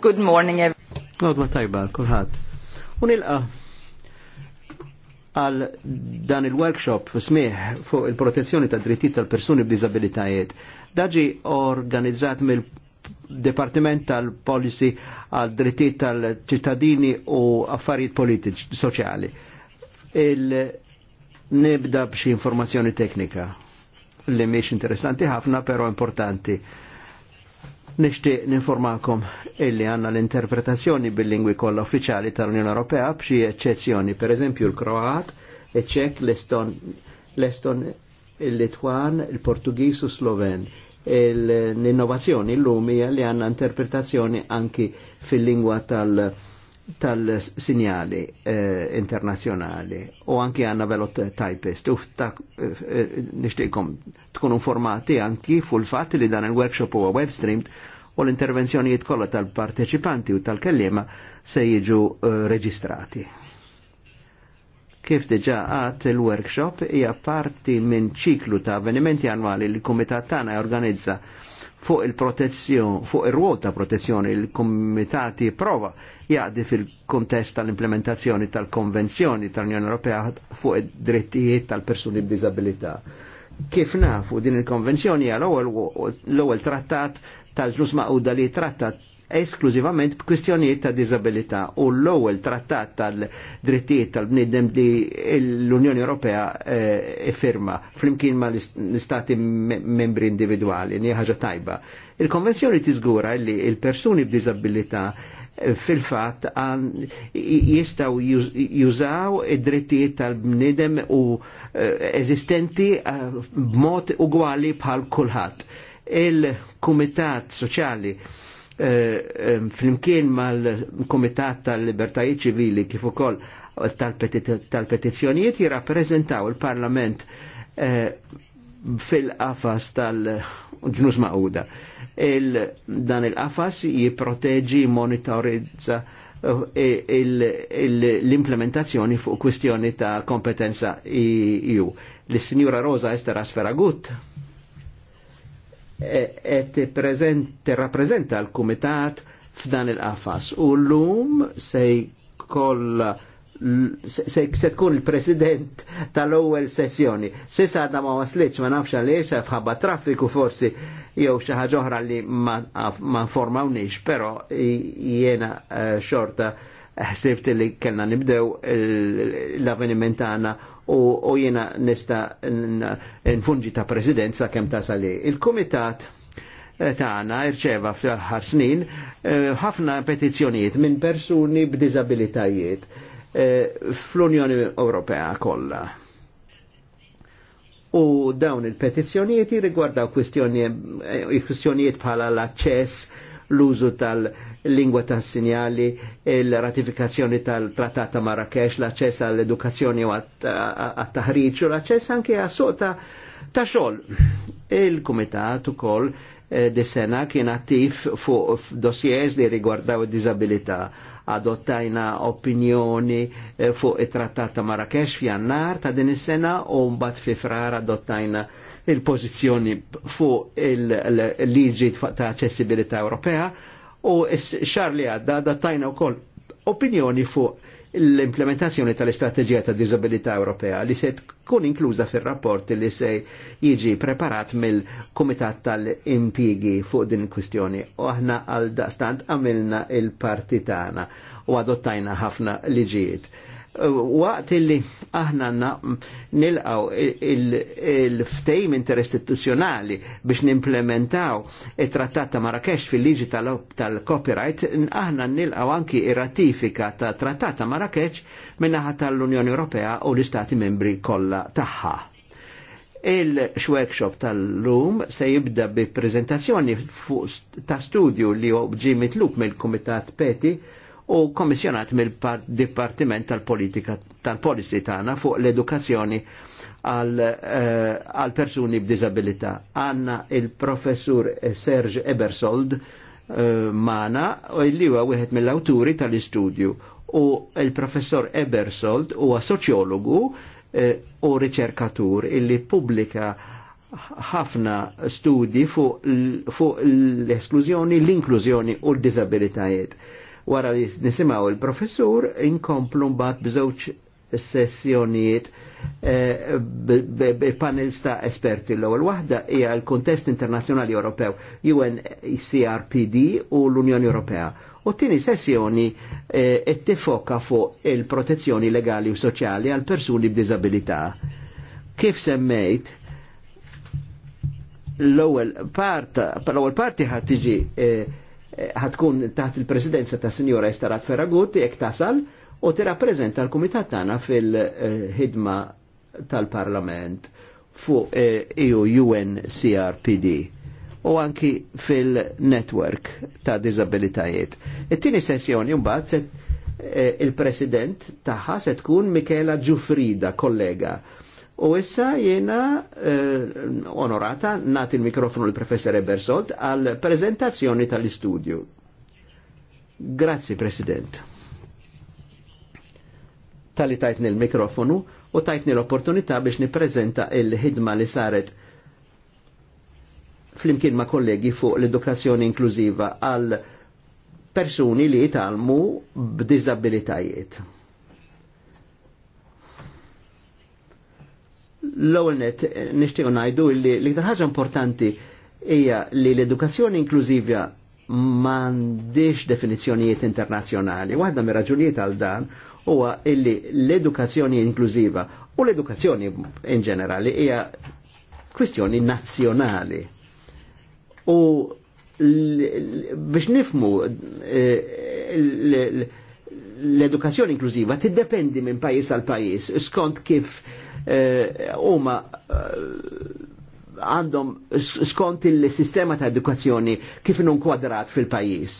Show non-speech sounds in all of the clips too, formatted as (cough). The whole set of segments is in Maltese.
Good morning, everyone. Nodma tajba, kulħat. Unilqa għal dan il-workshop smieħ fuq il-protezzjoni ta' drittijiet tal-persuni b'dizabilitajiet. Daġi organizzat mill Departiment tal-Policy għal drittijiet tal-ċittadini u affarijiet politiċi soċjali. Il nibda b'xi informazzjoni teknika li miex interessanti ħafna pero importanti Nishtiq ninformalkom illi għanna l-interpretazzjoni bil-lingwi kollha uffiċjali tal-Unjoni Ewropea b'xi eċċezzjoni, per eżempju l-Kroat, iċ-Ċek, l-Eston, l-Eston, il-Litwan, il portugis u Sloven. L-innovazzjoni l-lumi li għanna interpretazzjoni anki fil-lingwa tal-Unjoni tal-sinjali eh, internazjonali u anki għanna velot typist u eh, eh, nishtiqkom tkunu informati anki full fat li dan il-workshop huwa web streamed u l-intervenzjonijiet kollha tal-parteċipanti u tal-kellima se jiġu eh, reġistrati. Kif diġa għat il-workshop hija parti minn ċiklu ta' avvenimenti annwali li l-Kumitat tagħna jorganizza fuq il-protezzjoni, fuq ir ruol ta' protezzjoni il-Kumitati prova jaqdi fil-kontest tal-implementazzjoni tal-Konvenzjoni tal-Unjoni Ewropea fuq id-drittijiet tal-persuni b'diżabilità. Kif nafu din il-konvenzjoni hija l-ewwel trattat tal-ġnus maquda li trattat esklużivament b'kwistjonijiet ta' disabilità u l-ewwel trattat tal-drittijiet tal-bniedem li l-Unjoni Ewropea eh, firma flimkien ma' l-istati membri individuali, ni ħaġa tajba. Il-konvenzjoni tiżgura li il-persuni b'disabilità eh, fil-fat jistaw jużaw id-drittijiet tal-bnidem u eh, eżistenti b'mod ugwali bħal kulħadd. Il-Kumitat Soċjali Eh, flimkien mal-Komitat tal-Libertajiet ċivili kif ukoll tal-petizzjonijiet jirrappreżentaw il-Parlament eh, fil-qafas tal-ġnus maquda. dan il-qafas jiproteġi, monitorizza eh, l-implementazzjoni fuq kwistjoni ta' kompetenza EU. L-Sinjura Rosa Estera Sferagut qed rappresenta l-Kumitat f'dan il-qafas. U lum se jkoll se, se tkun il-president tal-ewwel sessjoni. Se sada ma waslitx ma nafx għaliex fħabba traffiku forsi jew xi ħaġa oħra li ma nformawniex, però jiena eh, xorta ħsibt li kellna nibdew l-avveniment tagħna u jiena nista nfunġi ta' presidenza kemm sali. Il-Kumitat eh, tagħna irċeva fl ħar snin eh, ħafna petizzjonijiet minn persuni b'diżabilitajiet eh, fl-Unjoni Ewropea kollha. U dawn il-petizzjonijiet riguardaw kwistjonijiet bħala l-aċċess, l-użu tal- lingwa ta' sinjali, il-ratifikazzjoni tal-Trattat ta' Marrakesh, l-aċċess għall-edukazzjoni u għat-taħriġ u l-aċċess anke għas-soq ta' xogħol. Il-Kumitat ukoll eh, di sena kien attiv fuq dossiers li riguardaw id-disabilità. Adottajna opinjoni eh, fuq it-trattat ta' Marrakesh f'jannar ta' din is-sena u mbagħad fi frar adottajna il-pożizzjoni fuq il-liġi ta' aċċessibilità Ewropea u xar li għadda tajna u koll opinjoni fuq l-implementazzjoni tal istrategija ta' disabilità Ewropea li se tkun inkluża fir-rapport li se jiġi preparat mill-Kumitat tal impigi fuq din il-kwistjoni. U aħna għal daqstant għamilna il-partitana u adottajna ħafna liġijiet waqt illi aħna nilqaw il-ftejm interistituzzjonali biex nimplementaw it-trattat ta' Marrakesh fil-liġi tal-copyright, aħna nilqaw anki ir-ratifika ta' trattat ta' Marrakesh minnaħa tal-Unjoni Ewropea u l-Istati membri kollha tagħha. Il-workshop tal-lum se jibda bi prezentazzjoni ta' studju li ġi mitlub mill-Kumitat Peti u komissjonat mill-Dipartiment tal-Politika tal-Policy tagħna fuq l-edukazzjoni eh, għal persuni b'disabilità. Għanna il-professur Serge Ebersold eh, mana u li huwa wieħed mill-awturi tal-istudju u il-professor Ebersold huwa soċjologu eh, u riċerkatur illi pubblika ħafna studi fuq l-esklużjoni, l-inklużjoni u l-disabilitajiet Wara li nisimaw il-professur, inkomplu mbagħad bżewġ sessjonijiet eh, panels ta' esperti l-ewwel waħda hija l-kuntest internazzjonali Ewropew UNCRPD u l-Unjoni Ewropea. U tieni sessjoni eh, tifoka fuq il-protezzjoni legali u soċjali għal persuni b'diżabilità. Kif semmejt, l-ewwel parta l-ewwel parti ħad tiġi eh, ħatkun taħt il-presidenza ta' Sinjora Estarat Ferragut jekk tasal u tirrappreżenta l-Kumitat tagħna fil-ħidma tal-Parlament fuq EU eh, e UNCRPD u anki fil-network ta' disabilitajiet. It-tieni sessjoni mbagħad eh, il-president tagħha se tkun Michela Ġufrida, kollega U issa jena eh, onorata nati il-mikrofonu l-professor Bersolt għal prezentazzjoni tal-istudju. Grazzi, President. Tali tajtni l-mikrofonu u tajtni l-opportunità biex niprezenta il-ħidma li saret flimkien ma' kollegi fuq l-edukazzjoni inklużiva għal persuni li jitalmu b'dizabilitajiet L-ewwel net nixtiequ ngħidu li l-iktar ħaġa importanti hija li l-edukazzjoni inklużiva m'għandix definizzjonijiet internazzjonali. Waħda mir-raġunijiet għal dan huwa illi l-edukazzjoni inklużiva u l-edukazzjoni in ġenerali hija kwistjoni nazzjonali. U biex nifmu eh, l-edukazzjoni inklużiva tiddependi minn pajis għal pajis skont kif Eh, huma eh, għandhom skont il-sistema ta' edukazzjoni kif nun kwadrat fil-pajis.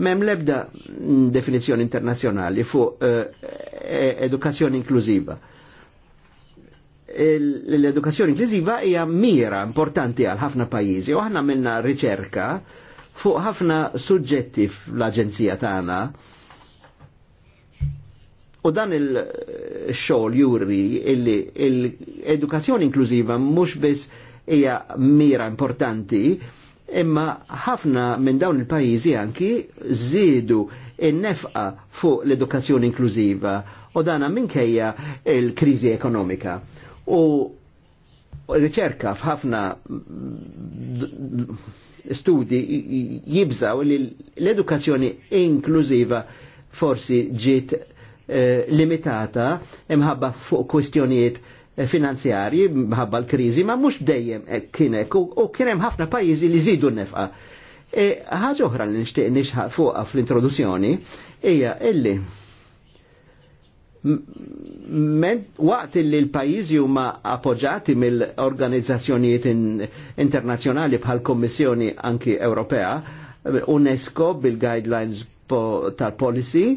Mem lebda mm, definizjoni internazjonali fu eh, e-, edukazzjoni inklużiva. L-edukazzjoni inklużiva hija mira importanti għal ħafna pajjiżi u aħna minna riċerka fuq ħafna suġġetti fl-aġenzija tagħna U dan il eh, xol juri illi l-edukazzjoni inklużiva mux biss hija mira importanti, imma ħafna minn dawn il pajizi anki zidu in-nefqa fuq l-edukazzjoni inklużiva u dana minkejja il krizi ekonomika. U riċerka f'ħafna studi jibżaw li l-edukazzjoni inklużiva forsi ġiet Eh, limitata imħabba fuq kwistjonijiet eh, finanzjarji mħabba l-krizi, ma mux dejjem eh, kienek u kienem ħafna pajizi li zidu nefqa. E, ħaġa oħra li nixtieq nixħaq fuqha fl-introduzzjoni hija illi waqt li l-pajjiżi huma appoġġati mill-organizzazzjonijiet internazzjonali bħal Kommissjoni anki Ewropea, UNESCO bil-guidelines tal-policy,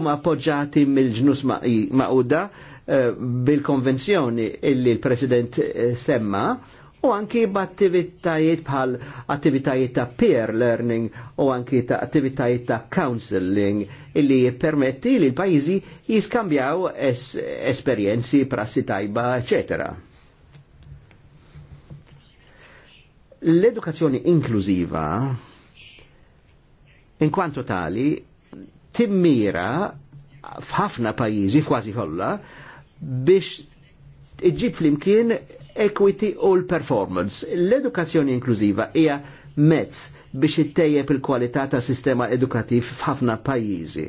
ma appoġġati mill-ġnus maquda eh, bil-konvenzjoni illi l-President eh, semma u anki b'attivitajiet bħal attivitajiet ta' peer learning u anki ta' attivitajiet ta' counseling illi jippermetti li l-pajizi jiskambjaw es esperienzi, prassi tajba, eccetera. L-edukazzjoni inkluziva in kwanto tali timmira f'ħafna pajjiżi f'kważi kollha biex iġib flimkien equity u l-performance. L-edukazzjoni inklużiva hija mezz biex ittejjeb il-kwalità ta' sistema edukattiv f'ħafna pajjiżi.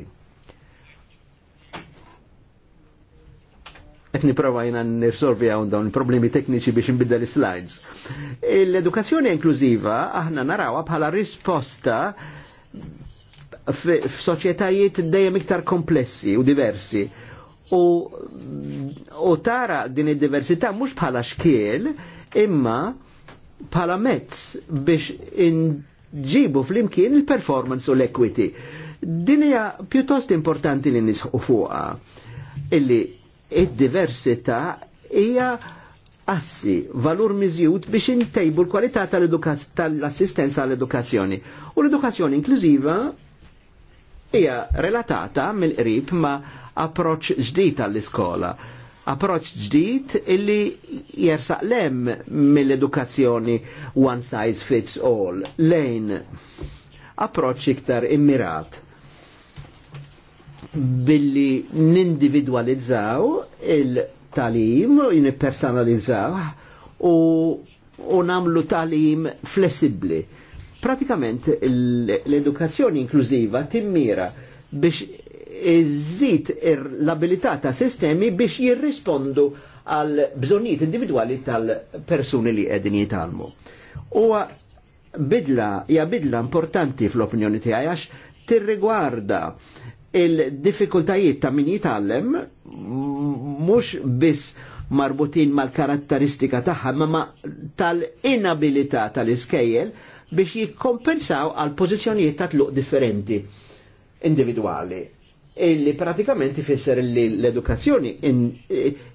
Qed nipprova jiena nirsolvi hawn dawn problemi tekniċi biex nbiddel is-slides. L-edukazzjoni inklużiva aħna narawha bħala risposta f'soċjetajiet dejjem iktar komplessi u diversi. U, u tara din id-diversità mhux bħala xkiel, imma bħala mezz biex inġibu fl-imkien il-performance u l-equity. Din hija pjuttost importanti li nisħu fuqha illi id-diversità hija assi, valur miżjud biex intejbu l-kwalità tal-assistenza tal assistenza tal l edukazzjoni U l-edukazzjoni inklużiva hija relatata mill-qrib ma' approċ ġdid għall-iskola. Approċ ġdid illi jersaq lem mill-edukazzjoni one size fits all lejn approċ iktar immirat billi nindividualizzaw il-talim, jinipersonalizzaw u, u namlu talim flessibli Pratikament l-edukazzjoni inklużiva timmira biex iżid l-abilità ta' sistemi biex jirrispondu għal bżonijiet individuali tal-persuni li qegħdin jitalmu. Huwa bidla, hija bidla importanti fl-opinjoni tiegħi għax tirrigwarda il-diffikultajiet ta' min jitgħallem mhux biss marbutin mal-karatteristika tagħha ma tal-inabilità tal-iskejjel biex jikkompensaw għal pożizzjonijiet ta' tluq differenti individuali illi pratikament ifisser li l-edukazzjoni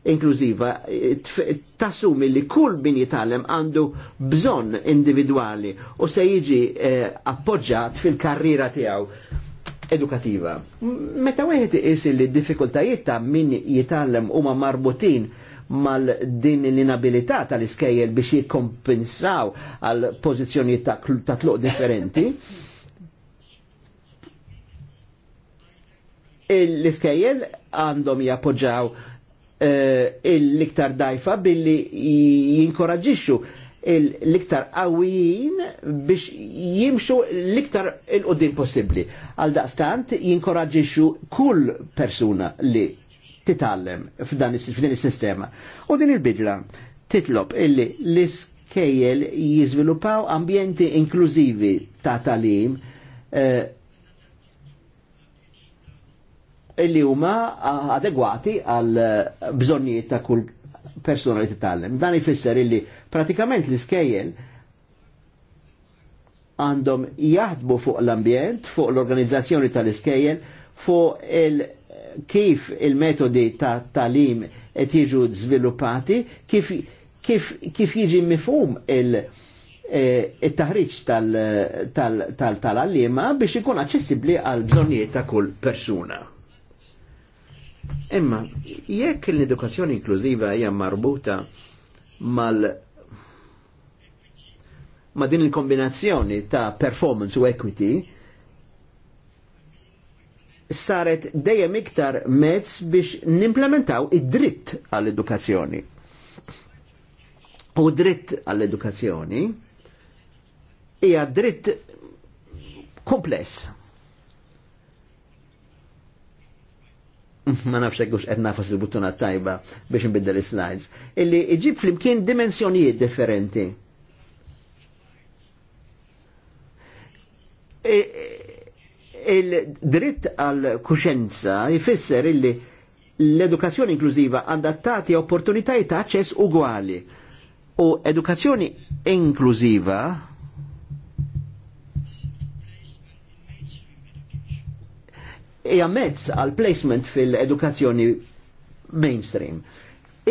inklużiva eh, tassumi li kull bin jitalem għandu bżon individuali u se jiġi eh, appoġġat fil-karriera tiegħu edukativa. Meta wieħed is li d diffikultajiet ta' min jitallem huma marbutin mal din l-inabilità tal-iskejjel biex jikkompensaw għal pożizzjonijiet ta' tluq differenti. L-iskejjel għandhom jappoġġaw eh, l-iktar dajfa billi jinkoraġġixxu l-iktar qawwijin biex jimxu l-iktar il-qoddim possibbli. Għal daqstant jinkoraġġixxu kull persuna li titgħallem f'dan is-sistema. U din il-bidla titlob illi l-iskejjel jiżviluppaw ambjenti inklużivi ta' talim eh, illi huma adegwati għal bżonnijiet ta' kull persona li titgħallem. Dan ifisser illi pratikament l-iskejjel għandhom jaħdbu fuq l-ambjent, fuq l-organizzazzjoni tal-iskejjel, fuq il- kif il-metodi ta' talim qed jiġu żviluppati, kif, kif, kif jiġi mifhum il- eh, it-taħriġ tal-għallima biex ikun aċċessibbli għal bżonnijiet ta' kull persuna. Imma, jekk l-edukazzjoni inklużiva hija marbuta mal ma din il-kombinazzjoni ta' performance u equity, saret dejjem iktar mezz biex nimplementaw id-dritt għall-edukazzjoni. U dritt għall-edukazzjoni hija dritt kompless. ma nafx hekk qed nafas il-buttuna tajba biex nbiddel is-slides, illi iġib flimkien dimensjonijiet differenti. E, il-dritt għal kuxenza jfisser illi l-edukazzjoni inklużiva għandha tagħti opportunitajiet ta' aċċess ugwali. U edukazzjoni inklużiva hija mezz għal placement fil-edukazzjoni mainstream.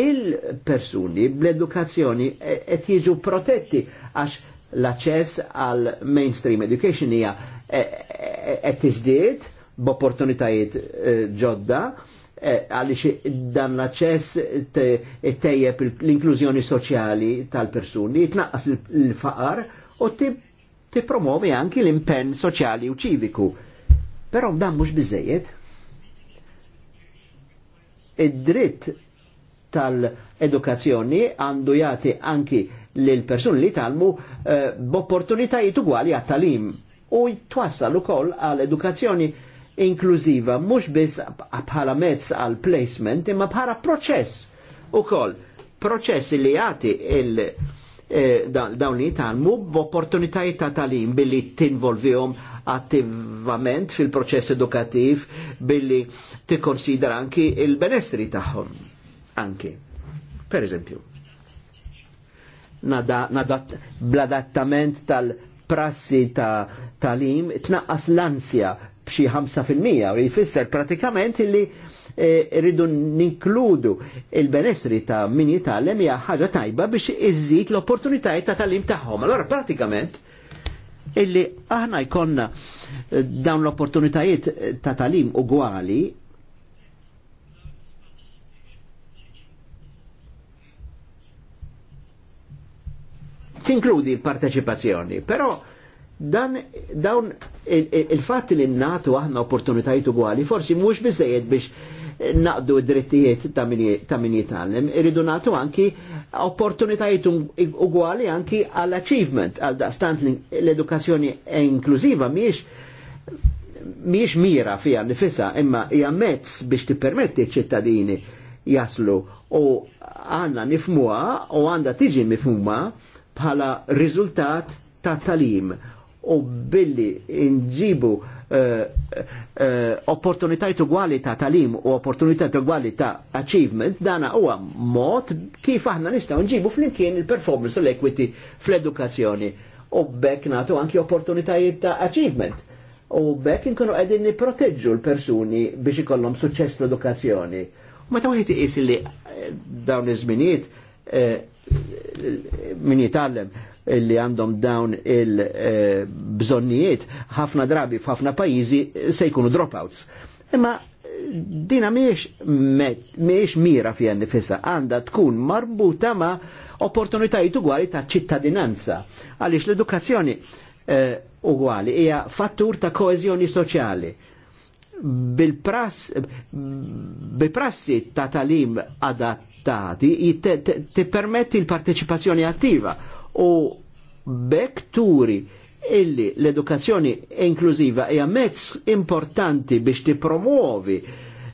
Il-persuni bl-edukazzjoni e- qed jiġu protetti għax l-aċċess għal mainstream education hija qed tiżdied b'opportunitajiet eh, ġodda eh, għaliex dan l-aċċess tejjeb l-inklużjoni soċjali tal-persuni, jitnaqqas l-faqar u tipromovi anki l-impenn soċjali u ċiviku. Però dan mhux biżejjed. Id-dritt tal-edukazzjoni għandu jagħti anki lil persuni li talmu eh, b'opportunitajiet ugwali għat-talim u jitwassal ukoll għal edukazzjoni inklużiva mux biss bħala mezz għal placement imma bħala proċess u koll. proċess li jagħti il eh, dawn li jitalmu b'opportunitajiet ta' talim billi tinvolvihom attivament fil-proċess edukativ billi tikkonsidra anki il-benestri tagħhom. Anki. Per eżempju. Nadat bladattament tal prassi ta' talim tnaqqas l-ansja b'xi 5% u jfisser pratikament li e, rridu ninkludu il-benessri ta' min jitallem hija ħaġa tajba biex iżid l-opportunitajiet ta' talim tagħhom. Allora pratikament illi aħna jkollna e, dawn l-opportunitajiet ta' talim ugwali tinkludi l-parteċipazzjoni, però dan dawn il-fatt li natu aħna opportunitajiet ugwali forsi mhux biżejjed biex naqdu d-drittijiet ta' min jitallem irridu natu anki opportunitajiet ugwali anki għall-achievement għal daqstant l-edukazzjoni inklużiva miex miex mira fija nifisa imma hija mezz biex tippermetti ċ-ċittadini jaslu u għanna nifmuha u għanda tiġi mifhuma bħala riżultat ta' talim u billi nġibu uh, uh, opportunitajt ugwali ta' talim u opportunitajt ugwali ta' achievement dana huwa mod kif aħna nistgħu nġibu flimkien il-performance u l-equity fl-edukazzjoni u bekk nagħtu anki opportunitajiet ta' achievement u bekk inkunu qegħdin nipproteġġu l-persuni biex ikollhom suċċess fl-edukazzjoni. Meta wieħed iqis li eh, dawn iż-żminijiet min jitallem li għandhom dawn il-bżonnijiet ħafna drabi f'ħafna pajjiżi se jkunu dropouts. Imma dina miex mira fija nifissa, għanda tkun marbuta ma opportunitajiet ugwali ta' ċittadinanza. Għaliex l-edukazzjoni eh, ugwali hija fattur ta' koezjoni soċjali bil-prassi ta' talim adattati ti permetti l-parteċipazzjoni attiva u bekk turi illi l-edukazzjoni inklusiva hija mezz importanti biex ti promuovi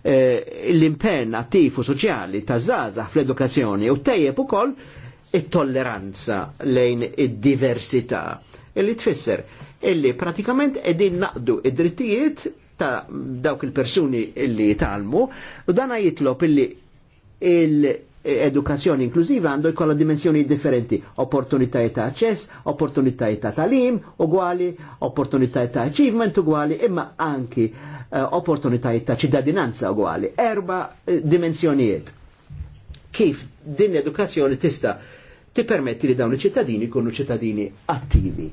eh, l-impenn attiv u soċjali ta' zaza fl-edukazzjoni u tejjeb ukoll it-tolleranza lejn id-diversità illi tfisser illi pratikament edin naqdu id-drittijiet ta' dawk il-persuni illi jitalmu u dana jitlop illi l-edukazzjoni inkluziva għandu jkollha dimensjoni differenti, opportunitajiet ta' aċċess, opportunitajiet ta' talim ugwali, opportunitajiet ta' achievement ugwali, imma anki uh, opportunitajiet ta' ċittadinanza ugwali. Erba eh, dimensjonijiet. Kif din l-edukazzjoni tista' tippermetti li dawn iċ-ċittadini kunu ċittadini attivi.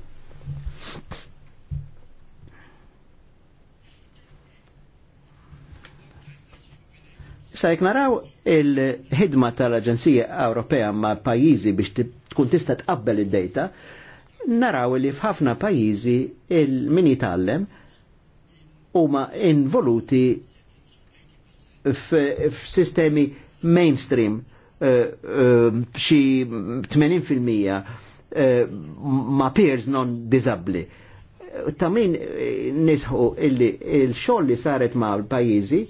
Sa naraw il-ħidma tal-Aġenzija Ewropea ma' pajjiżi biex tkun tista' tqabbel id dejta naraw li f'ħafna pajjiżi il-min jitgħallem huma involuti f'sistemi mainstream eh, eh, xi 80% eh, ma' peers non disabli. Ta' min nisħu illi il-xogħol li saret ma' l-pajjiżi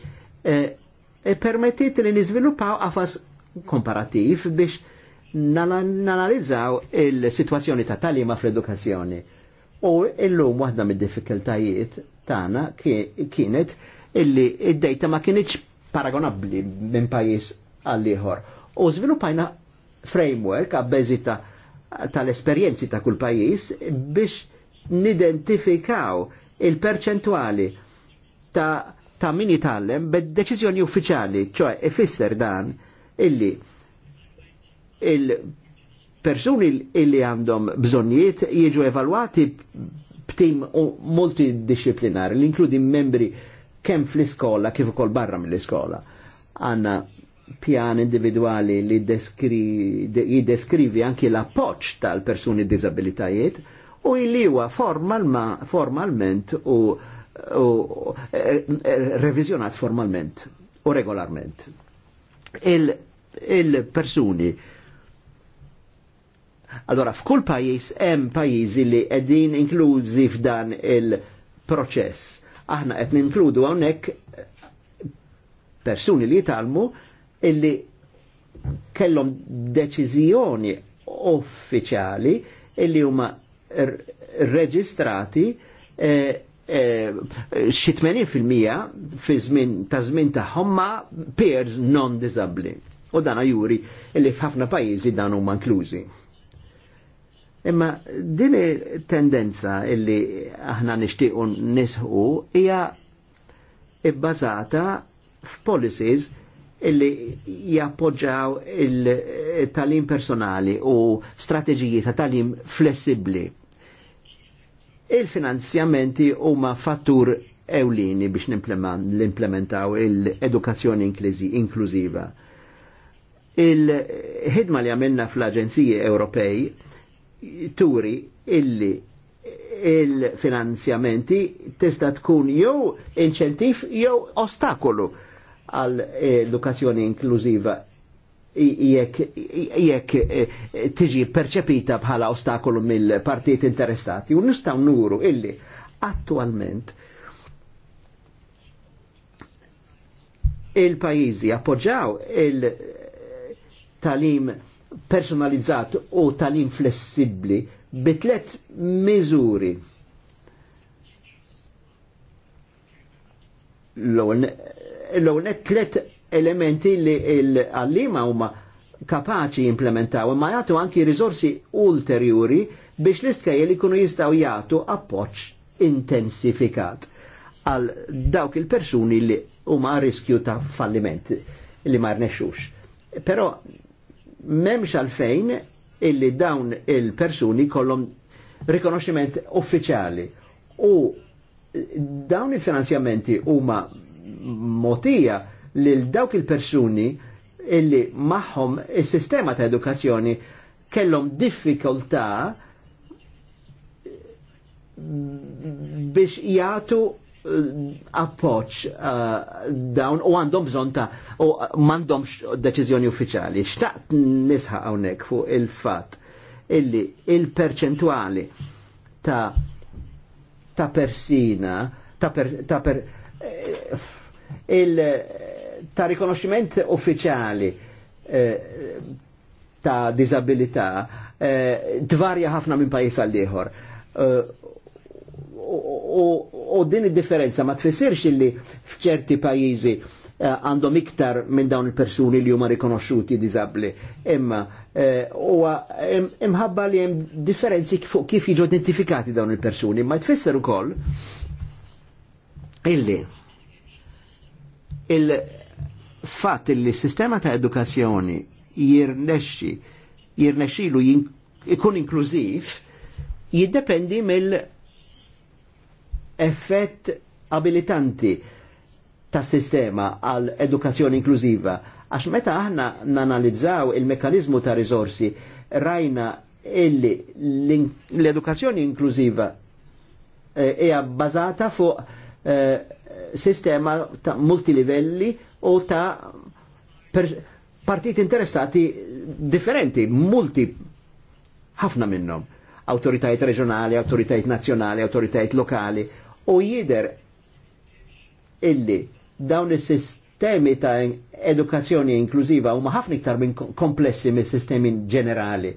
E permettit li niżviluppaw qafas komparativ biex nanalizzaw il-situazzjoni ta' talima fl-edukazzjoni. U illum waħda mid-diffikultajiet tagħna kienet illi id-dejta ma kienieċ paragonabbli minn pajjiż għal ieħor. U żviluppajna framework għabbeżi tal-esperjenzi ta' kull pajjiż biex nidentifikaw il-perċentwali ta' ta' min jitgħallem bed deċiżjoni uffiċjali, ċoħe ifisser dan illi il-persuni illi għandhom bżonniet jiġu evalwati b'tim multidisciplinar li inkludi membri kemm fl-iskola kif ukoll barra mill-iskola. Għanna pjan individuali li jiddeskrivi anki l-appoċ tal-persuni disabilitajiet u illi huwa formalment u u e, e, revizjonat formalment u regolarment. Il-persuni Allora, f'kull pajis hemm pajjiżi li qegħdin inkluzi f'dan il-proċess. Aħna qed ninkludu hawnhekk persuni li jitalmu illi kellhom deċiżjoni uffiċjali illi huma reġistrati eh, Eh, xi fil-mija fi żmien ta' żmien ta' homma peers non disabli U dan juri li f'ħafna pajjiżi dan huma inklużi. Imma din tendenza illi aħna nixtiequ nisħu hija ibbażata f'policies illi jappoġġaw il-talim personali u strateġiji ta' talim flessibli il-finanzjamenti huma fattur ewlini biex l-implementaw edukazzjoni inklużiva. Il-ħidma li għamilna fl-Aġenziji Ewropej turi illi il-finanzjamenti tista' tkun jew inċentiv jew ostakolu għall edukazzjoni inklużiva jekk eh, tiġi perċepita bħala ostakolu mill-partijiet interessati. U nistaw nuru illi attualment il-pajizi appoġġaw il-talim eh, personalizzat u talim flessibli bitlet miżuri. L-għonet tlet elementi li l għallima huma kapaċi implementaw, ma jagħtu anki risorsi ulterjuri biex l li kunu jistgħu jagħtu appoġġ intensifikat għal dawk il-persuni li huma riskju ta' falliment li ma rnexxux. Però memx għalfejn illi dawn il-persuni kollom rikonoximent uffiċjali u dawn il-finanzjamenti huma motija lil dawk il-persuni illi magħhom is-sistema ta' edukazzjoni kellhom diffikultà biex jagħtu eh, appoċ eh, dawn u għandhom bżon ta' u mandomx deċizjoni uffiċali. Xtaqt nisħa hawnhekk fuq il-fatt illi il-perċentwali ta' ta' persina ta' per, ta' per eh, il ta' rikonoxximent uffiċjali eh, ta' disabilità eh, tvarja ħafna minn pajjiż għal ieħor. Eh, u din id-differenza ma tfissirx illi f'ċerti pajjiżi eh, għandhom iktar minn dawn il-persuni li huma rikonoxxuti diżabbli. Imma huwa imħabba li hemm differenzi fuq kif jiġu identifikati dawn il-persuni, ma tfisser ukoll illi fatt li sistema ta' edukazzjoni jirnexxi jirnexxilu jkun inklużiv jiddependi mill effett abilitanti ta' sistema għal edukazzjoni inklużiva. Għax meta aħna nanalizzaw il-mekanizmu ta' rizorsi rajna illi l-edukazzjoni inklużiva eh, hija e bazata fuq eh, sistema ta' multilivelli u ta' partiti interessati differenti, multi, ħafna minnom, autoritajiet reġjonali, autoritajiet nazjonali, autoritajiet lokali, u jider illi dawn is-sistemi ta' edukazzjoni inklużiva huma ħafna iktar minn komplessi mis sistemi ġenerali.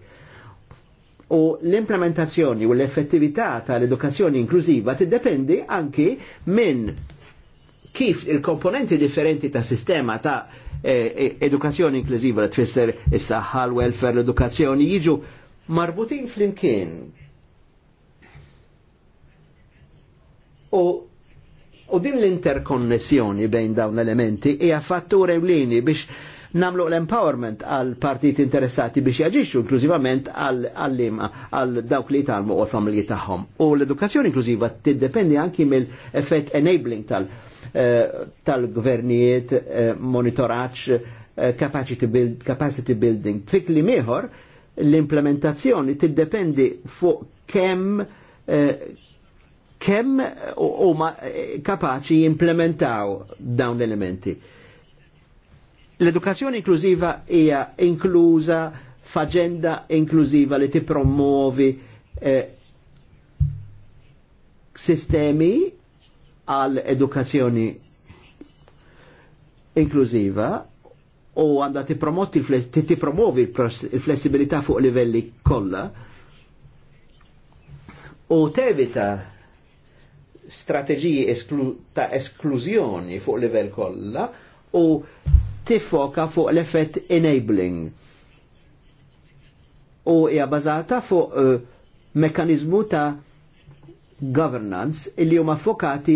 U l-implementazzjoni u l-effettività tal-edukazzjoni inklużiva tiddependi anki minn kif il-komponenti differenti ta' sistema ta' eh, eh, edukazzjoni inklużiva li tfisser is-saħħa, l-welfare, l-edukazzjoni jiġu marbutin fl-imkien. U, u din l-interkonnessjoni bejn dawn elementi hija fattur ewlieni biex namlu l-empowerment għal partit interessati biex jaġixxu inklużivament għall-imma għal dawk li talmu u l-familji tagħhom. U l-edukazzjoni inklużiva tiddependi anki mill-effett enabling eh, tal-gvernijiet, tal eh, monitoraċ, eh, capacity, build, capacity building. Fik li mieħor, l-implementazzjoni tiddependi fuq kemm kemm huma kapaċi jimplementaw dawn l-elementi. L-edukazzjoni inklużiva hija inkluża f'aġenda inklużiva li tippromuovi eh, sistemi għal edukazzjoni inklużiva u għanda tipromovi il-flessibilità fuq livelli kollha u tevita strategiji esklu ta' esklużjoni fuq livell kollha u tifoka fuq l-effett enabling. U hija bażata fuq uh, mekanizmu ta' governance illi huma fokati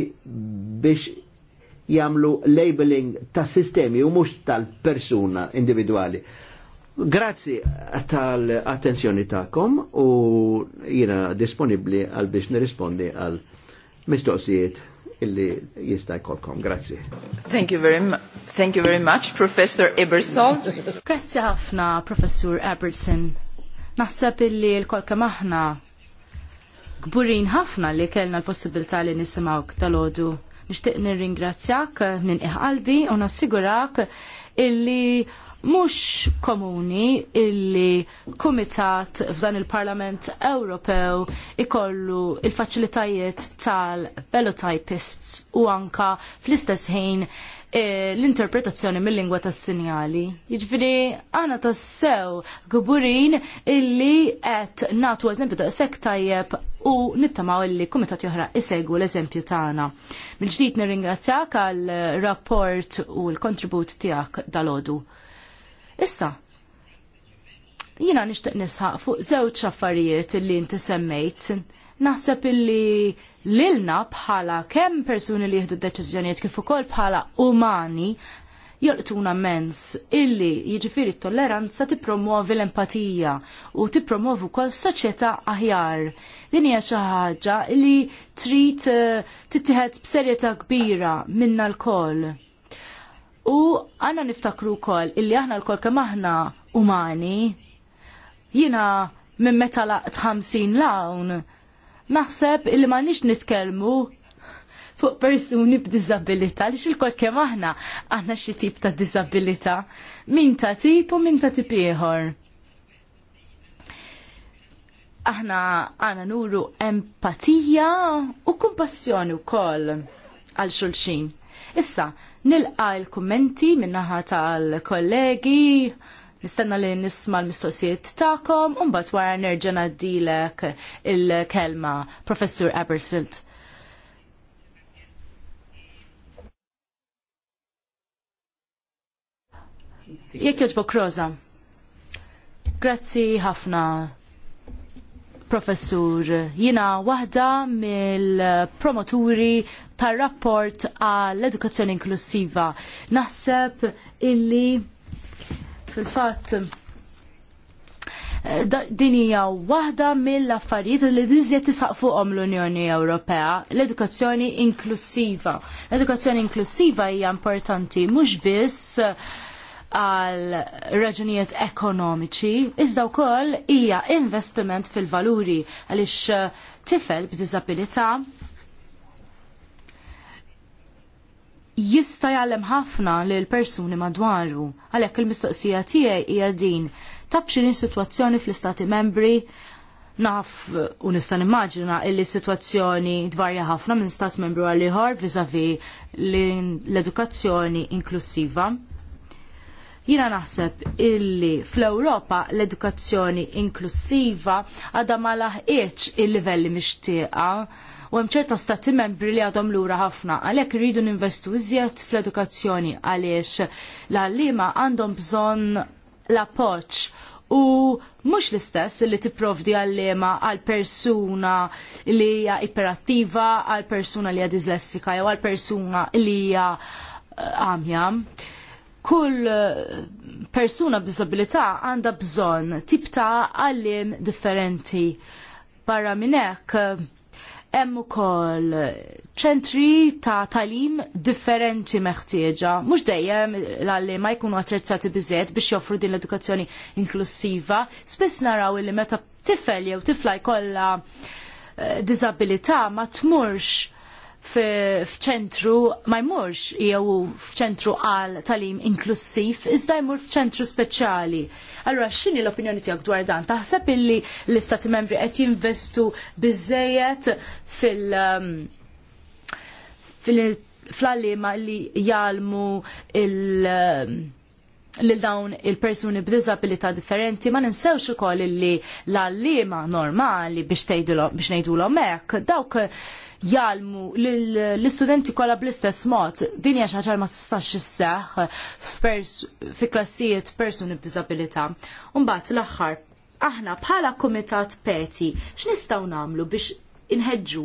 biex jagħmlu labeling ta' sistemi u mhux tal-persuna individwali. Grazzi tal-attenzjoni ta'kom u jina disponibli għal biex nirrispondi għal mistoqsijiet illi jista' jkolkom. Grazie. Thank you very much. Thank you very much, Professor Ebersold. Grazie ħafna, Professor Eberson. Naħseb illi l kolka maħna gburin ħafna li kellna l-possibilità li nisimgħu tal-għodu. Nixtieq nirringrazzjak minn iħqalbi u nassigurak illi mhux komuni illi kumitat f'dan il-Parlament Ewropew ikollu il-faċilitajiet tal-velotypists u anka fl-istess ħin eh, l-interpretazzjoni mill-lingwa tas sinjali Jiġifieri għana tassew gburin illi qed nagħtu eżempju ta' sek tajjeb u nittamaw illi kumitat joħra isegwu l-eżempju tagħna. Mill-ġdid nirringrazzjak għal rapport u l-kontribut tiegħek dal Issa, jina nishtiq nisħaq fuq żewġ affarijiet li inti semmejt. Naħseb illi lilna bħala kemm persuni li jieħdu deċizjoniet kif ukoll bħala umani jolqtuna mens illi jiġifieri t-tolleranza tippromovi l-empatija u tippromovu wkoll soċjetà aħjar. Din hija xi ħaġa li trid eh, tittieħed b'serjetà kbira minna l-koll U għanna niftakru kol illi aħna l-kol kem aħna umani jina minn meta laqt 50 lawn naħseb illi ma nix nitkelmu fuq persuni b'dizabilita, li xil-kol kem aħna aħna xi tip ta' dizabilita, min ta' tip u min ta' tip ieħor. Aħna għana nuru empatija u kumpassjoni wkoll għal xulxin. Issa, Nilqa l-kummenti minnaħa tal-kollegi, nistenna li nisma l-mistoqsijiet ta'kom, unbat wara nerġa' għaddilek il-kelma, Professur Abersilt. Jekk joġbok Rosa. Grazzi ħafna, professur. Jina waħda mill-promoturi tar-rapport għall-edukazzjoni inklusiva. Naħseb illi fil-fatt eh, din hija waħda mill-affarijiet li diżjed tisaq fuqhom l-Unjoni Ewropea, l-edukazzjoni inklusiva. L-edukazzjoni inklusiva hija importanti mhux biss għal raġunijiet ekonomiċi, iżda wkoll hija investiment fil-valuri għaliex uh, tifel b'diżabilità jista jgħallem ħafna l persuni madwaru. Għalhekk il-mistoqsija tiegħi hija din tabxin is-sitwazzjoni fl-istati membri naf u nista' nimmaġina illi situazzjoni dvarja ħafna minn stat membru għal ieħor vizavi l-edukazzjoni inklusiva. Jina naħseb illi fl-Ewropa l-edukazzjoni inklusiva għadha ma laħqitx il-livelli mixtieqa u hemm ċerta stati membri li għadhom lura ħafna għalhekk irridu ninvestu iżjed fl-edukazzjoni għaliex l għalima għandhom bżonn l-appoġġ u mhux l-istess li tipprovdi għallima għal persuna li hija iperattiva, għal persuna li hija dislessika jew għal persuna li hija eh, għamjam. Uh, kull eh, persuna b'disabilità għandha bżonn tip ta' għallim differenti. Barra minn hekk eh, hemm ukoll ċentri ta' talim differenti meħtieġa. Mhux dejjem l ma jkunu attrezzati biżiet biex joffru din l-edukazzjoni inklusiva. Spiss naraw li meta tifel jew tifla jkollha eh, disabilità ma tmurx f'ċentru ma jmurx jew f'ċentru għal talim inklusiv, iżda jmur f'ċentru speċjali. Allura x'inhi l-opinjoni tiegħek dwar dan? Taħseb illi l-Istati Membri qed jinvestu biżejjed fil- um, fl għalima li jgħalmu il- um, lil dawn il-persuni b'disabilità differenti ma ninsewx ukoll illi l għalima normali biex tgħidulhom biex ngħidulhom hekk dawk jalmu l-istudenti kollha bl-istess mod. Din hija xi ħaġa ma tistax isseħħ fi klassijiet persuni b'diżabilità. Mbagħad l-aħħar aħna bħala kumitat peti x'nistgħu nagħmlu biex inħeġġu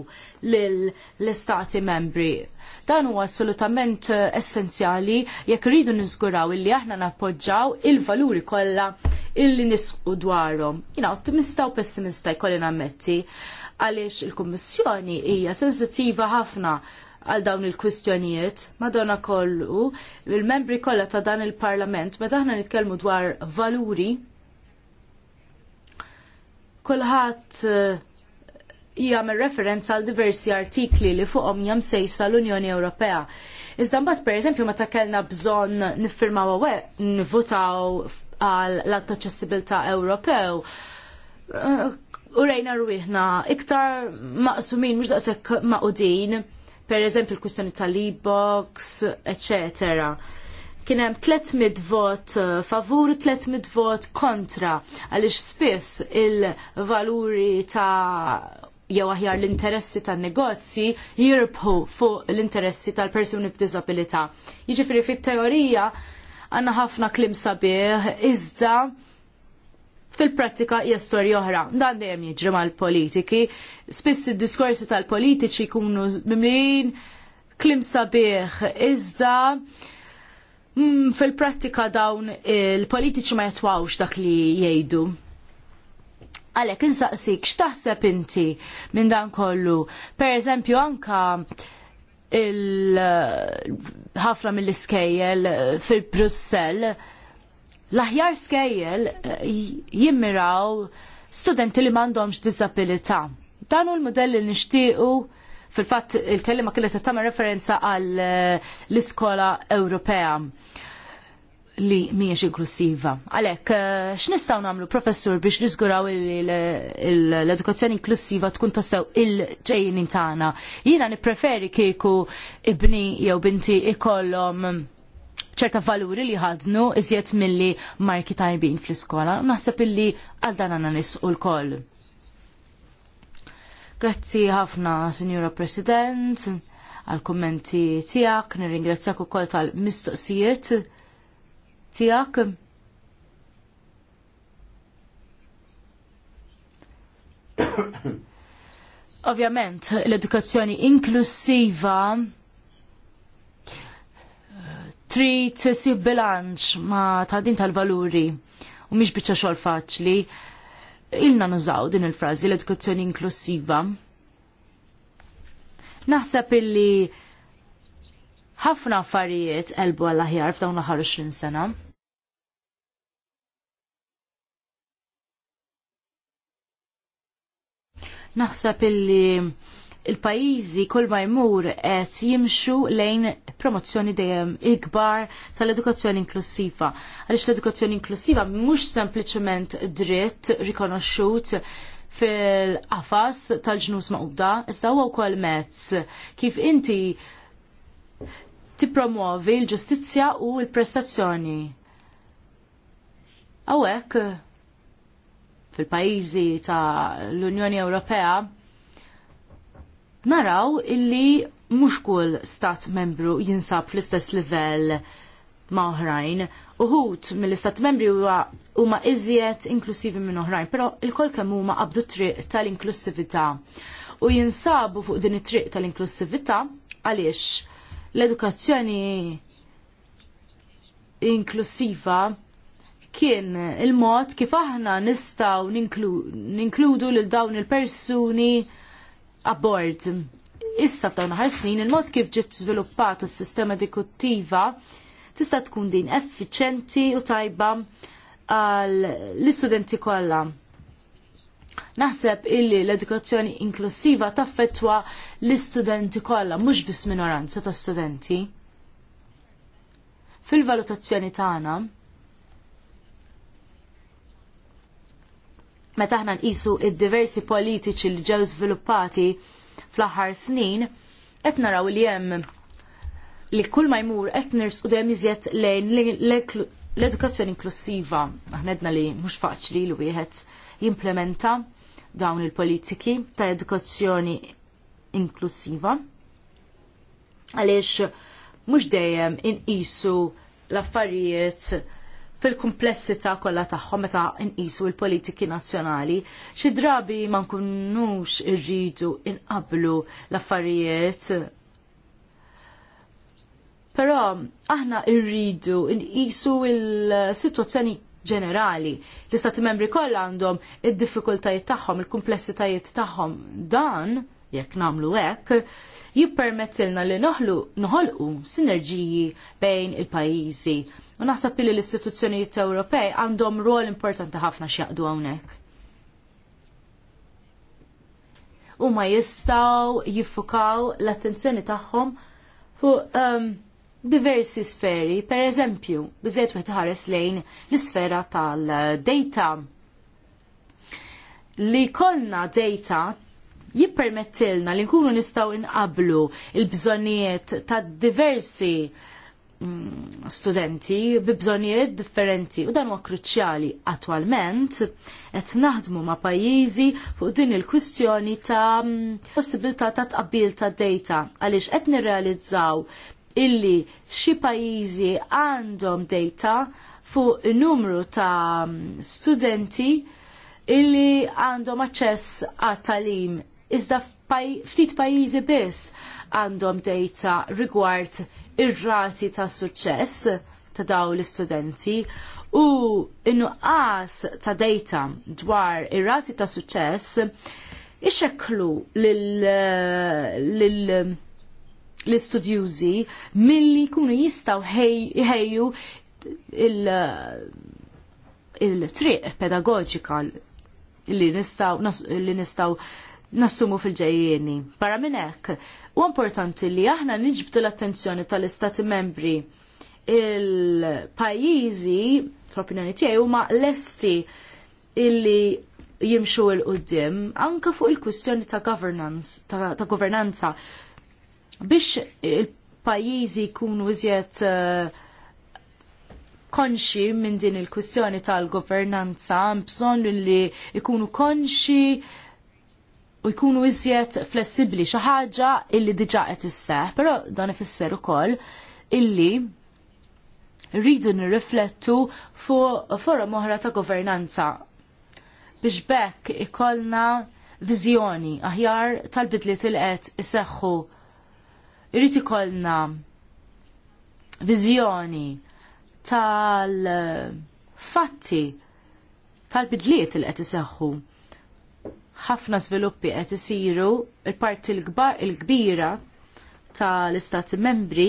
l-istati membri dan huwa assolutament eh, essenzjali jekk rridu niżguraw illi aħna nappoġġaw il-valuri kollha illi nisqu dwarhom. Jina ottimista u pessimista jkolli nammetti għaliex il-Kummissjoni hija sensittiva ħafna għal dawn il-kwistjonijiet madonna kollu il-membri kollha ta' dan il-Parlament meta aħna nitkellmu dwar valuri kulħadd eh, jagħmel referenza għal diversi artikli li fuqhom jam sejsa l-Unjoni Ewropea. Iżda mbagħad pereżempju meta kellna bżonn niffirmaw nivutaw għal l-att aċċessibilità Ewropew, eh, u rejna rwihna iktar maqsumin mhux daqshekk maqudin, pereżempju l-kwistjoni tal-e-box, etc. Kien hemm 300 vot eh, favur, 300 vot kontra, għaliex spiss il-valuri ta' jew aħjar l-interessi tan negozji jirbħu fuq l-interessi tal-persuni b'diżabilità. Jiġifieri fit-teorija għandna ħafna klim sabiħ iżda fil-prattika hija storja oħra. Dan dejjem jiġri mal-politiki. Spiss id-diskorsi tal-politiċi jkunu mimlin klim sabiħ iżda mm, fil-prattika dawn il-politiċi ma jitwawx dak li jgħidu għalek insaqsik x'taħseb inti minn dan kollu. Per eżempju anka il ħafna mill-iskejjel fil-Brussell L-aħjar skejjel eh, jimmiraw studenti li mandomx disabilita. Dan hu l-modell li nixtiequ fil-fatt il-kellima kellet se tama referenza għal eh, l-iskola Ewropea li mhijiex inklusiva. Għalhekk eh, x'nistgħu nagħmlu professur biex niżguraw l-edukazzjoni inklusiva tkun tassew il-ġejjin tagħna. Jiena nippreferi kieku ibni jew binti ikollhom ċerta valuri li ħadnu iżjed milli marki tajbin fl-iskola. Naħseb illi għal dan għanna nisqu l-koll. Grazzi ħafna, Signora President, għal kommenti tijak, nirringrazzjak u koll tal-mistoqsijiet tijak. (coughs) Ovvjament, l-edukazzjoni inklusiva trid sib bilanċ ma' ta' din tal-valuri u mhix biċċa xogħol faċli. Ilna nużaw din il-frażi l-edukazzjoni inklusiva. Naħseb illi ħafna affarijiet qalbu għall aħjar f'dawn l-aħħar 20 sena. Naħseb illi il-pajjiżi kull ma jmur qed jimxu lejn promozzjoni dejjem ikbar tal-edukazzjoni inklusiva. Għaliex l-edukazzjoni inklusiva mhux sempliċement dritt rikonoxxut fil-qafas tal-ġnus maqbda, iżda huwa wkoll mezz kif inti tippromuovi l-ġustizzja u l-prestazzjoni. Awek, fil-pajizi ta' l-Unjoni Ewropea, naraw illi mhux kull stat membru jinsab fl-istess livell ma' oħrajn. Uħut mill-istat membri huma iżjed inklusivi minn oħrajn, però il-kol kemm huma qabdu triq tal-inklusività. U jinsabu fuq din it-triq tal-inklusività għaliex l-edukazzjoni inklusiva kien il-mod kif aħna nistgħu ninkludu lil dawn il-persuni il persuni abbord. Issa f'dawn naħar snin il-mod kif ġiet żviluppat is-sistema edukattiva tista' tkun din effiċenti u tajba għal l-istudenti kollha. Naħseb illi l-edukazzjoni inklusiva taffettwa l-istudenti kollha mhux biss minoranza ta' studenti. Fil-valutazzjoni tagħna, Meta aħna nqisu id-diversi politiċi li ġew żviluppati fl-aħħar snin, qed naraw li hemm li kull ma jmur qed nirsqu dejjem iżjed lejn l-edukazzjoni inklusiva. Aħna edna li mhux faċli li wieħed jimplementa dawn il-politiki ta' edukazzjoni inklusiva. Għaliex mhux dejjem inqisu l-affarijiet fil-komplessità kollha tagħhom meta nqisu l-politiki nazzjonali, xi drabi ma nkunux irridu inqablu l-affarijiet. Però aħna rridu nqisu l-sitwazzjoni ġenerali. li stati membri kollha għandhom id-diffikultajiet tagħhom, il-kumplessitajiet tagħhom dan jekk namlu hekk, jippermettilna li noħlu noħolqu sinerġiji bejn il-pajjiżi U naħseb li l-istituzzjonijiet Ewropej għandhom rol importanti ħafna x'jaqdu hawnhekk. U ma jistaw jiffukaw l-attenzjoni tagħhom fuq um, diversi sferi, per eżempju, biżejt wieħed ħares lejn l-isfera tal-data. Li konna data jippermettilna li nkunu nistgħu inqablu il bżonnijiet ta' diversi Mm, studenti bi bżonijiet differenti u dan huwa kruċjali attwalment qed naħdmu ma' pajjiżi fuq din il-kwistjoni ta' mm, possibilità ta' tqabbil ta' data għaliex qed nirrealizzaw illi xi pajjiżi għandhom data fuq numru ta' mm, studenti illi għandhom aċċess għat-talim iżda ftit pajjiżi biss għandhom data rigward ir-rati ta' suċċess ta' daw l-istudenti u innuqqas ta' data dwar ir-rati ta' suċċess ixekklu l-istudjużi milli jkunu jistaw jħeju il-triq pedagogika li nistaw, li nistaw nassumu fil-ġejjieni. Barra minn hekk, u importanti li aħna niġbtu l-attenzjoni tal-Istati membri il-pajjiżi fl-opinjoni tiegħi huma lesti illi jimxu l-qoddim anka fuq il-kwistjoni ta' governance, ta', ta governanza biex il-pajjiżi jkunu iżjed eh, konxi minn din il-kwistjoni tal-governanza, bżonn li jkunu konxi u jkunu iżjed flessibli xi ħaġa illi diġà qed isseħ, però dan ifisser ukoll illi rridu nirriflettu fuq forum oħra ta' governanza biex bekk ikollna viżjoni aħjar tal-bidliet il qed iseħħu. Irrid ikollna viżjoni tal-fatti tal-bidliet il qed iseħħu ħafna sviluppi qed isiru il-parti l-kbira tal-istati membri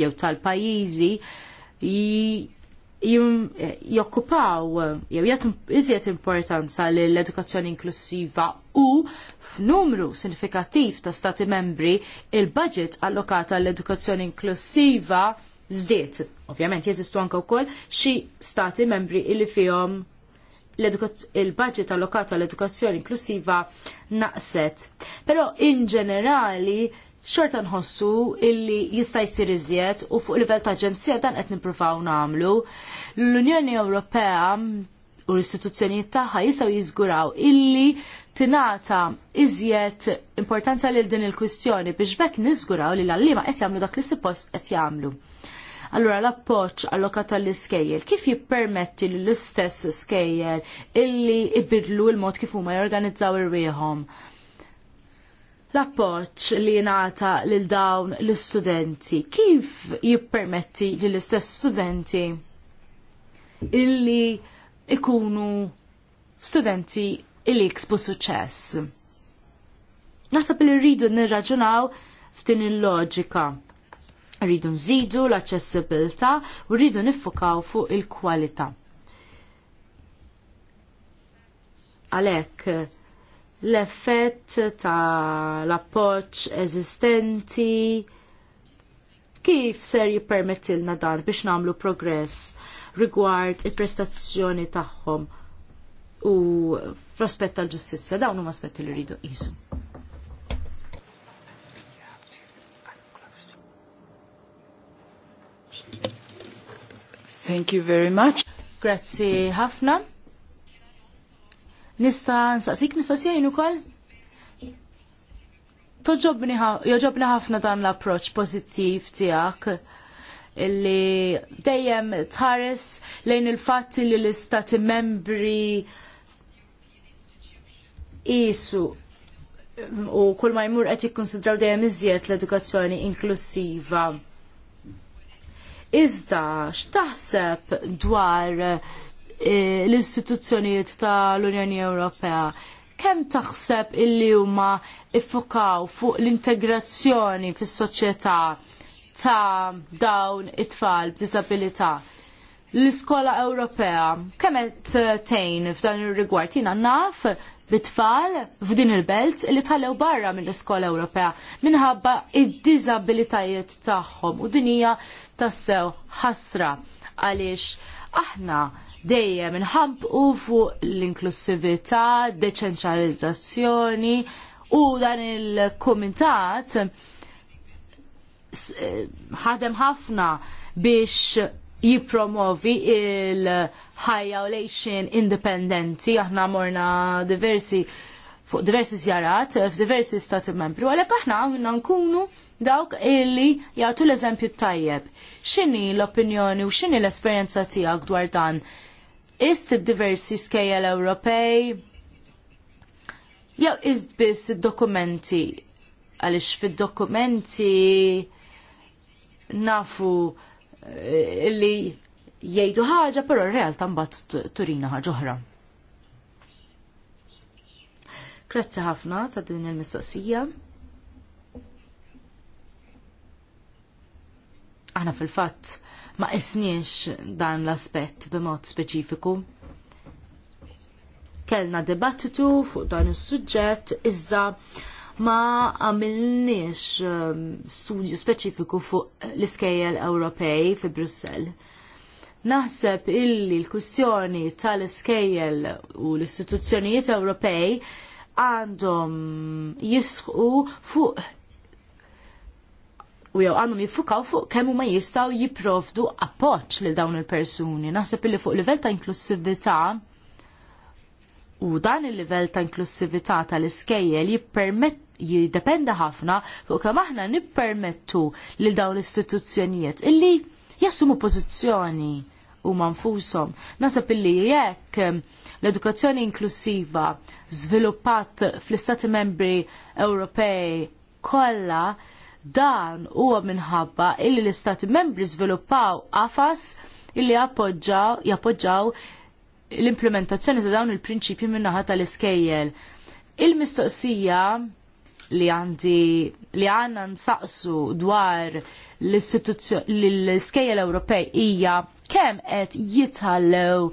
jew tal-pajjiżi jokkupaw jew jagħtu iżjed importanza lill-edukazzjoni inklusiva u f'numru sinifikattiv ta' stati membri il-budget allokata l-edukazzjoni inklusiva żdiet. Ovvjament jeżistu anke wkoll xi stati membri li fihom il-budget allokata l-edukazzjoni inklusiva naqset. Però in ġenerali xorta nħossu illi jista' jsir iżjed u fuq livell ta' aġenzija dan qed nippruvaw nagħmlu. L-Unjoni Ewropea u l-istituzzjonijiet tagħha jistgħu jiżguraw illi tingħata iżjed importanza lil din il-kwistjoni biex bekk niżguraw li l-allima qed jagħmlu dak li suppost qed jagħmlu. Allura l-appoġġ allokat tal-iskejjel kif jippermetti li l-istess iskejjel illi ibidlu il-mod kif huma jorganizzaw irwieħhom. L-appoġġ li jingħata lil dawn l-istudenti kif jippermetti li l-istess studenti illi ikunu studenti illi jiksbu suċċess. Nasab li rridu nirraġunaw f'din il-loġika rridu nżidu l-aċċessibilità u rridu niffokaw fuq il-kwalità. Għalhekk l-effett ta' l-appoċ eżistenti kif ser jippermettilna dan biex namlu progress rigward il-prestazzjoni tagħhom u prospett tal-ġustizja dawn huma aspetti li rridu qisu. Thank you very much. Grazzi ħafna. Nista' nsaqsik mistoqsijajn ukoll? Toġobni ħafna dan l-approċ pożittiv tiegħek li dejjem tħares lejn il-fatti li l-istati membri isu u kull ma jmur qed jikkonsidraw dejjem iżjed l-edukazzjoni inklusiva. Iżda x'taħseb dwar eh, l-istituzzjonijiet tal-Unjoni Ewropea kemm taħseb illi huma iffokaw fuq l-integrazzjoni fis-soċjetà ta' dawn it-tfal b'disabilità. L-Iskola Ewropea kemm qed tgħin f'dan ir-rigward jiena naf bit-tfal f'din il-belt li tħallew barra mill-iskola Ewropea minħabba id-diżabilitajiet tagħhom u din hija tassew ħasra għaliex aħna dejjem inħampqu fuq l-inklusività, deċentralizzazzjoni u dan il-kumitat eh, ħadem ħafna biex jipromovi il-ħajja u lejxin indipendenti, aħna morna diversi fuq diversi zjarat, f'diversi stati membri, għalek aħna għanna nkunu dawk illi jgħatu l-eżempju tajjeb. Xini l-opinjoni u xini l-esperienza tijak dwar dan? Ist diversi l Ewropej? Jew ist biss dokumenti għalix fid-dokumenti nafu Eh, illi jgħidu ħaġa però r-realtà mbagħad turina ħaġa Grazzi ħafna ta' din il-mistoqsija. Aħna fil-fatt ma isniex dan l-aspett b'mod speċifiku kellna dibattitu fuq dan is-suġġett iżda ma għamilniex ehm, studju speċifiku fuq l-iskejjel Ewropej fi Brussell. Naħseb illi l-kwistjoni tal-iskejjel u l-istituzzjonijiet Ewropej għandhom jisħu fuq u jew għandhom jiffukaw fuq kemm huma jistgħu jipprovdu appoġġ lil dawn il-persuni. Naħseb illi fuq livell ta' inklusività u dan il-livell ta' inklusività tal-iskejjel jippermetti jiddependa ħafna fuq kemm aħna nippermettu lil dawn l-istituzzjonijiet illi jassumu pożizzjoni u manfusom. Nasab illi jekk ehm, l-edukazzjoni inklusiva żviluppat fl-Istati membri Ewropej kollha dan huwa minħabba illi l-Istati membri żviluppaw qafas illi jappoġġaw l-implementazzjoni ta' dawn il-prinċipji min-naħa tal-iskejjel. Il-mistoqsija li għandi li għanna nsaqsu dwar l-iskejjel Ewropej hija kemm qed jitħallew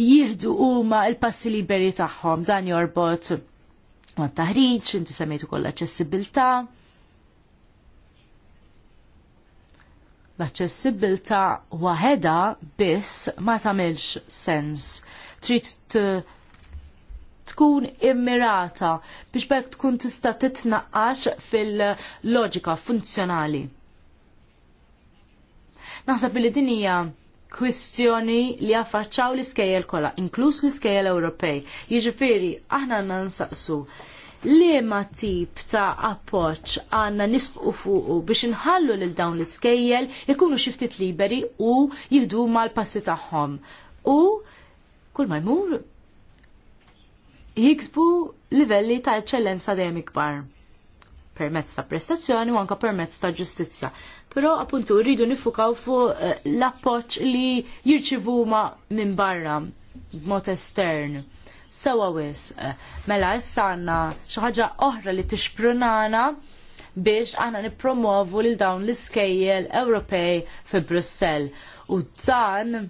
jieħdu huma l-passi liberi tagħhom dan jorbot ma' taħriġ, inti semmejt ukoll l-aċċessibilità. L-aċċessibilità waħedha biss ma tagħmilx sens. Trid tkun immirata biex bekk tkun tista' titnaqqax fil-loġika funzjonali. Naħseb li din hija kwistjoni li affaċċaw l-iskejjel kollha, inkluż l-iskejjel Ewropej. Jiġifieri aħna għandna nsaqsu liema tip ta' appoġġ għandna nisqu fuqu biex inħallu lil dawn l-iskejjel ikunu xi ftit liberi u jieħdu mal-passi tagħhom. U kull ma jmur jiksbu livelli ta' eċċellenza dejjem ikbar permezz ta' prestazzjoni u anka permezz ta' ġustizzja. Però appuntu rridu nifukaw fuq eh, l-appoġġ li jirċivu ma minn barra b'mod estern. Sewa wis, eh, mela issa għandna xi ħaġa oħra li tixprunana biex aħna nippromovu lil dawn l-iskejjel Ewropej fi Brussell. U dan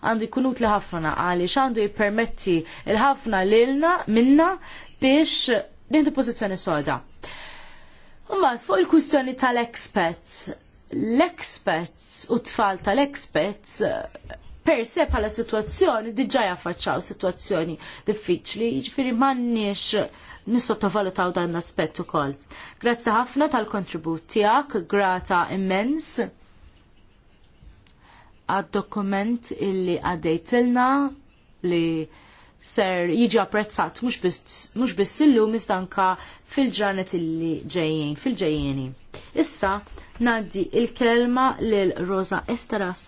għandu jkun utli ħafna għaliex għandu jippermetti il-ħafna lilna minna biex nintu pożizzjoni soda. Mbagħad fuq il-kwistjoni tal-experts, l-experts u tfal tal-experts per se bħala situazzjoni diġà jaffaċċaw situazzjoni diffiċli, jiġifieri m'għandniex nissottovalutaw dan l-aspett ukoll. Grazzi ħafna tal-kontribut tiegħek, grata immens għad-dokument illi għaddejtilna li ser jiġi apprezzat mhux biss illum iżda anke fil-ġranet illi ġejjin, fil-ġejjieni. Issa ngħaddi l kelma lil Rosa Esteras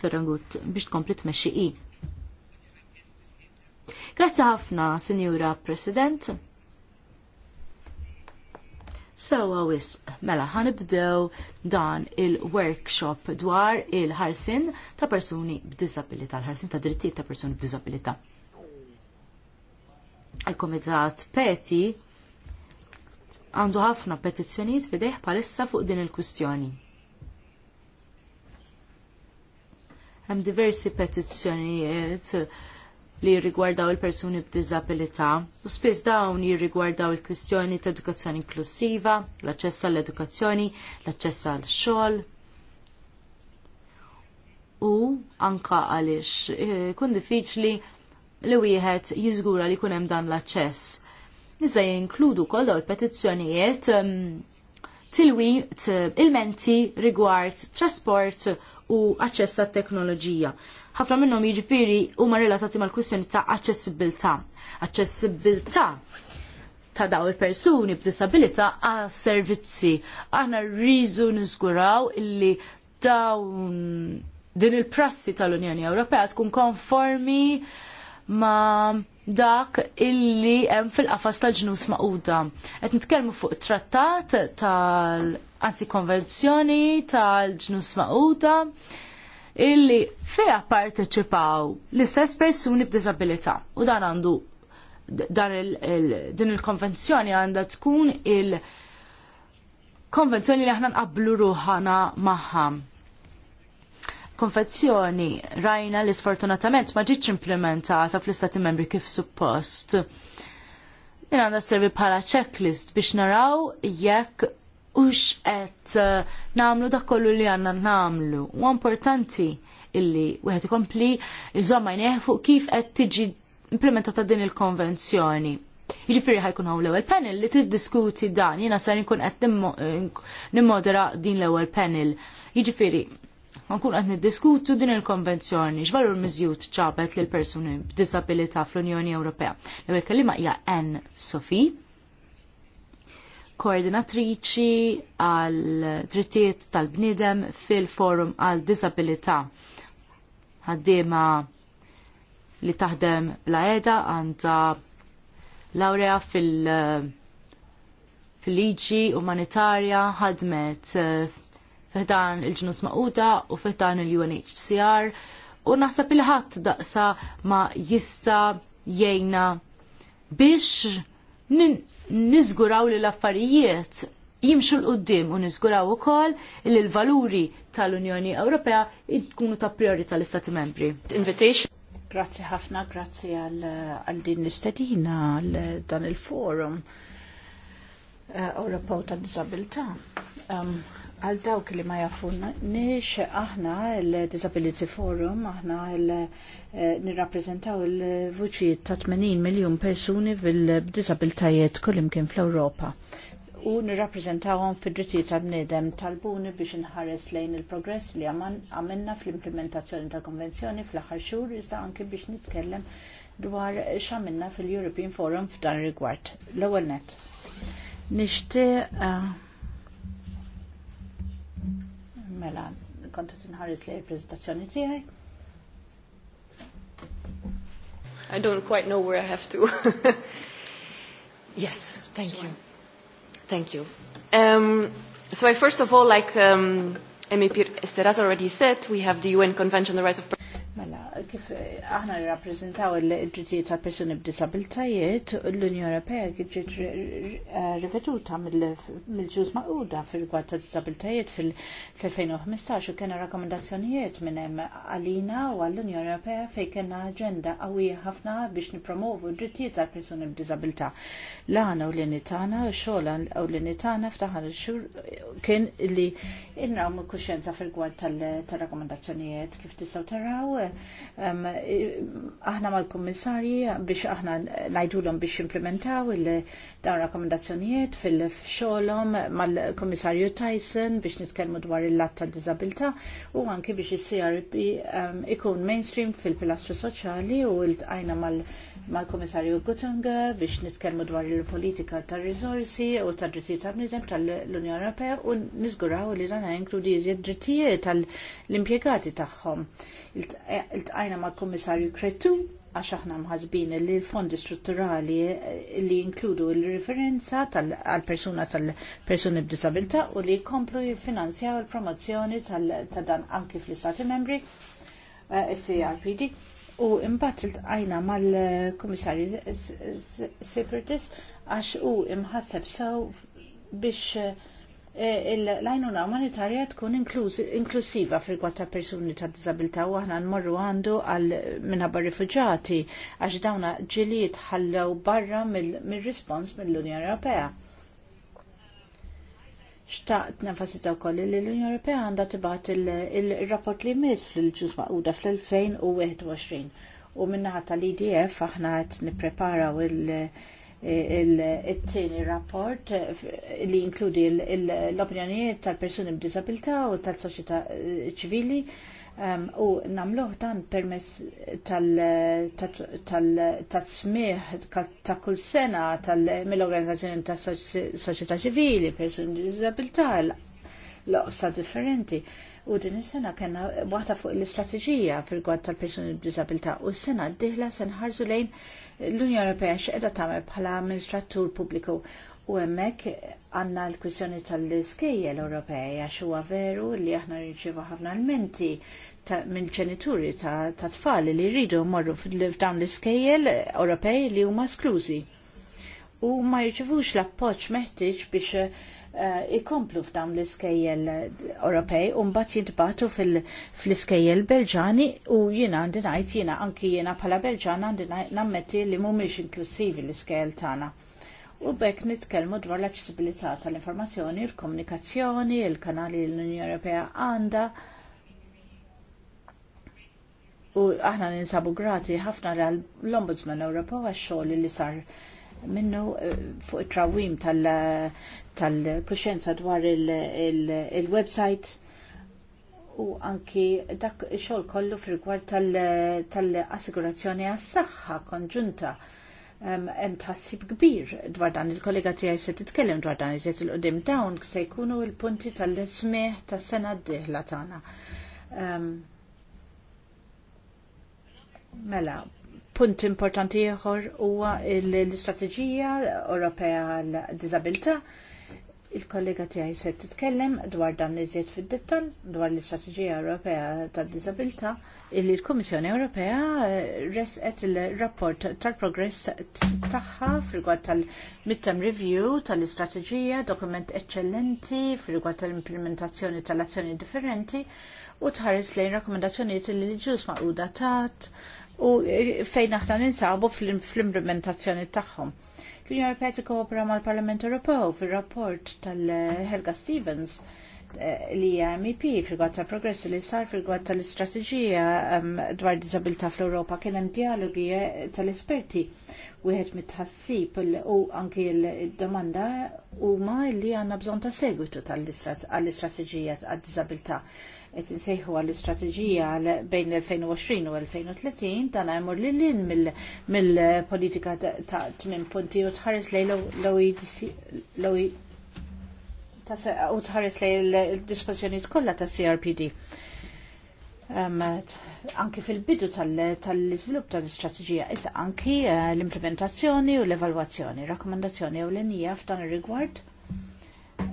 Ferrangut biex tkompli tmexxi. Grazzi ħafna, Signora President so, wisq, mela ħanibdew dan il-workshop dwar il-ħarsin ta' persuni b'disabilità, l-ħarsin ta' drittijiet ta' persuni b'disabilità. Il-Komitat Peti għandu ħafna petizzjonijiet fideħ palissa fuq din il-kwistjoni. Hemm diversi petizzjonijiet li jirrigwardaw il-persuni b'diżabilità u spiss dawn jirrigwardaw il-kwistjoni ta' edukazzjoni inklusiva, l-aċċess għall-edukazzjoni, l-aċċess għall-xogħol. U anka għaliex eh, kun diffiċli li wieħed jiżgura li kun hemm dan l-aċċess. Iżda jinkludu kollha l-petizzjonijiet ehm, tilwi il-menti rigward trasport u aċċess għat teknoloġija ħafna minnhom jiġifieri huma relatati mal-kwistjoni ta' aċċessibilità. Aċċessibilità ta' daw il-persuni b'disabilità għas servizzi. Aħna rriżu niżguraw illi dawn din il-prassi tal-Unjoni Ewropea tkun konformi ma' dak illi hemm fil-qafas tal-ġnus maquda. Qed nitkellmu fuq trattat tal- għansi konvenzjoni tal-ġnus maquta illi feja parteċipaw l-istess persuni b'disabilità u dan għandu dan il, il, din il-konvenzjoni għandha tkun il- konvenzjoni li aħna nqablu ruħana magħha. Konvenzjoni rajna li sfortunatament ma ġietx implementata fl-istati membri kif suppost. Jien għandha servi bħala checklist biex naraw jekk ux et eh, nagħmlu dak kollu li għandna nagħmlu. U importanti illi wieħed ikompli iżomma jneħ fuq kif qed tiġi implementata din il-konvenzjoni. Jiġifieri ħajkun għaw l-ewwel panel li tiddiskuti dan, jiena sa' nkun qed nimmodera din l-ewwel panel. Jiġifieri, nkun qed niddiskutu din il-konvenzjoni x'valur miżjud ċabet l persuni b'disabilita fl-Unjoni Ewropea. l ewel kalima hija N. Sofie koordinatriċi għal drittijiet tal-bnidem fil-forum għal disabilità. Ħaddiema li taħdem bla edha għandha laurea fil- eh, fil-liġi umanitarja ħadmet eh, f'dan il-ġnus maquda u f'dan il-UNHCR u naħseb il-ħadd daqsa ma jista jgħina biex niżguraw li l-affarijiet jimxu l-qoddim u niżguraw ukoll li l-valuri tal-Unjoni Ewropea jkunu ta' priorità l-Istati Membri. Invitation. Grazzi ħafna, grazzi għal din l-istedina, għal dan il-forum eh, Ewropew tad-Disabilità għal dawk li ma jafun nix aħna l-Disability Forum, aħna l- Eh, nirrappreżentaw il vuċi ta' 80 miljun persuni bil-disabiltajiet kullimkien fl-Ewropa. U nirrappreżentawhom fid-drittijiet tal-bniedem talbuni biex inħares lejn il-progress li għamilna fl-implementazzjoni tal-konvenzjoni fl-aħħar xhur iżda anke biex nitkellem dwar x'għamilna fil-European Forum f'dan rigward. L-ewwel net. Nixtieq eh, mela kont qed inħares lejn il-preżentazzjoni tiegħi I don't quite know where I have to. (laughs) yes, thank Sorry. you. Thank you. Um, so I first of all, like um, MEP Esteraz already said, we have the UN Convention on the Rights of Mela, kif eh, aħna rappresentaw il-ġitijiet tal persuni b'disabilitajiet, l-Unjoni Ewropea ġiet rivetuta eh, mill-ġuż maquda fil rigward ta' disabilitajiet fil-2015 u kena rakkomandazzjonijiet minn hemm għalina u għall-Unjoni Ewropea fejn kena aġenda qawwija ħafna biex nipromovu l drittijiet tal persuni b'disabilità. L-għana u l-initana, xogħol u l tagħna ftaħar xhur xur kien li inrawmu kuxjenza fil rigward tal-rakkomandazzjonijiet kif tistgħu taraw aħna mal-kommissarji biex aħna najdulom biex implementaw il-dawn rakkomandazzjonijiet fil fxolom mal-kommissarju Tyson biex nitkellmu dwar il-lat ta' disabilta u anki biex il-CRP ikun mainstream fil-pilastru soċjali u il-tajna mal-kommissarju Guttinger biex nitkellmu dwar il-politika ta' rizorsi u ta' drittijiet tal-bnidem tal-Unjoni Ewropea u nizguraw li dan jinkludi iżjed drittijiet tal-impjegati tagħhom il-tqajna mal kummissarju Kretu għax aħna mħazbin li l-fondi strutturali eh, li jinkludu il-referenza tal persuna tal-persuni b'disabilità u li jkomplu jiffinanzjaw il-promozzjoni ta' dan anki fl-Istati membri, eh, SCRPD, u imbat il-tqajna mal-Kummissarju Sipertis għax u imħasseb sew biex eh, Eh, l-għajnuna umanitarja tkun inklusiva fil ta' persuni ta' disabilta u aħna nmorru għandu għal minħabba rifugġati għax dawna ġiliet ħallew barra mill-respons mill-Unjoni Ewropea. Xtaqt nefasita u koll li l-Unjoni Ewropea għandha tibgħat il-rapport li jmiss fil-ġus maquda fl-2021 u minnaħat tal-IDF aħna qed nippreparaw il- il-tieni rapport eh, li jinkludi l-opinjonijiet tal-persuni b'disabilità u tal-soċjetà eh, ċivili ehm, u namluħ dan permess tal-smih ta' kull sena mill-organizzazzjoni ta' soċjetà ċivili, persuni b'disabilità, l-oqsa differenti. U din is-sena kellna waħda fuq l-istrateġija fil-gwad tal-persuni b'disabilità u s-sena d-dieħla se nħarsu lejn l-Unjoni Ewropea x'qiegħda tagħmel bħala amministratur pubbliku u hemmhekk għandna l-kwistjoni tal l Ewropej għax huwa veru li aħna nirċievu ħafna almenti minn ċenituri ta' tfal li jridu jmorru f'dawn l-iskejjel Ewropej li huma sklużi u ma jirċivux l-appoċ meħtieġ biex Eh, ikomplu f'dawn l-iskejjel Ewropej u mbagħad jintbagħtu fl-iskejjel Belġani u jiena għandi ngħid jiena anki jiena bħala Belġan għandi nammetti li mhumiex inklusivi l-iskejjel tagħna. U bekk nitkellmu dwar l-aċċessibilità tal-informazzjoni, il-komunikazzjoni, il-kanali l-Unjoni Ewropea għandha U aħna ninsabu grati ħafna l-Ombudsman Ewropew għax xogħol li sar minnu eh, fuq it-trawim tal-kuxenza dwar il-website u anki dak xol kollu fil-gwar tal-assigurazzjoni għas-saħħa konġunta hemm tassib kbir dwar dan il-kollega tiegħi se titkellem dwar dan iżjed il-qudiem dawn se jkunu l-punti tal ismeħ tas-sena d-dieħla tagħna. Mela, punt importanti ieħor huwa l-istrateġija Ewropea għal-diżabilità il-kollega tiegħi se titkellem dwar dan iżjed fid dettall dwar l-Istrateġija Ewropea tad-Diżabilità illi l-Kummissjoni Ewropea eh, resqet il-rapport tal-progress tagħha f'rigward tal-midterm review tal-istrateġija, dokument eċċellenti f'rigward tal-implementazzjoni tal-azzjoni differenti u tħares lejn rakkomandazzjonijiet li l-ġus maquda tat u eh, fejn aħna ninsabu fl-implementazzjoni tagħhom L-Unjoni Ewropea tikkopera mal-Parlament Ewropew fir-rapport tal-Helga Stevens eh, li hija MEP fil-gwad ta' progress li sar fil-gwad tal-istrateġija ehm, dwar disabilità fl europa kien hemm dialogi eh, tal-esperti wieħed mit-tħassib u anki l-domanda huma li għandna bżonn ta' segwitu tal-istrateġija għad-disabilità qed insejħu għall istrateġija bejn 2020 u 2030 dan jmur lil lin mill-politika ta' tmien punti u tħares lej l-OECD e- u tħares lej l-dispożjonijiet kollha ta' CRPD. Anki fil-bidu tal izvilup tal-istrateġija, issa anki eh, l-implementazzjoni u l-evalwazzjoni, rakkomandazzjoni u l-inija f'dan ir-rigward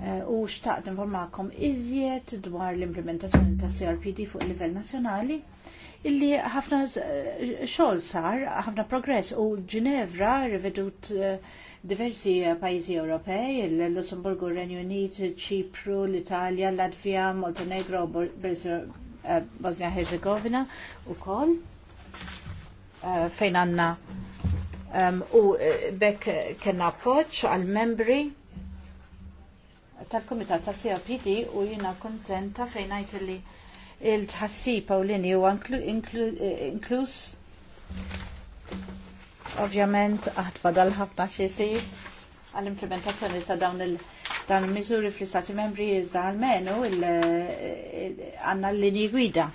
Eh, u xtaqt informakom iżjed dwar l-implementazzjoni ta' CRPD fuq il livell nazzjonali illi ħafna eh, xogħol sar, ħafna progress u Ġinevra rivedut eh, diversi pajjiżi Ewropej, l-Lussemburgu, Renju Unit, Ċipru, l-Italja, Latvija, Montenegro, Bosnia Herzegovina ehm, u koll fejn għanna u bekk kena poċ għal-membri tal-Komitat ta' CRPD u jina kontenta fejn għajt li il-tħassib u u inklus ovvjament għatfa dal-ħafna xisir għall-implementazzjoni ta' dawn il-dan mizuri fl-istati membri iżda għal-menu għanna l-lini gwida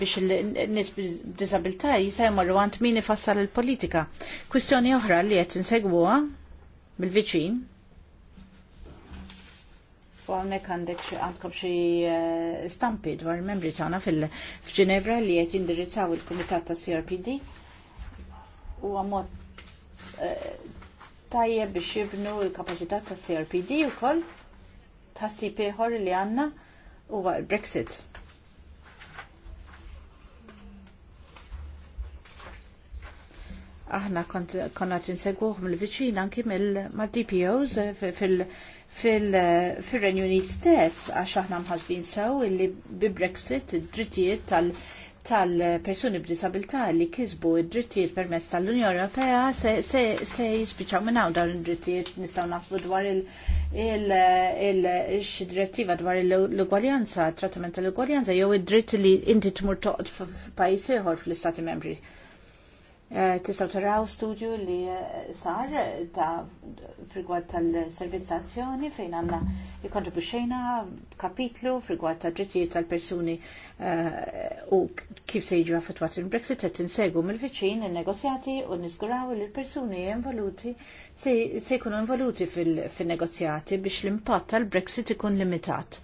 biex n-nis b'disabilta jisemmarru għant min ifassal il-politika. Kwistjoni oħra li għet nsegwuha bil-viċin u għawnek għandek għandkom xie eh, stampi dwar membri tagħna fil-Ġenevra li qed jindirizzaw il komitat ta' CRPD u għamot eh, tajjeb biex jibnu il kapaċità ta' CRPD u koll tassi peħor li għanna u brexit aħna konna tinsegwuħ mill-viċin anki mill-DPOs eh, fil- fil-Renju Unit stess, għax aħna mħasbin sew illi bi Brexit id-drittijiet tal- tal-persuni b'disabilità li kisbu id-drittijiet permezz tal-Unjoni Ewropea se jispiċaw minn hawn dawn id-drittijiet nistgħu naħsbu dwar il-direttiva dwar l-ugwaljanza, trattament tal-ugwaljanza jew id-dritt li inti tmur toqgħod f'pajjiż ieħor fl-Istati Membri Eh, tistaw taraw studju li eh, sar ta' frigwad tal-servizzazzjoni fejn għanna jikontribuxejna kapitlu frigwad ta' ġittijiet tal-persuni eh, u kif se jiġu affettwati il-Brexit qed insegu mill-viċin in-negozjati u niżguraw li l-persuni involuti se jkunu involuti fil-negozjati biex l-impatt tal-Brexit ikun limitat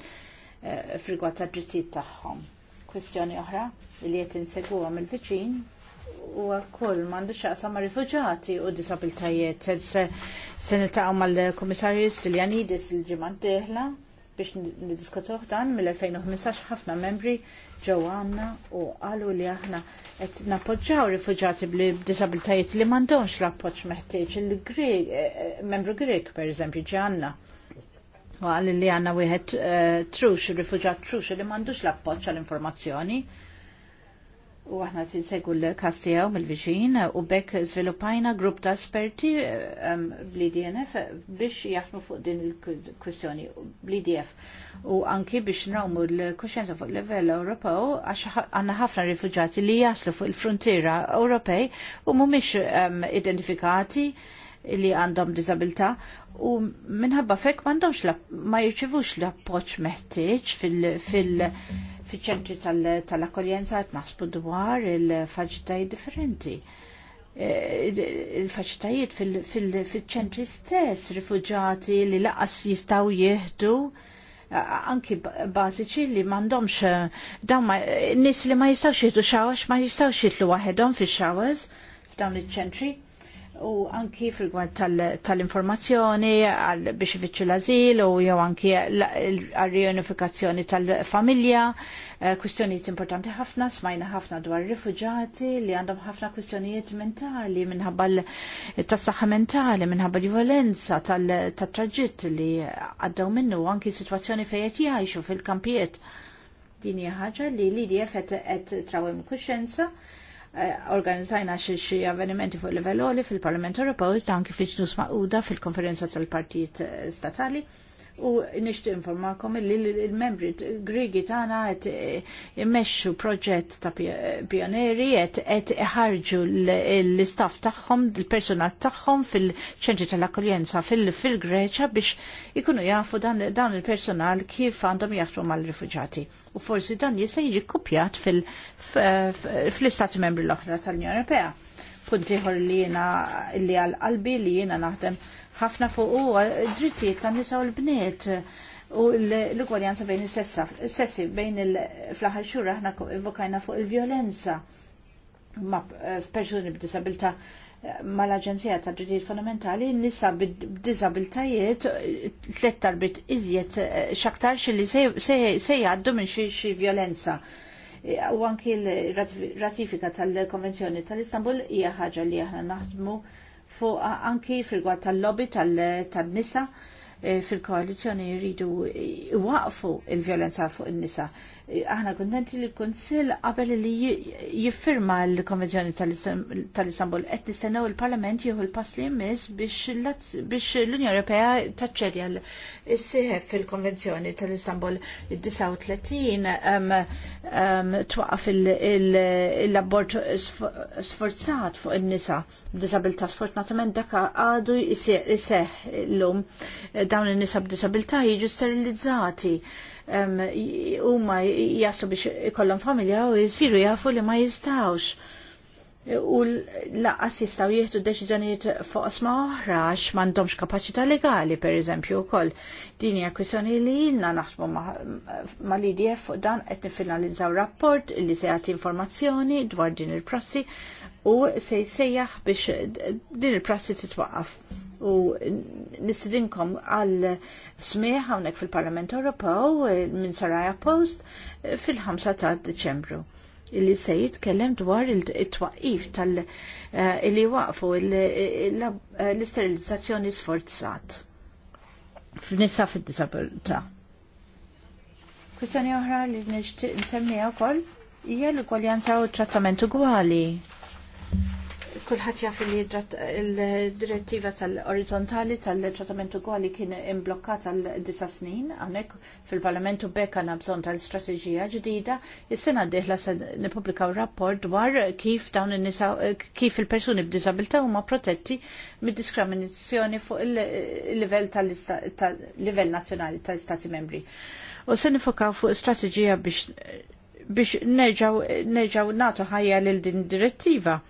frigwad ta' ġittijiet tagħhom. Kwestjoni oħra li qed għam mill-viċin u għal-koll mandu xaqsa ma' rifugġati u disabiltajiet. Se nitaqaw mal-komissarju Stiljanidis il-ġimant diħla biex nidiskutuħ dan mill-2015 ħafna membri ġew għanna u għalu li aħna qed nappoġġaw rifugġati disabiltajiet li m'għandhomx l-appoġġ meħtieġ il-Grek, membru Grek pereżempju ġi għandna. U għal li għandna wieħed eh, trux, rifugġat trux li m'għandux l-appoġġ għall-informazzjoni U aħna sinsegu l-kastijaw mill vixin u bekk zviluppajna grupp ta' esperti bl-IDNF biex jaħnu fuq din il-kwistjoni bl-IDF. U anki biex nawmu l-kuxenza fuq level Ewropew għax għanna ħafna rifugġati li jaslu fuq il-frontiera Ewropej u mumiex identifikati li għandhom disabilità u minħabba fekk m'għandhomx ma jirċivux l-appoġġ meħtieġ fil-ċentri tal-akkoljenza qed naħsbu dwar il-faċilitajiet differenti. E, il faċitajiet fil-ċentri stess, rifuġati li laqas jistgħu jieħdu anki bażiċi li m'għandhomx e, dawn nies li ma jistgħux jieħdu xawax ma jistgħux jitlu waħedhom fix-xawas f'dawn iċ-ċentri u anki fil-gwad tal-informazzjoni tal biex ifittxu l-azil u jew anki għal-reunifikazzjoni tal-familja, eh, kwistjonijiet importanti ħafna, smajna ħafna dwar rifuġati li għandhom ħafna kwistjonijiet mentali minħabba tas-saħħa mentali, minħabba l-violenza tal-traġitt li għaddaw minnu anki situazzjoni fejet jgħixu fil-kampijiet. Din hija ħaġa li li di effett qed trawem kuxenza Eh, organizzajna xi avvenimenti fuq livell oli fil-Parlament Ewropew iżda anke fil-ġnus maquda fil-konferenza tal-partijiet eh, statali u nishtu informakom li l-membri grigi tana għet eh, immexxu proġett ta' pioneri għet ħarġu l-istaff tagħhom, l-personal tagħhom fil-ċentri tal-akkoljenza fil-Greċa biex ikunu jafu dan il-personal kif għandhom jaħdmu mal-rifuġati. U forsi dan jista' jiġi kopjat fil-istati membri l-oħra tal-Unjoni Europea. punti ħor li jena li għal-qalbi li jena naħdem ħafna fuq u drittijiet tan nisa u l-bniet u l-ugwaljanza bejn is-sessi bejn il-fl-aħħar xhur aħna fuq il-vjolenza ma' f'persuni b'disabilità mal-Aġenzija ta' Drittijiet Fundamentali nisa b'disabiltajiet tliet bit iżjed xaktar xilli se jgħaddu minn xi vjolenza. U anki l-ratifika tal-Konvenzjoni tal-Istanbul hija ħaġa li aħna naħdmu fuq anki fil-gwad tal-lobby tal-nisa eh, fil-koalizjoni jridu waqfu il-violenza fuq il-nisa. il violenza fuq il nisa aħna kontenti li l-Kunsill qabel li jiffirma l-Konvenzjoni tal-Istanbul qed nistennew il-Parlament jieħu l-pass li jmiss biex l-Unjoni Ewropea taċċedja s-sieħeb fil-Konvenzjoni tal-Istanbul 39 um, um, twaqaf l-abort sforzat fuq in-nisa b'disabilità sfortunatament dak għadu jseħ l-lum dawn in-nisa b'disabilità jiġu sterilizzati huma jaslu biex ikollhom familja u jisiru jafu li ma jistawx u laqqas jistaw jieħdu deċiżjonijiet fuq osma oħra għax m'għandhomx kapaċità legali pereżempju wkoll. Din hija kwistjoni li ilna naħdmu mal-IDF fuq dan qed nifinalizzaw rapport li se jagħti informazzjoni dwar din il-prassi u se jsejjaħ biex din il-prassi titwaqqaf u nistidinkom għal smieħ hawnhekk fil-Parlament Ewropew eh, minn Saraja Post eh, fil-5 ta' Deċembru illi se jitkellem dwar it-twaqif tal- eh, illi waqfu l-isterilizzazzjoni sforzat f'nisa fid-disabilità. Kwistjoni oħra li nixtieq nsemmija wkoll hija l-ikwaljanza u trattament ugwali Kulħadd jaf li il-direttiva tal-orizzontali tal-trattament ugwali kien imblokkat għal disa snin għanek fil-Parlamentu bekk għandna bżonn tal strategija ġdida. Is-sena d-dieħla se nippubblikaw rapport dwar kif dawn il nisa kif il-persuni b'diżabilità huma protetti mid-diskriminazzjoni fuq il-livell tal-livell nazzjonali tal-Istati membri. U se nifokaw fuq strateġija biex neġaw nerġaw natu ħajja lil din direttiva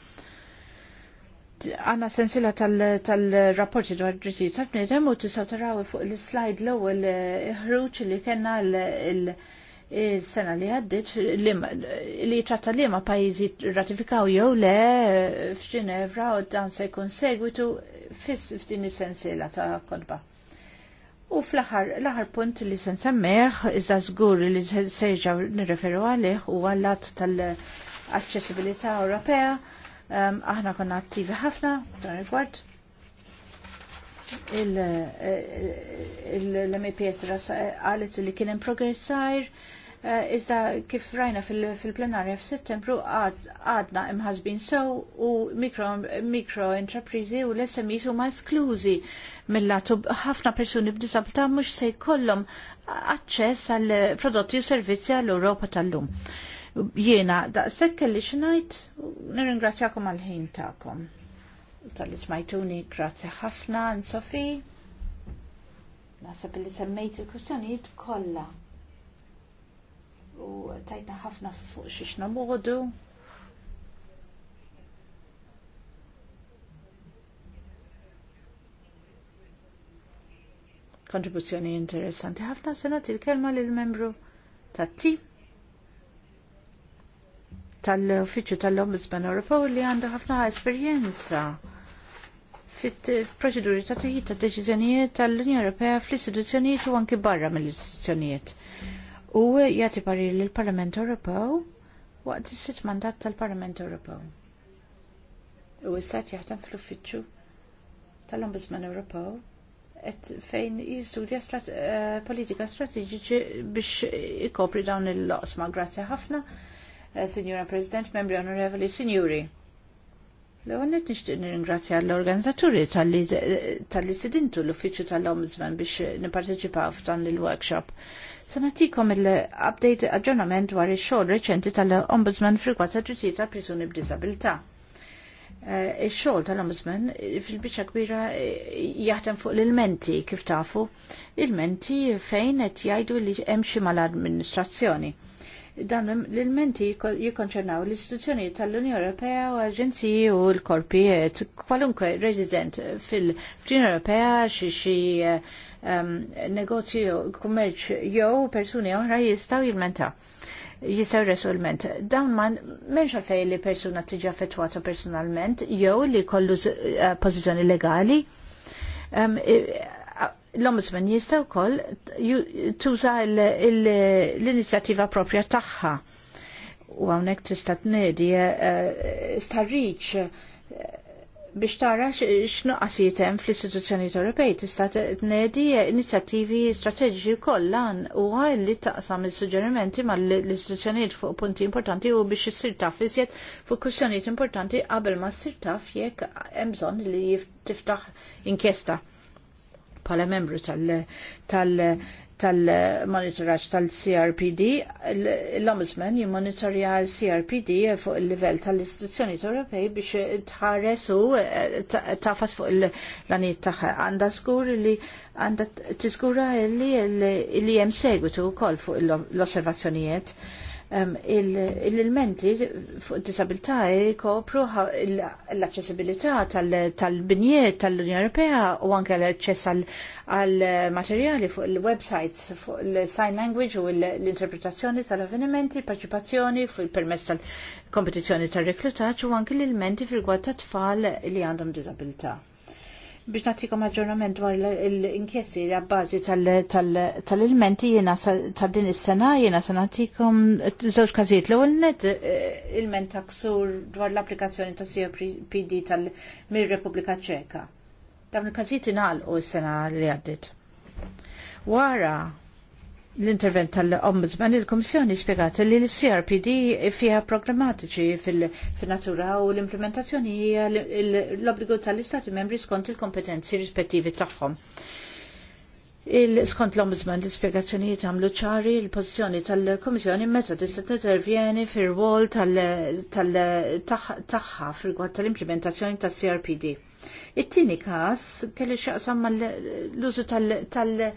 għanna sensila tal-rapporti dwar drittijiet tal-bnedem u tisaw taraw fuq l-slide l-ewwel eh, ħruġ li kellna l-sena li għaddit li tratta li ma pajjiżi ratifikaw jew le eh, f'Ġinevra u dan se jkun segwitu fiss f'din is-sensiela ta' kodba. U fl-aħħar l-aħħar punt li se nsemmeħ iżda żgur li se nirreferu għalih u għallat tal-aċċessibilità Ewropea aħna konna attivi ħafna dan rigward. l mps għalet li kien hemm progress sajr. Eh, iżda kif rajna fil-plenarja f'Settembru għadna imħasbin sew u mikro-entreprizi u l-SMEs huma esklużi mill-latu ħafna persuni b'disabilità mhux se jkollhom aċċess għal prodotti u servizzi għall europa tal-lum. Jiena daqshekk kelli xinajt, nir nirringrazzjakom għall-ħin tagħkom. tal ismajtuni smajtuni grazzi ħafna Sofi. Nasab li semmejt il-kustjonijiet kollha. U tajna ħafna fuq xiex namodu. kontribuzzjoni interessanti. ħafna sena il-kelma lill membru tat-tip tal-Uffiċċju tal-Ombudsman Ewropew li għandu ħafna esperjenza fit-proċeduri ta' tiħid ta' deċiżjonijiet tal-Unjoni Ewropea fl-istituzzjonijiet u anki barra mill-istituzzjonijiet. U jagħti pari l-Parlament Ewropew waqt is-sitt mandat tal-Parlament Ewropew. U s-sat jaħdem fl-uffiċċju tal-Ombudsman Ewropew et fejn jistudja strat eh, politika strateġiċi biex ikopri dawn il-loqsma. grazzi ħafna. Eh, Signora President, membri onorevoli, signori. L-għonet nishtiq nirringrazzja l-organizzaturi tal-li sidintu l-uffiċu tal-Ombudsman biex niparteċipaw f'dan il-workshop. Sanatikom il-update aġġornament dwar il-xogħol reċenti tal-Ombudsman frikwat ġitijiet tal-persuni b'disabilità. Eh, ix-xogħol tal-Ombudsman fil-biċċa kbira eh, jaħdem fuq l-ilmenti kif tafu, ilmenti fejn qed jgħidu li hemm xi mal-administrazzjoni dan l-elementi jikonċernaw l-istituzzjoni tal-Unjoni Ewropea u aġenziji u l korpi kwalunkwe resident fil-Unjoni Ewropea xi um, ehm, negozju kummerċ jew persuni oħra jistgħu jilmenta jistaw resolment. Dawn man menx għalfej li persuna tiġi affettwata personalment, jew li kollu eh, pozizjoni legali. Um, l-Ombudsman jista' wkoll tuża l-inizjattiva propja tagħha. U hawnhekk tista' t-nedi eh, eh, starriċ eh, biex tara xnu hemm fl-istituzzjonijiet Ewropej tista' tnedi inizjattivi strateġiċi u huwa li taqsam il-suġġerimenti mal-istituzzjonijiet fuq punti importanti u biex issir taf iżjed fuq kwistjonijiet importanti qabel ma s-sir taf jekk hemm bżonn li tiftaħ inkjesta bħala membru tal monitoraċ tal-CRPD, l-Ombudsman jimmonitorja l-CRPD fuq il-livell tal-istituzzjoni Ewropej biex tħares u eh, tafas fuq l-għaniet tagħha. Għandha skur li għandha tiskura li hemm segwitu wkoll fuq l-osservazzjonijiet il-menti fuq disabilità kopru l-accessibilità tal-binjiet tal-Unjoni Ewropea u anke l ċess għal-materjali fuq il-websites, fuq il-sign language u l-interpretazzjoni tal-avvenimenti, parċipazzjoni fuq il-permess tal-kompetizjoni tal-reklutaċ u anke l-menti fil-gwad tat-tfal li għandhom disabilità biex natikom aġġornament dwar l-inkjesti għabbażi tal-ilmenti jena ta' din is-sena jena se natikom żewġ każijiet l net eh, il-ment ksur dwar l-applikazzjoni ta' COPD tal-mir-Repubblika Ċeka. Dawn il-każijiet inqalqu s-sena li għaddit. Wara l-intervent tal-Ombudsman, il-Komissjoni spiegat li l-CRPD fija programmatiċi fil-natura u l-implementazzjoni hija l-obbligu tal-Istati membri skont il-kompetenzi rispettivi tagħhom. Il-skont l-Ombudsman l-ispiegazzjonijiet għamlu ċari l-pozizjoni tal-Komissjoni meta tista' tintervjeni fir-rwol tal-taħħa fil-gwad tal-implementazzjoni tal-CRPD. It-tieni każ kelli xaqsam mal-użu tal-, -tal, -tal, -tal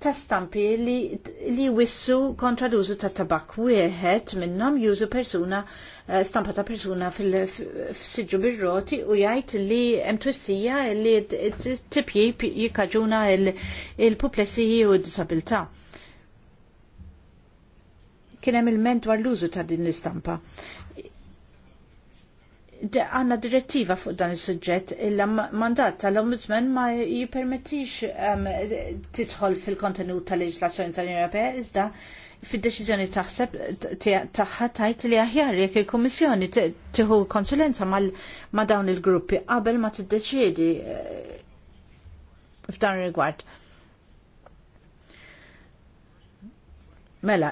ta' stampi li, li wissu kontra l-użu ta' tabak. Wieħed minnhom jużu persuna, eh, stampa ta' persuna fil-sidġu bir-roti u jgħid li hemm twissija li tipji jikkaġuna il-puplessiji u d Kienem Kien hemm il-ment dwar l-użu ta' din l-istampa għanna direttiva fuq dan il-sujġet il-mandat tal-Ombudsman ma jipermettix um, titħol fil-kontenut tal-leġislazzjoni tal-Ewropea iżda fid-deċiżjoni taħseb taħħa tajt li aħjar jekk il-Kummissjoni tiħu konsulenza ma' dawn il-gruppi qabel ma tiddeċiedi eh, f'dan rigward. Mela,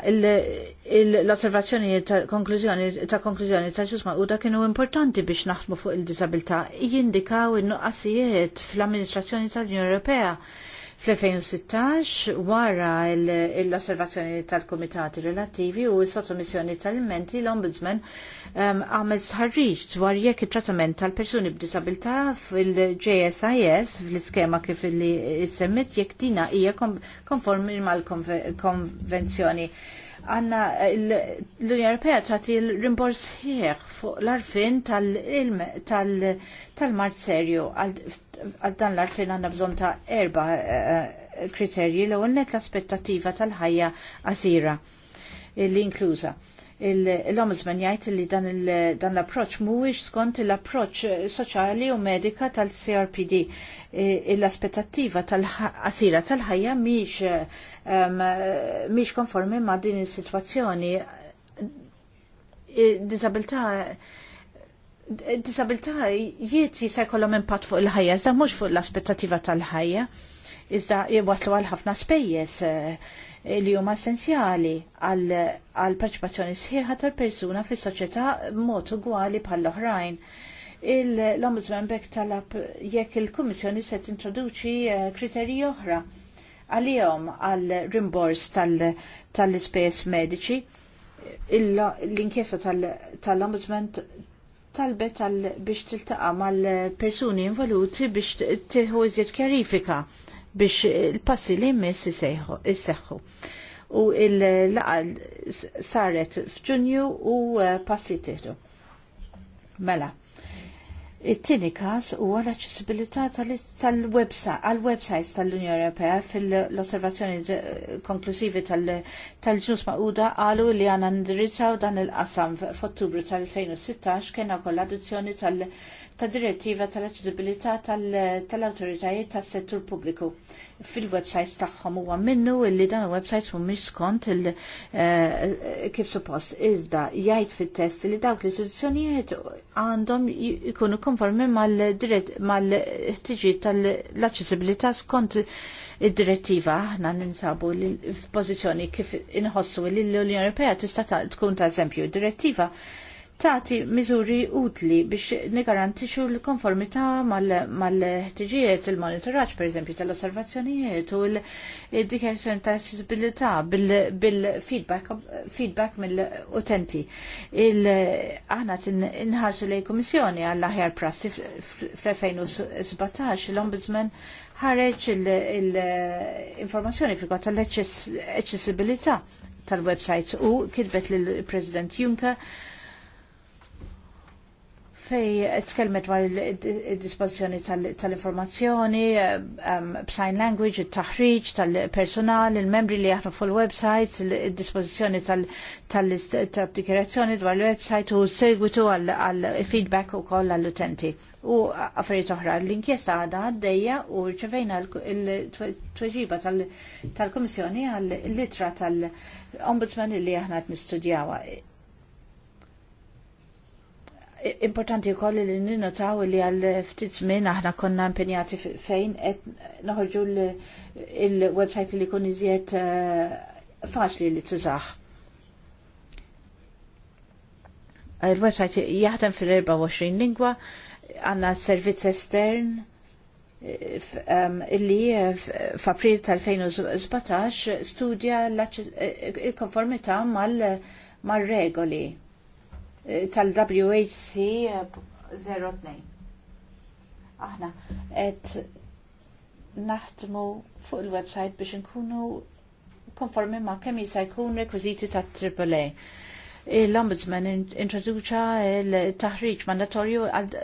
l-osservazzjoni ta' konklużjoni ta' konklużjoni ta' ġusma u da' kienu importanti biex naħdmu fuq il-disabilità jindikaw in-nuqqasijiet fl-amministrazzjoni tal-Unjoni Ewropea Fl-2016, wara l-osservazzjoni tal-komitati relativi u s-sottomissjoni tal-menti, l-Ombudsman um, għamel sħarriġ dwar jekk il-trattament tal-persuni b'disabilità fil-JSIS, fil-iskema kif li semmet jekk dina hija konformi mal-konvenzjoni. Għanna l-Unjoni Ewropea tagħti l-rimbors ħieħ fuq l-arfin tal-mart serju għal dan l-arfin għanna bżon ta' erba eh, eh, kriterji l għonnet l-aspettativa tal-ħajja għazira li inkluza. L-Ombudsman jgħid li dan l-approċ mhuwiex skont l-approċ soċjali u medika tal-CRPD. L-aspettattiva tal-qasira tal-ħajja mhix konformi ma' din is-sitwazzjoni. Disabilta' disabilità jiet jista' jkollhom impatt fuq il-ħajja, iżda mhux fuq l-aspettattiva tal-ħajja, iżda jibwaslu għal ħafna spejjeż eh, li huma essenzjali għal parċipazzjoni sħiħa tal-persuna fis-soċjetà mod ugwali bħall-oħrajn l-Ombudsman bekk talab jekk il-Kummissjoni se tintroduċi eh, kriterji oħra għalihom għal rimbors tal-ispejjeż medici. l-inkjesta tal-Ombudsman talbet għal biex tiltaqa mal-persuni involuti biex tieħu iżjed kjarifika biex il-passi li jmiss isseħħu. U il-laqal saret f'ġunju u eh, passi tieħdu. Mela, It-tieni każ huwa l-aċċessibilità tal websajt websites tal-Unjoni Ewropea fil-osservazzjoni konklusivi tal-ġus Uda qalu li għandna ndirizzaw dan il-qasam f'Ottubru tal-2016 kien ukoll l-adozzjoni tad direttiva tal-aċċessibilità tal-awtoritajiet tas-settur pubbliku fil-websites tagħhom huwa minnu illi dan il-websites mhumiex skont il eh, kif suppost iżda jgħid fit-test li dawk l-istituzzjonijiet għandhom ikunu konformi mal-dirett mal-ħtiġijiet tal-aċċessibilità skont id-direttiva aħna ninsabu f'pożizzjoni kif inħossu li l-Unjoni Ewropea tista' tkun ta' eżempju direttiva Tati miżuri utli biex nigarantixu l-konformità mal-ħtiġijiet il-monitoraġġ pereżempju tal-osservazzjonijiet u l-dikjerazzjoni ta' aċċessibilità bil-feedback mill-utenti. Aħna inħarsu lejn kummissjoni għall-aħjar prassi fl-2017 l-Ombudsman ħareġ l-informazzjoni fil-kota l-accessibilità tal-websites u kitbet l-President Juncker fej tkellmet dwar il-disposizjoni tal-informazzjoni b'sign um, language, il-taħriġ tal-personal, il-membri li jaħnu fuq il-websites, il-disposizjoni tal-dikirazzjoni dwar il-website u segwitu għal-feedback u koll għall-utenti. U affarijiet oħra, l-inkjesta għadha għaddejja u rċevejna l-tweġiba tal-Komissjoni għall-litra tal-Ombudsman li aħna nistudjawa Importanti wkoll li ninnotaw li għal ftit żmien aħna konna impenjati fejn qed noħorġu il-website li jkun iżjed eh, faċli li tużaħ. Il-website jaħdem fil-24 lingwa, għanna servizz estern, eh, illi eh, f'April tal-2017 studja il-konformità mal-regoli tal-WHC 02. Eh, Aħna qed naħtmu fuq il-website biex nkunu konformi ma' kemm jista' jkun rekwiżiti tat AAA. L-Ombudsman introduċa l-taħriġ mandatorju għal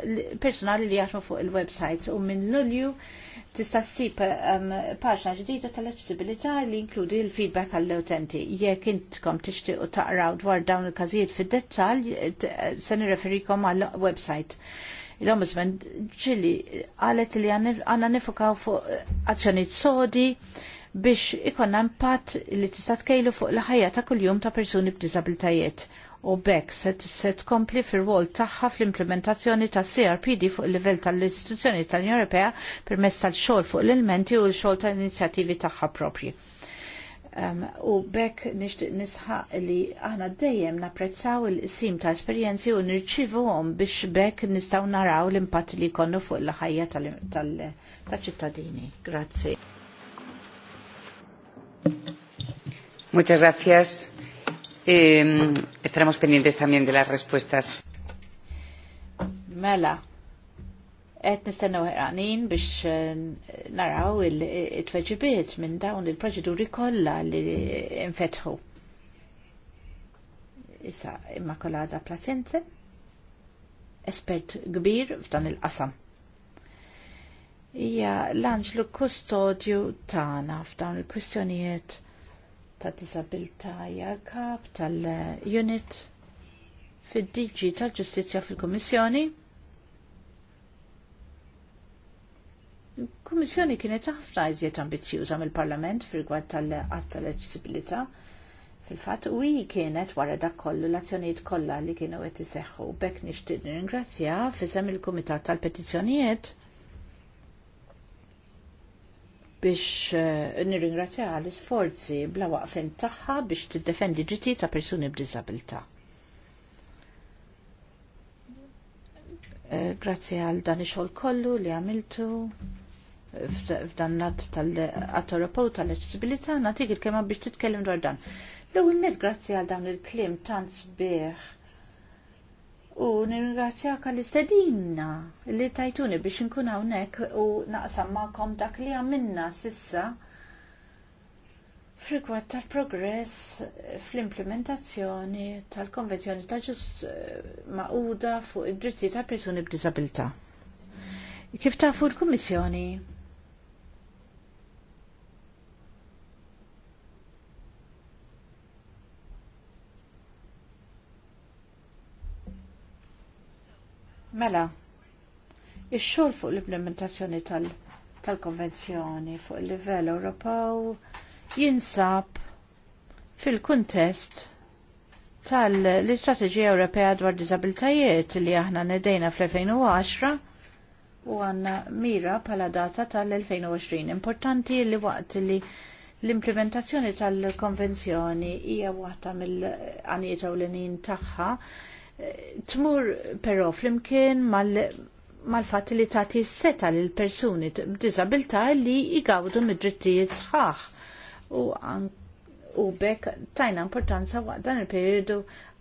personali li jaħdmu fuq il-website u minn Lulju tista' ssib paġna ġdida tal-aċċessibilità li inkludi l-feedback għall-utenti. Jekk intkom tixtiequ taqraw dwar dawn il-każijiet fid-dettall, se nirreferikom għall-website. Il-Ombudsman ġili qalet li għandna nifukaw fuq azzjonijiet sodi, biex ikonna impatt li tista' tkejlu fuq l-ħajja ta' kuljum ta' persuni b'diżabilitajiet u bekk se tkompli fir-rwol tagħha fl-implementazzjoni ta' CRPD fuq il-livell tal-istituzzjoni tal-Unjoni Ewropea permezz tal-xogħol fuq l-elementi u l-xogħol tal-inizjattivi tagħha propri. Um, u bekk nixtieq nisħaq li aħna dejjem napprezzaw il-qsim ta' esperjenzi u nirċivuhom biex bekk nistgħu naraw l-impatt li jkollu fuq il-ħajja tal-ċittadini. Grazzi. Muchas gracias. Eh, estaremos pendientes también de las respuestas. Mela, Et nistennaw ħeranin biex eh, naraw il-tweġibiet eh, minn dawn il-proċeduri kollha li infetħu. Issa imma kolada Placenze, espert kbir f'dan il-qasam. Ija l-anġlu kustodju tana f'dawn il-kwistjonijiet ta' disabilta kap tal-unit fid-DG tal-Ġustizzja fil-Kummissjoni. Il-Kummissjoni kienet ħafna iżjed ambizjuża mill-Parlament fil-gwad tal-qatt tal-eċċibilità fil-fatt u hi kienet wara dak kollu l-azzjonijiet kollha li kienu qed iseħħu bekk nixtieq nirringrazzja fisem il-Kumitat tal-Petizzjonijiet biex eh, nirringrazzja għal isforzi bla waqfen tagħha biex tiddefendi ġiti ta' persuni b'diżabilità. Eh, grazzi għal dan ix kollu li għamiltu f'dan nat tal-atoropow tal-eċċibilità nagħtik il-kema biex titkellem dwar dan. L-ewwel net grazzi għal dan il-kliem tant sbieħ u nirringrazzjak għal istedinna li tajtuni biex nkun hawnhekk u naqsam magħkom dak li għamilna sissa Frikwat tal-progress fl-implementazzjoni tal-Konvenzjoni ta' ġus maquda fuq id-dritti tal persuni b'disabilità. Kif tafu l-Kummissjoni Mela, il xogħol fuq l-implementazzjoni tal-konvenzjoni tal fuq il-livell Ewropew jinsab fil-kuntest tal-Istrateġija Ewropea dwar Disabilitajiet li aħna nedejna fl-2010 u għanna mira pala data tal-2020. Importanti li waqt li l-implementazzjoni tal-konvenzjoni hija waħda mill-għanieta u l-nin tagħha tmur però flimkien mal-fatt li tagħti seta lill persuni b'diżabilità li jgawdu mid-drittijiet sħaħ. U, u bekk tajna importanza waqt dan il-periodu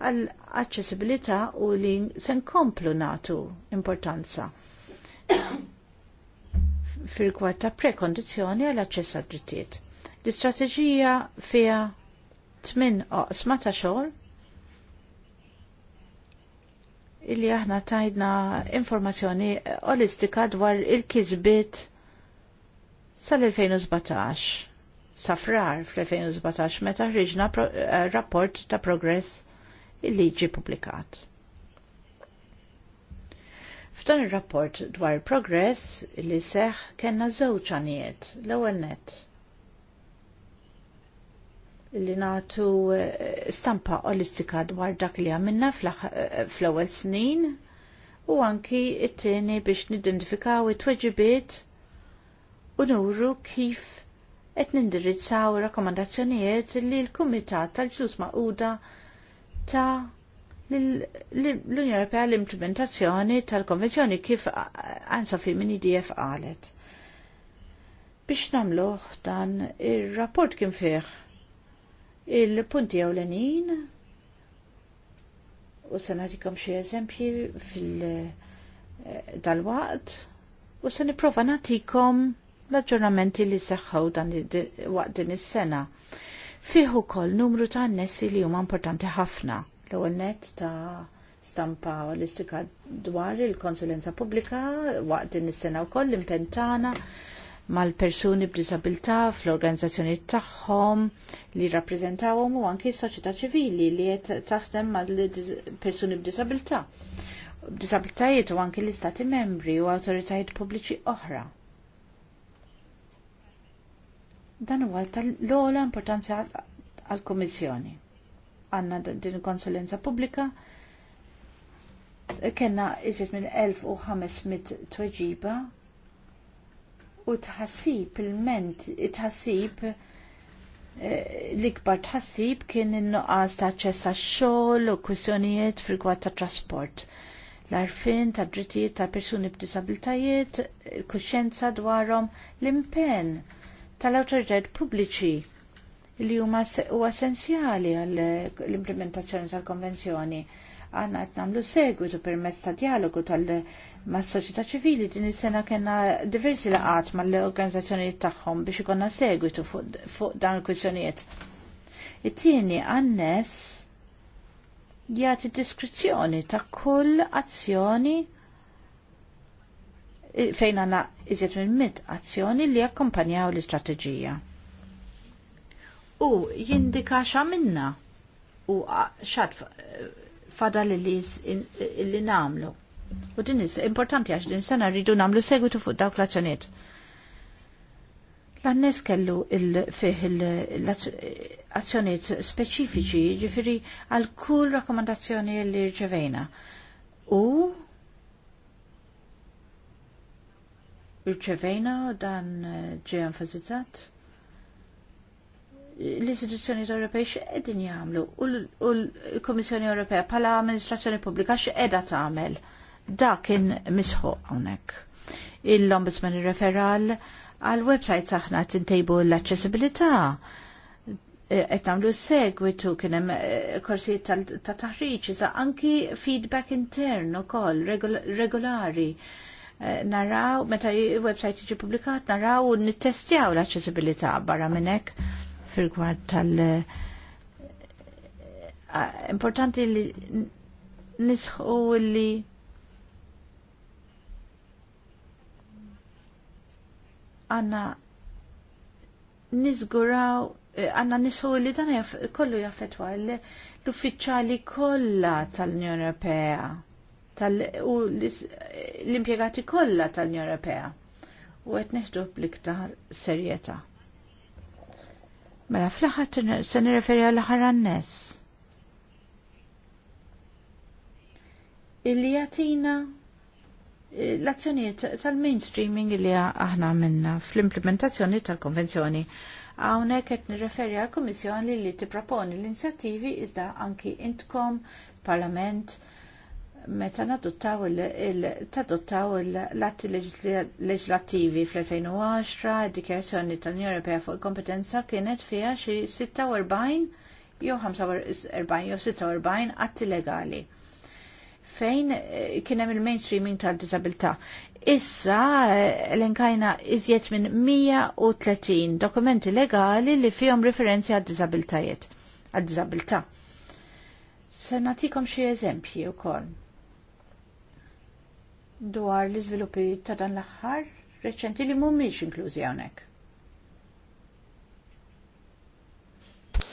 għal aċċessibilità u li se nkomplu nagħtu importanza. (coughs) fil kwart ta' prekondizzjoni għal aċċess għad drittijiet. L-istrateġija fiha tmien oqsma ta' xogħol illi aħna tajna informazzjoni olistika dwar il-kizbit sal-2017 safrar fl-2017 meta ħriġna eh, rapport ta' progress illi ġi publikat. F'dan ir-rapport dwar progress li seħ kellna żewġ għanijiet l-ewwel nett li natu eh, stampa olistika dwar dak li għamilna eh, fl-ewwel snin u anki it-tieni biex nidentifikaw it-tweġibiet u nuru kif qed nindirizzaw rakkomandazzjonijiet li l-Kumitat tal-Ġlus Maquda ta' l-Unjoni Ewropea l-implementazzjoni tal-Konvenzjoni kif ansa fi minn IDF qalet. Biex namluħ dan ir-rapport kien fih Il-punti ewlenin u se nagħtikom xi eżempji fil- eh, dal-waqt u se nipprova nagħtikom l-aġġornamenti li seħħaw dan waqt din is-sena. Fih ukoll numru ta' nessi li huma importanti ħafna. L-ewwel net ta' stampa l-istika dwar il-konsulenza pubblika waqt din is-sena wkoll l-impentana mal-persuni b'disabilità fl-organizzazzjoni tagħhom li rappreżentawhom u anki s-soċjetà ċivili li qed taħdem mal-persuni b'disabilità. B'disabilitajiet u anki l-istati membri u awtoritajiet pubbliċi oħra. Dan huwa tal-ogħla importanza għall-Kummissjoni. Għandna din konsulenza pubblika kena iżid minn 1500 tweġiba u tħassib il-ment, tħassib eh, l-ikbar tħassib kien in-nuqqas ta' ċess għax-xogħol u kwistjonijiet fil-kwad ta' trasport. L-arfin ta' drittijiet ta' persuni b'disabilitajiet, kuxenza dwarhom l-impenn tal-awtoritajiet pubbliċi li huma essenzjali għall-implementazzjoni tal-konvenzjoni għanna għet namlu segwitu permess ta' dialogu tal ma' soċjetà ċivili din is-sena kena diversi laqat ma' l-organizzazzjonijiet tagħhom biex ikonna segwitu fuq dan il-kwistjonijiet. It-tieni għannes jagħti diskrizzjoni ta' kull azzjoni fejn għanna iżjed minn mit azzjoni li jakkompanjaw l-istrateġija. U jindika xa minna u xad fada li li namlu. U din is importanti għax din sena rridu namlu segwitu fuq dawk l-azzjoniet. L-annes kellu il-fih l-azzjoniet speċifiċi ġifiri għal kull rakkomandazzjoni li rċevejna. U rċevejna dan eh, ġie enfasizzat l-istituzzjoni Ewropej x'qegħdin jagħmlu u l-Kummissjoni Ewropea bħala amministrazzjoni pubblika x'qiegħda tagħmel. Dak kien misħuq hawnhekk. Il-Ombudsman irreferal għal website saħna tintejbu l-aċċessibilità eh, qed nagħmlu segwitu kien hemm eh, korsijiet ta' taħriġ iżda anki feedback intern ukoll regolari. Eh, naraw meta website jiġi publikat naraw u nittestjaw l-aċċessibilità barra minn hekk fil gwart tal- eh, importanti li nisħu li għanna nizguraw eh, għanna nisħu li dan kollu jaffetwa l uffiċali kollha tal-Unjoni Ewropea u l-impjegati kollha tal-Unjoni Ewropea u qed neħdu bliktar serjetà. Mela fl-ħat se nirreferi għal ħarannes. Illi jatina eh, l-azzjonijiet tal-mainstreaming li aħna minna fl-implementazzjoni tal-konvenzjoni. Hawnhekk qed nirreferi għal kummissjoni li tipproponi l-inizjattivi iżda anki intkom, parlament, meta nadottaw il-tadottaw l-atti leġislattivi fl-2010, id-dikjerazzjoni tal-Unjoni Ewropea fuq il-kompetenza kienet fiha xi 46 jew 45 jew 46 atti legali fejn eh, kien hemm il-mainstreaming tal-disabilità. Issa eh, l-enkajna iżjed minn 130 dokumenti legali li fihom riferenzi għad-disabilitajiet, għad-disabilità. Se natikom xi eżempji wkoll dwar l-iżviluppi ta' dan l-aħħar reċenti li mhumiex inklużi hawnhekk.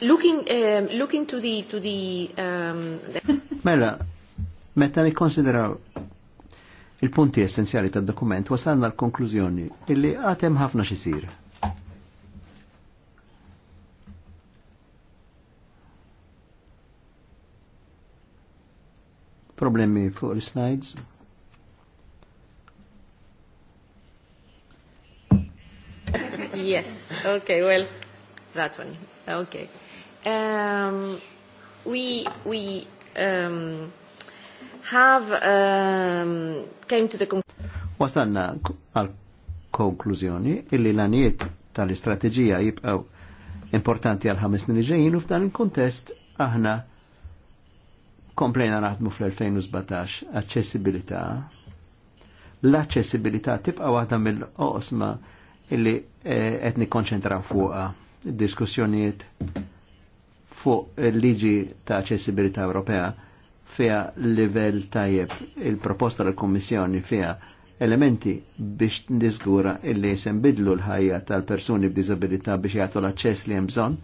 Looking, um, looking to the... To the um... mela, meta nikkonsideraw il-punti essenzjali tad dokument wasalna l-konklużjoni illi għatem ħafna xisir. Problemi fuq l-slides? (laughs) yes, okay, well, that one. Okay. Um, we we um, have um, came to the Wasanna al konklużjoni illi l-għaniet tal-istrateġija jibqaw importanti għal ħames snin ġejjin u f'dan il-kontest aħna komplejna naħdmu fl-2017 accessibilità. L-accessibilità tibqa' waħda mill-oqsma illi eh, qed konċentra fuqa diskussjonijiet fuq il-liġi ta' ċessibilità Ewropea fija livell tajjeb il-proposta tal kummissjoni fija elementi biex niżgura illi bidlu l-ħajja tal-persuni b'diżabilità biex jagħtu l-aċċess li hemm bżonn.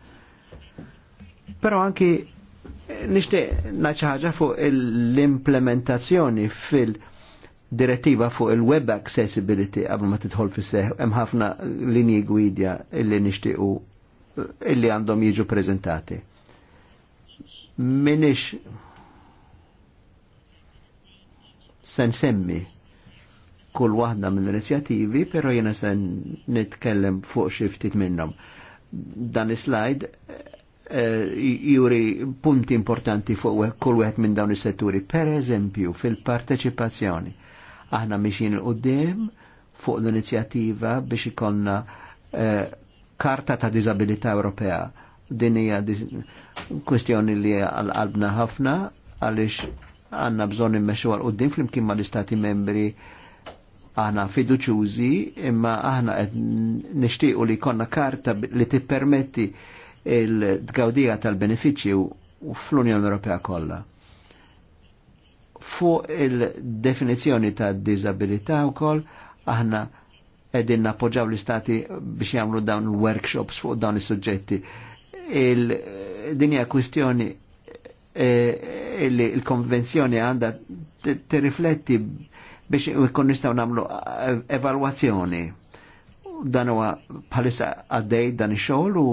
Però anki nixtieq naċħaġa ħaġa fuq l-implementazzjoni fil- direttiva fuq il-web accessibility qabel ma tidħol fis seħ hemm ħafna linji gwidja illi nixtiequ illi għandhom jiġu preżentati. Minix sen semmi kull waħda mill-inizjativi, pero jena sen nitkellem fuq xi ftit minnhom. Dan is-slide eh, juri punti importanti fuq kull wieħed minn dawn is-setturi. Per eżempju, fil-parteċipazzjoni Aħna miexin il-qoddim fuq l-inizjattiva biex ikonna eh, karta ta' disabilità Ewropea. Din hija kwestjoni li għal-qalbna ħafna għaliex għanna bżon immexxu għal qoddim flimkien ma l-istati membri aħna fiduċużi imma aħna qed nixtiequ li jkollna karta li tippermetti il-tgawdija tal-benefiċċju fl-Unjoni Ewropea kollha fuq il-definizjoni ta' disabilità u koll, aħna edin napoġaw l-istati biex jamlu dawn workshops fuq dawn il suġġetti. Il-dinja kwistjoni e, il-konvenzjoni għanda t-rifletti biex ikon nistaw namlu e, evalwazzjoni. Dan huwa bħalissa għaddej dan ix-xogħol u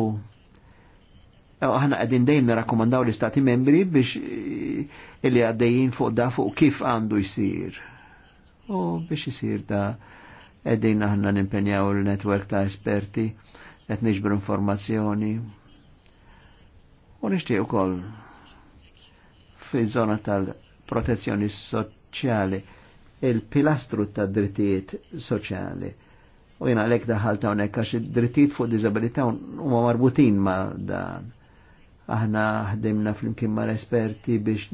aħna għedin dejjem nirakomandaw l-istati membri biex eh, illi għaddejjin fuq da fuq kif għandu jisir. U biex jisir da għedin aħna nimpenjaw l-netwerk ta' esperti, għed nġbru informazzjoni. U nishtiq ukoll fi zona tal-protezzjoni soċjali il-pilastru ta' drittijiet soċjali. U jena għalek daħalta unek għax id-drittijiet fuq disabilità huma marbutin ma' dan aħna ħdimna flimkien mal esperti biex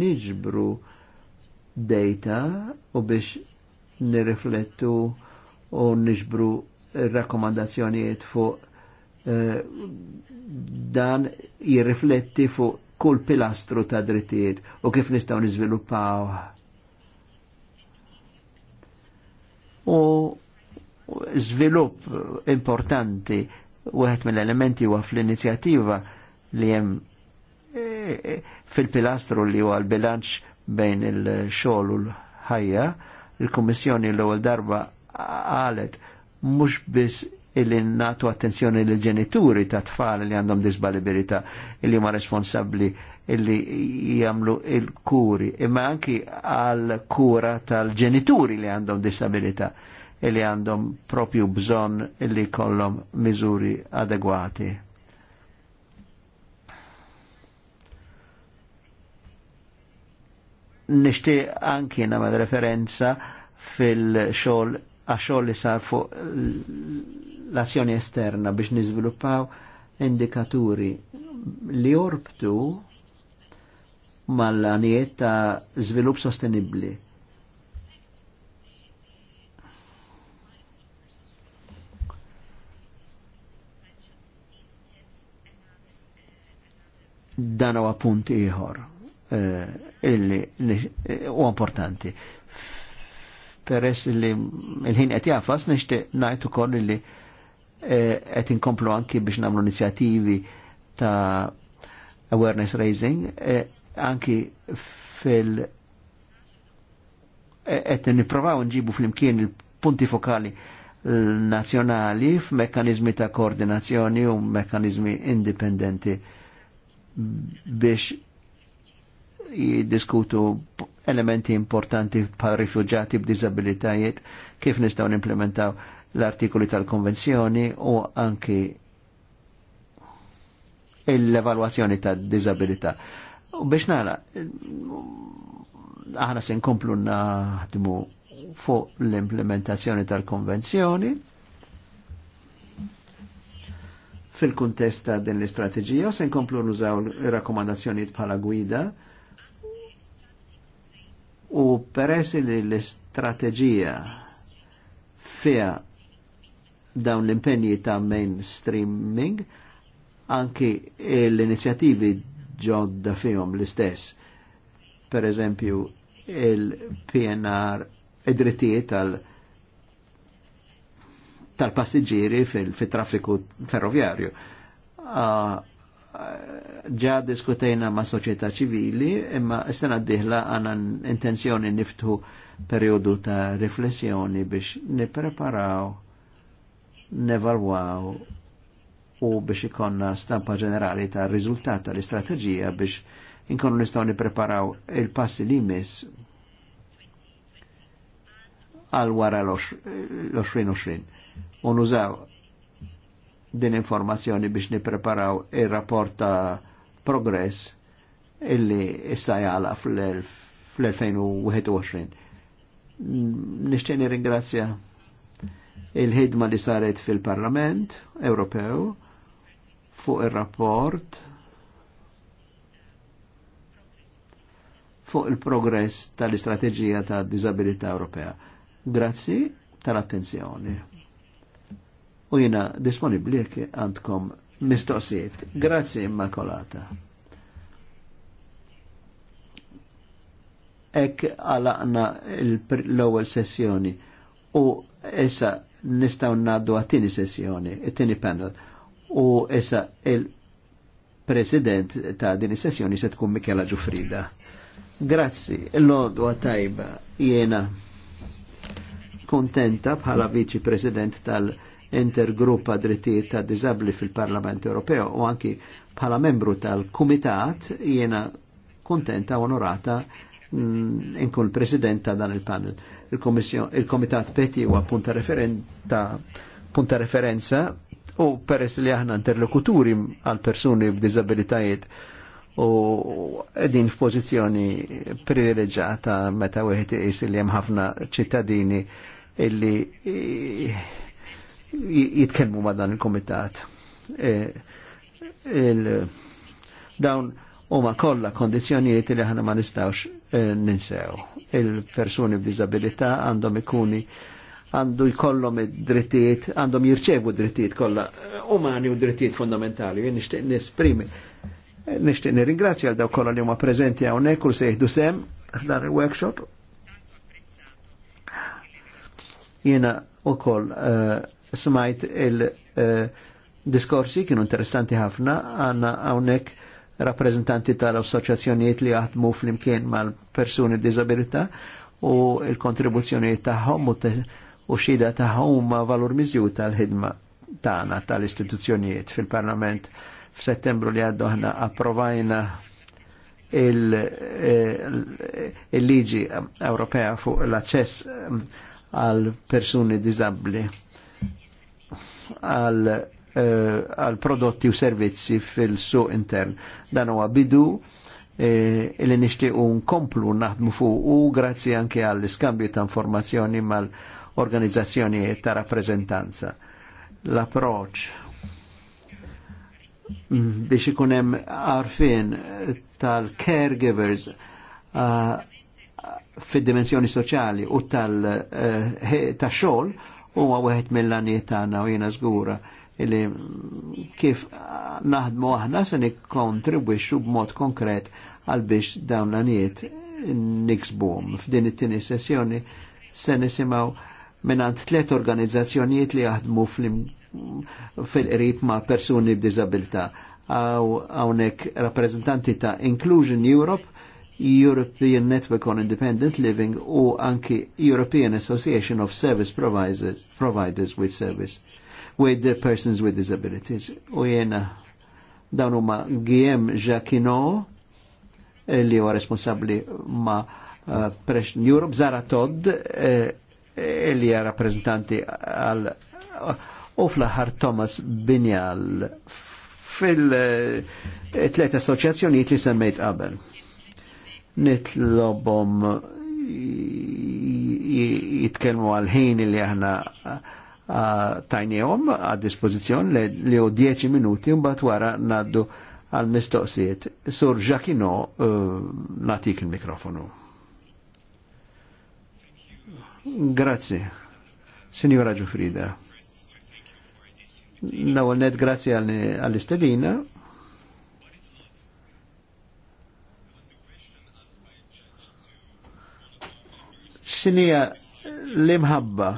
niġbru data u biex nirriflettu u niġbru rakkomandazzjonijiet fuq eh, dan jirrifletti fuq kull pilastru ta' drittijiet u kif nistaw niżviluppaw. U żvilupp importanti wieħed mill-elementi huwa fl inizjativa li jem e, e, fil-pilastru li huwa l-bilanċ bejn il-xogħol u l-ħajja, il-Kummissjoni l-ewwel darba qalet mhux biss illi natu attenzjoni l ġenituri ta' tfal li għandhom disbalibilità illi huma responsabbli illi jagħmlu il-kuri, imma anki għal kura tal-ġenituri li għandhom disabilità illi għandhom propju bżonn illi kollhom miżuri adegwati nishti anki namel referenza fil-xol għaxol li sar fuq l-azzjoni esterna biex nizviluppaw indikaturi li orbtu mal-għaniet ta' zvilupp sostenibli. Dan huwa punt ieħor. Eh, illi eh, u importanti. Peress li il-ħin qed jafas nixtieq ngħid ukoll illi eh, qed inkomplu anki biex nagħmlu inizjattivi ta' awareness raising anki fil qed nipprovaw nġibu flimkien il-punti fokali nazzjonali f'mekkanizmi ta' koordinazzjoni u mekkanizmi indipendenti biex jiddiskutu elementi importanti bħal rifugjati b'dizabilitajiet kif nistgħu nimplementaw l-artikoli tal-konvenzjoni u anki l-evalwazzjoni tad-diżabilità. U biex nara, aħna se nkomplu naħdmu fuq l-implementazzjoni tal-konvenzjoni fil-kuntest ta' din l-istrateġija u se nkomplu nużaw ir rakkomandazzjonijiet bħala gwida U peress li l-istrateġija fija dawn l-impenji ta' mainstreaming, anki l-inizjativi ġodda fihom l-istess. Per eżempju, il-PNR, id-drittijiet tal tal-passiġġieri fil-traffiku ferroviarju. Uh, ah, ġa diskutejna ma' soċieta ċivili, imma s-sena diħla għana intenzjoni niftu periodu ta' riflessjoni biex nipreparaw, nevalwaw u biex ikonna stampa ġenerali ta' rizultat ta' l-istrategija biex inkonu nistaw nipreparaw il-passi li mis għal wara l 20 20 Unużaw din informazzjoni biex nipreparaw il-rapport ta' progress illi issa jala fl-2021. Nishtieni ringrazzja il-ħidma li saret fil-Parlament Ewropew fuq il-rapport fuq il-progress tal-istrateġija ta' disabilità Ewropea. Grazzi tal-attenzjoni u jina disponibli għandkom mistoqsijiet. Grazzi immakolata. Ek għalaqna l-ewwel sessjoni u issa nistaw naddu għattini sessjoni, it-tini panel. U issa il-president ta' din sessjoni se tkun Michela Ġufrida. Grazzi, l-lodu tajba jena kontenta bħala viċi president tal- intergruppa drittijiet ta' dizabli fil-Parlament Ewropew u anki bħala membru tal-Kumitat jiena kontenta u onorata mm, inkun president ta' dan il-panel. Il-Komitat Peti huwa punta, referen punta referenza u peress li aħna interlokuturi għal persuni b'dizabilitajiet u edin f'pożizzjoni privileġġata meta wieħed isil li hemm ħafna ċittadini illi jitkelmu ma' dan il-komitat. E, dawn huma kollha kondizzjonijiet li aħna ma nistawx e, ninsew. Il-persuni b'diżabilità għandhom ikuni għandu jkollhom id-drittijiet, għandhom jirċevu drittijiet kollha e, umani u drittijiet fundamentali. Jien nixtieq nesprimi. Nixtieq nirringrazzja għal daw kollha li huma preżenti hawnhekk u sejħdu sem dan il-workshop. Jiena u koll uh, smajt il-diskorsi kienu interessanti ħafna, għanna għawnek rappresentanti tal-assoċjazzjonijiet li jaħdmu fl-imkien mal-persuni disabilità u il-kontribuzzjonijiet taħħom u xida taħħom ma' valur miżju tal-ħidma tagħna tal-istituzzjonijiet fil-Parlament. F'Settembru li għaddu ħna approvajna il-liġi Ewropea fuq l-aċċess għal persuni disabbli Eh, għal prodotti u servizzi fil-suq intern. Dan huwa bidu eh, li nixtiequ nkomplu naħdmu fuq u grazzi anke għall iskambju ta' informazzjoni mal organizzazzjoni ta' rappreżentanza. L-approċ mm, biex ikun hemm tal-caregivers eh, fid-dimensjoni soċjali u tal-xogħol uh, huwa wieħed mill-għaniet tagħna u jiena żgura li kif naħdmu aħna se nikkontribwixxu b'mod konkret għal biex dawn l-għaniet niksbuhom. F'din it-tieni sessjoni se nisimgħu minnant tliet organizzazzjonijiet li jaħdmu fil-qrib ma' persuni b'diżabilità għawnek rappresentanti ta' Inclusion Europe European Network on Independent Living u anki European Association of Service Providers, providers with Service with Persons with Disabilities. U jena dawn huma GM Jacquino eh, li huwa responsabbli ma uh, eh, Press Europe, Zara Todd eh, li hija rappresentanti għal u fl-aħħar Thomas Binjal fil-tlet eh, associazzjonijiet li semmejt qabel nitlobom jitkelmu għal ħin li aħna tajnijom għad dispozizjon li hu 10 minuti un bat wara naddu għal mistoqsijiet. Sur Ġakino eh, natik il-mikrofonu. Grazie. Signora Giuffrida. Nawal net grazie għall-istedina xinija l-imħabba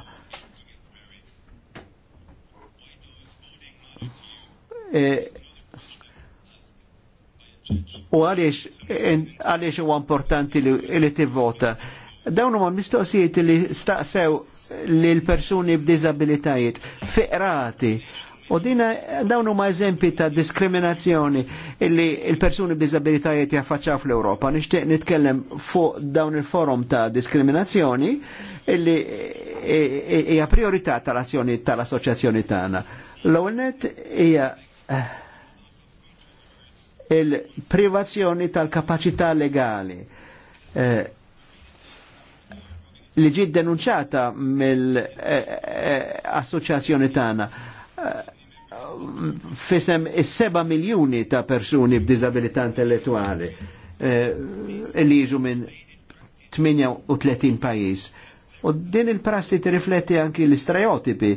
e, u għaliex għaliex u importanti li, t-vota. Dawn huma mistoqsijiet li staqsew l persuni b'dizabilitajiet, fiqrati U dina dawnu ma' eżempi ta' diskriminazzjoni illi il-persuni b'dizabilitajiet jaffaċċaw fl europa Nishtiq nitkellem fuq dawn il-forum ta' diskriminazzjoni illi hija priorità tal-azzjoni tal-assoċjazzjoni tagħna. l ewwelnet hija eh, il-privazzjoni tal-kapaċità legali eh, li ġiet denunċata mill-assoċjazzjoni eh, tagħna fisem is-7 miljuni ta' persuni b'diżabilità intellettuali eh, li jiġu minn 38 pajjiż. U din il-prassi tirrifletti anki l-istereotipi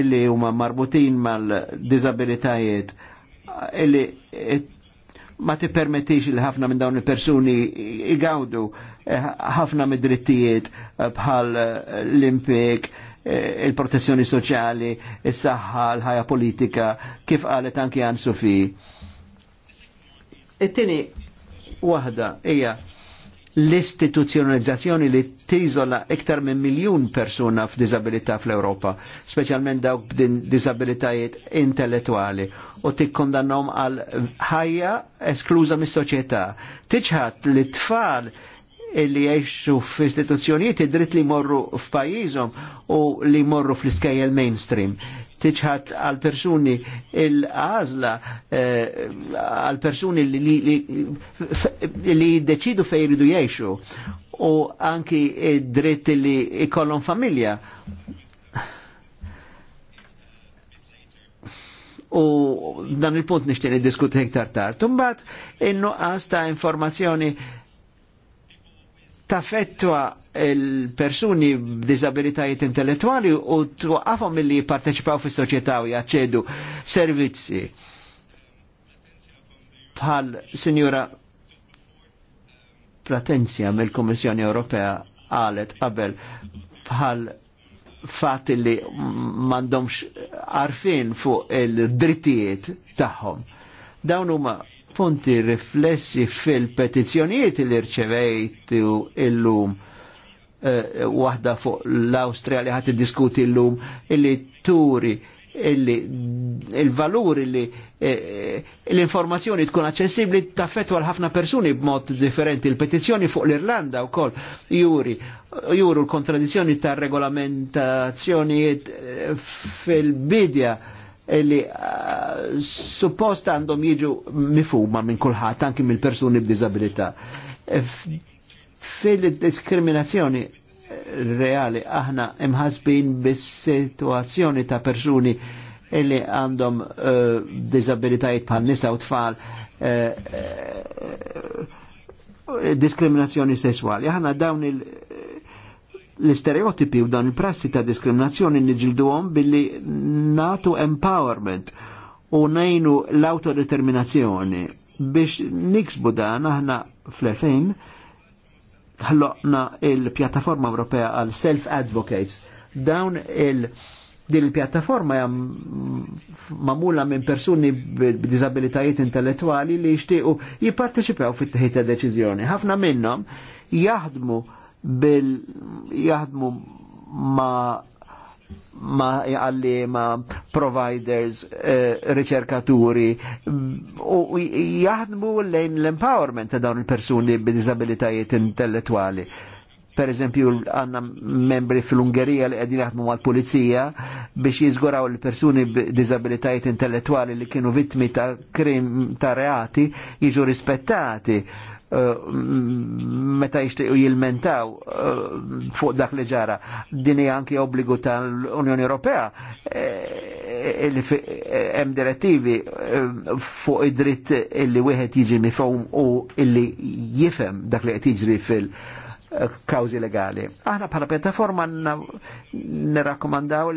illi huma marbutin mal-diżabilitajiet illi eh, ma tippermettix li ħafna minn dawn il-persuni igawdu eh, ħafna mid-drittijiet bħal l-impik Eh, il-protezzjoni soċjali, is-saħħa, l-ħajja politika, kif qalet anki Jan Sofi. It-tieni waħda hija l istituzzjonalizzazzjoni li tiżola iktar minn miljun persuna f'disabilità fl-Ewropa, speċjalment dawk disabilitajiet intellettuali, u tikkondannhom għal ħajja eskluża mis-soċjetà. Tiċħat li tfal illi jgħixu f'istituzzjonijiet id-dritt li morru f'pajjiżhom u li morru fl-iskejjel mainstream tiċħat għal persuni il-għazla eh, għal persuni li jiddeċidu fej jridu jiexu u anki dritt li ikollhom familja u dan il-punt nishtin id-diskut hektar Imbagħad in innu għasta informazzjoni tafettwa il-persuni b'dizabilitajiet intellettuali u twaqqafhom milli jipparteċipaw fis-soċjetà u jaċċedu servizzi bħal Sinjura Platenzja mill-Kummissjoni Ewropea għalet qabel bħal fat li mandomx arfin fuq il-drittijiet tagħhom. Dawn huma punti riflessi fil petizjoniet li rċevejtu illum uh, eh, wahda fuq l-Austria li ħati diskuti illum illi turi illi il-valur illi eh, l-informazzjoni tkun aċċessibbli taffetwa għal ħafna persuni b'mod differenti. il petizjoni fuq l-Irlanda u kol juri juru l kontradizjoni ta' regolamentazzjonijiet eh, fil-bidja li uh, eh, suppost għandhom jiġu mifuma minn kulħadd anki mill persuni b'diżabilità. Fil-diskriminazzjoni eh, reali aħna imħasbin bis situazzjoni ta' persuni illi għandhom uh, disabilitajiet bħal nisa u tfal uh, uh, diskriminazzjoni sessuali. Aħna dawn il- l-istereotipi u dan il-prassi ta' diskriminazzjoni niġilduhom billi natu empowerment u nejnu l-autodeterminazzjoni biex niksbu dan aħna fl-2000 ħloqna il-pjattaforma Ewropea għal self-advocates dawn il- din il-pjattaforma jam mamula minn persuni b'dizabilitajiet intellettuali li jixtiequ jipparteċipaw fit-teħita deċiżjoni. Ħafna minnhom jaħdmu bil jaħdmu ma ma jgħalli ma providers, eh, riċerkaturi u jaħdmu lejn l-empowerment ta' dawn il-persuni b'disabilitajiet intellettuali per eżempju għanna membri fl-Ungerija li għedin jaħdmu mal pulizija biex jizguraw l-persuni b'dizabilitajiet intellettuali li kienu vittmi ta' krim ta' reati jiġu rispettati Eh, meta jixtiequ jilmentaw eh, fuq dak li ġara. Din hija anki obbligu tal-Unjoni Ewropea eh, li hemm direttivi fuq id-dritt illi wieħed jiġi mifhum u illi jifhem dak li qed jiġri fil- kawzi legali. Aħna bħala pjattaforma nirrakkomandaw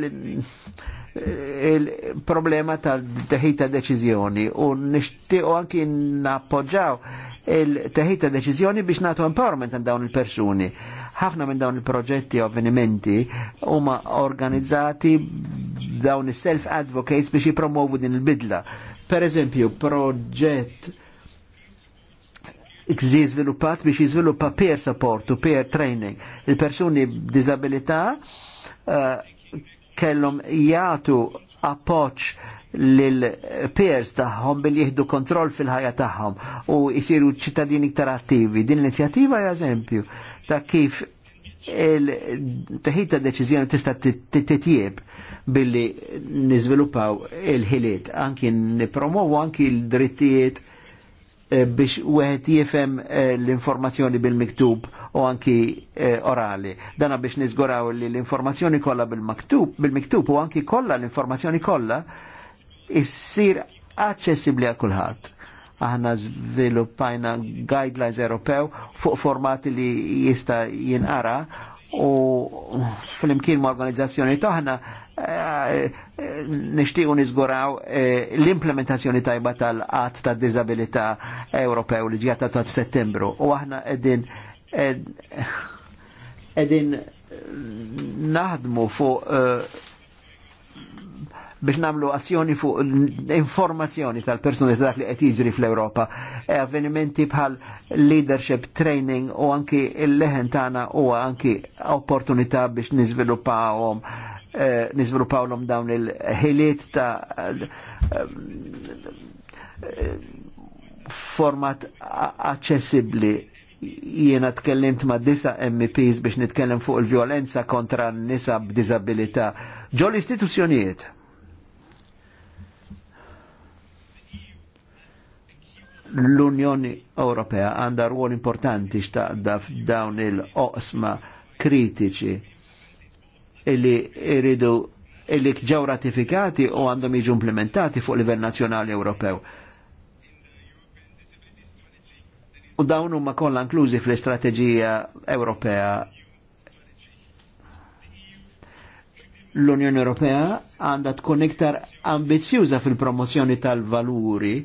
il-problema tal-teħita deċizjoni u nishtiqo anki nappoġġaw il-teħita deċizjoni biex natu empowerment għan dawn il-persuni. ħafna minn dawn il-proġetti u avvenimenti huma organizzati dawn il-self advocates biex jipromovu din il-bidla. Per eżempju, proġett ikżi sviluppat biex jizviluppa peer support u peer training. Il-persuni b'disabilità uh, kellhom jagħtu appoċ lil peers tagħhom bil jihdu kontroll fil-ħajja tagħhom u jisiru ċittadini iktar attivi. Din l-inizjattiva hija eżempju ta' kif il-teħita deċiżjoni tista' titjieb billi niżviluppaw il-ħiliet, anki nipromovu anki l-drittijiet eh, biex wieħed jifem eh, l-informazzjoni bil-miktub u anki eh, orali. Dana biex nizguraw li l-informazzjoni kollha bil-maktub, bil-miktub u anki kollha l-informazzjoni kollha issir aċċessibbli għal kulħadd. Aħna żviluppajna guidelines Ewropew fuq formati li jista' jinqara u fl-imkien ma' organizzazzjoni toħna eh, eh, nishtiqu nizguraw eh, l-implementazzjoni tajba tal għat ta' dizabilita Ewropew li ġiata ta' settembru. U aħna edin edin naħdmu fuq biex namlu azzjoni fuq informazzjoni tal-persuni ta' li qed jiġri fl-Ewropa. E avvenimenti bħal leadership training u anki il-leħen tagħna huwa anki opportunità biex niżviluppawhom eh, niżviluppawhom dawn il-ħiliet ta' e, format accessibli jiena tkellimt ma' disa MPs biex nitkellem fuq il-violenza kontra n-nisa b'disabilità ġol istituzzjonijiet l-Unjoni Ewropea għandha rwol importanti xtaqda f'dawn il-oqsma kritiċi illi jridu illi ġew ratifikati u għandhom jiġu implementati fuq livell nazzjonali Ewropew. U dawn huma kollha inklużi fl-istrateġija Ewropea l-Unjoni Ewropea għandha tkun iktar ambizjuża fil-promozzjoni tal-valuri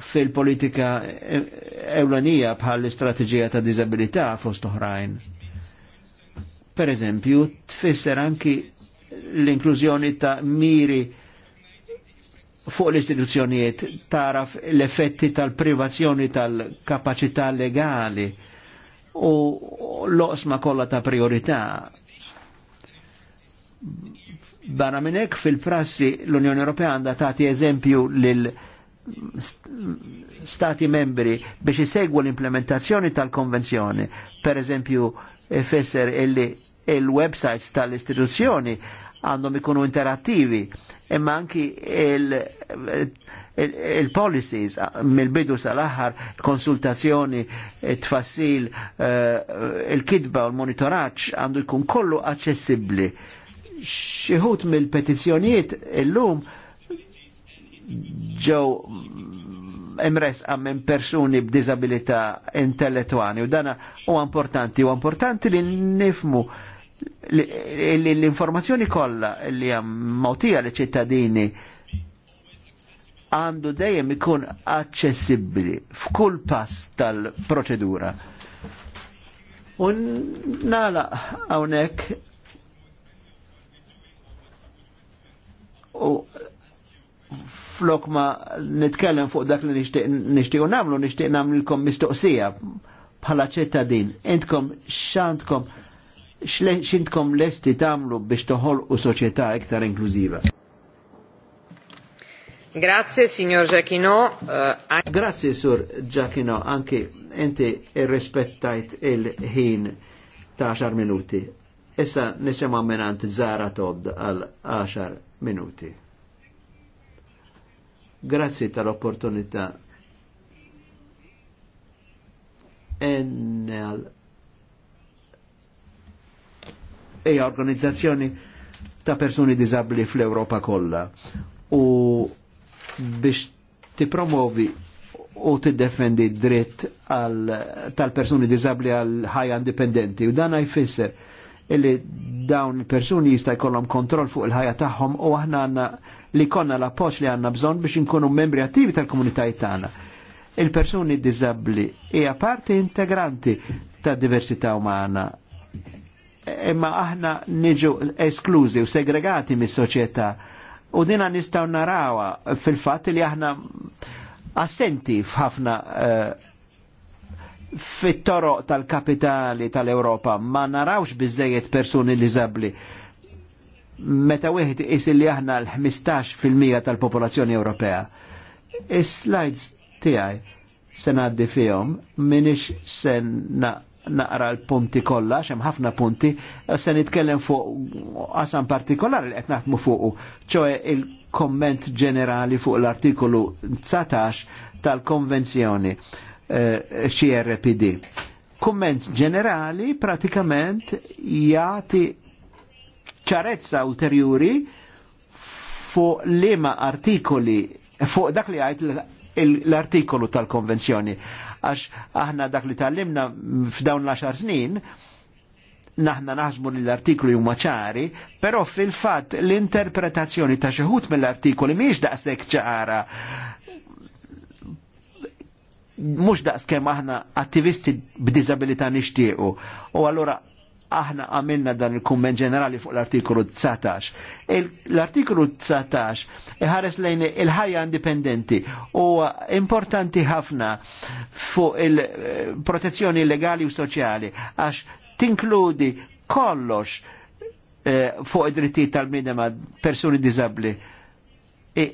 fil-politika e-, ewlanija bħal l-istrateġija ta' disabilità fost oħrajn. Per eżempju, tfisser anki l-inklużjoni ta' miri fuq l-istituzzjonijiet taraf l-effetti tal-privazzjoni tal-kapacità legali u l-osma kollha ta' priorità barra minnek fil-prassi l-Unjoni Ewropea għandha tagħti eżempju lil stati membri biex isegwu l-implementazzjoni tal-konvenzjoni, per eżempju, fesser il-websites tal-istituzzjoni għandhom ikunu interattivi, imma anki il-policies il il mill-bidu sal-aħħar, konsultazzjoni, tfassil, uh, il-kidba u l-monitoraċ għandu jkun kollu aċċessibbli. Xieħut mill-petizjonijiet il lum ġew imres minn persuni b'dizabilità intellettuali u dana u importanti u importanti li nifmu l-informazzjoni kollha li hemm mawtija li ċittadini għandu dejjem ikun aċċessibbli f'kull pass tal-proċedura. U nala hawnhekk flok ma nitkellem fuq dak li nixtiequ nagħmlu, nixtieq nagħmlilkom mistoqsija bħala ċittadin. Intkom x'għandkom x'intkom lesti tagħmlu biex toħolqu soċjetà iktar inklużiva. Grazie, signor Giacchino. Uh, Grazie, sur Giacchino, anki enti irrispettajt il-ħin ta' 10 minuti. Issa nisema minant Zara Todd għal 10 minuti. Grazzi tal-opportunità. Ennel. E organizzazzjoni ta' persuni diżabbli fl europa kolla. u biex ti tipromovi u ti defendi dritt tal-persuni diżabbli għal ħajja indipendenti u dan jfisser illi dawn il-persuni jista' jkollhom kontroll fuq il-ħajja tagħhom u aħna għandna li konna l-appoċ li għanna bżon biex nkunu membri attivi tal-komunitajiet tagħna. Il-persuni diżabbli hija parti integranti ta' diversità umana. Imma aħna niġu esklużi u segregati mis-soċjetà. U dina nistaw narawa fil-fatt li aħna assenti f'ħafna uh, fit-toroq tal-kapitali tal-Europa ma narawx bizzejiet persuni li zabli meta wieħed isil li aħna l-15% tal-popolazzjoni Ewropea. Is-slides tiegħi se ngħaddi fihom minix se naqra l-punti kollha, hemm ħafna punti, e, se nitkellem fuq qasam partikolari li qed naħdmu fuqu, ċoe il-komment ġenerali fuq l-artikolu 19 tal-Konvenzjoni CRPD. E, Komment ġenerali pratikament jagħti ċarezza ulterjuri fuq liema artikoli fuq dak li għajt l-artikolu tal-konvenzjoni. Għax aħna dak li tal-limna f'dawn l-10 snin, naħna naħzmu li l-artikoli huma ċari, però fil-fatt l-interpretazzjoni ta' xeħut mill-artikoli miex daqshekk ċara. Mhux daqs kem aħna attivisti b'diżabilità nixtiequ. U allura aħna għamilna dan il-kumment ġenerali fuq l-artikolu 19. L-artikolu 19 iħares lejn il-ħajja indipendenti u importanti ħafna fuq il-protezzjoni legali u soċjali għax tinkludi kollox eh, fuq id dritti tal-minema persuni disabli. E,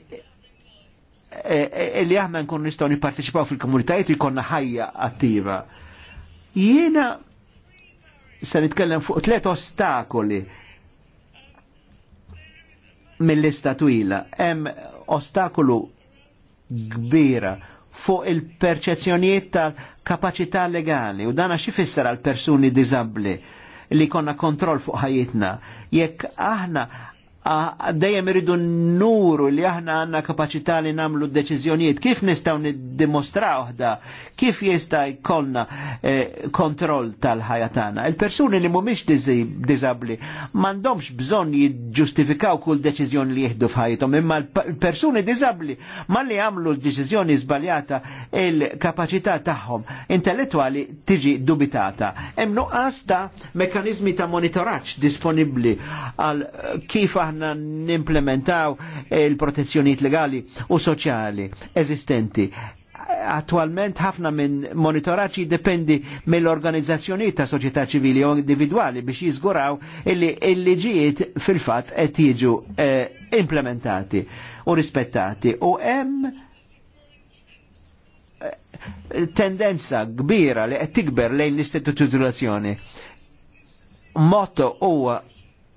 e, e, e aħna nkun nistgħu nipparteċipaw fil-komunitajiet u jkollna ħajja attiva. Jiena se nitkellem fuq tliet ostakoli mill-lista twila. Hemm ostakolu kbira fuq il-perċezzjonijiet tal kapaċità legali u dana xifisser fisser għal persuni diżabbli li konna kontroll fuq ħajjitna. Jekk aħna dejjem irridu nuru li aħna għanna kapacità li namlu deċiżjonijiet. Kif nistaw nid-dimostraw da? Kif jista' jkollna eh, kontroll tal-ħajja tagħna? Il-persuni li mhumiex diżabbli m'għandhomx bżonn jiġġustifikaw kull deċiżjoni li jieħdu f'ħajjithom, imma l-persuni diżabbli ma li d deċiżjoni żbaljata il-kapaċità tagħhom intellettwali tiġi dubitata. Hemm nuqqas ta' mekkaniżmi ta' monitoraġġ disponibbli għal kif aħna aħna nimplementaw il-protezzjonijiet legali u soċjali eżistenti attualment ħafna minn monitoraċi dependi mill-organizzazzjoni ta' soċjetà ċivili u individuali biex jizguraw illi il-liġijiet fil fatt qed jiġu eh, implementati u rispettati. U hemm eh, tendenza kbira li qed tikber lejn l-istituzzjoni. Motto huwa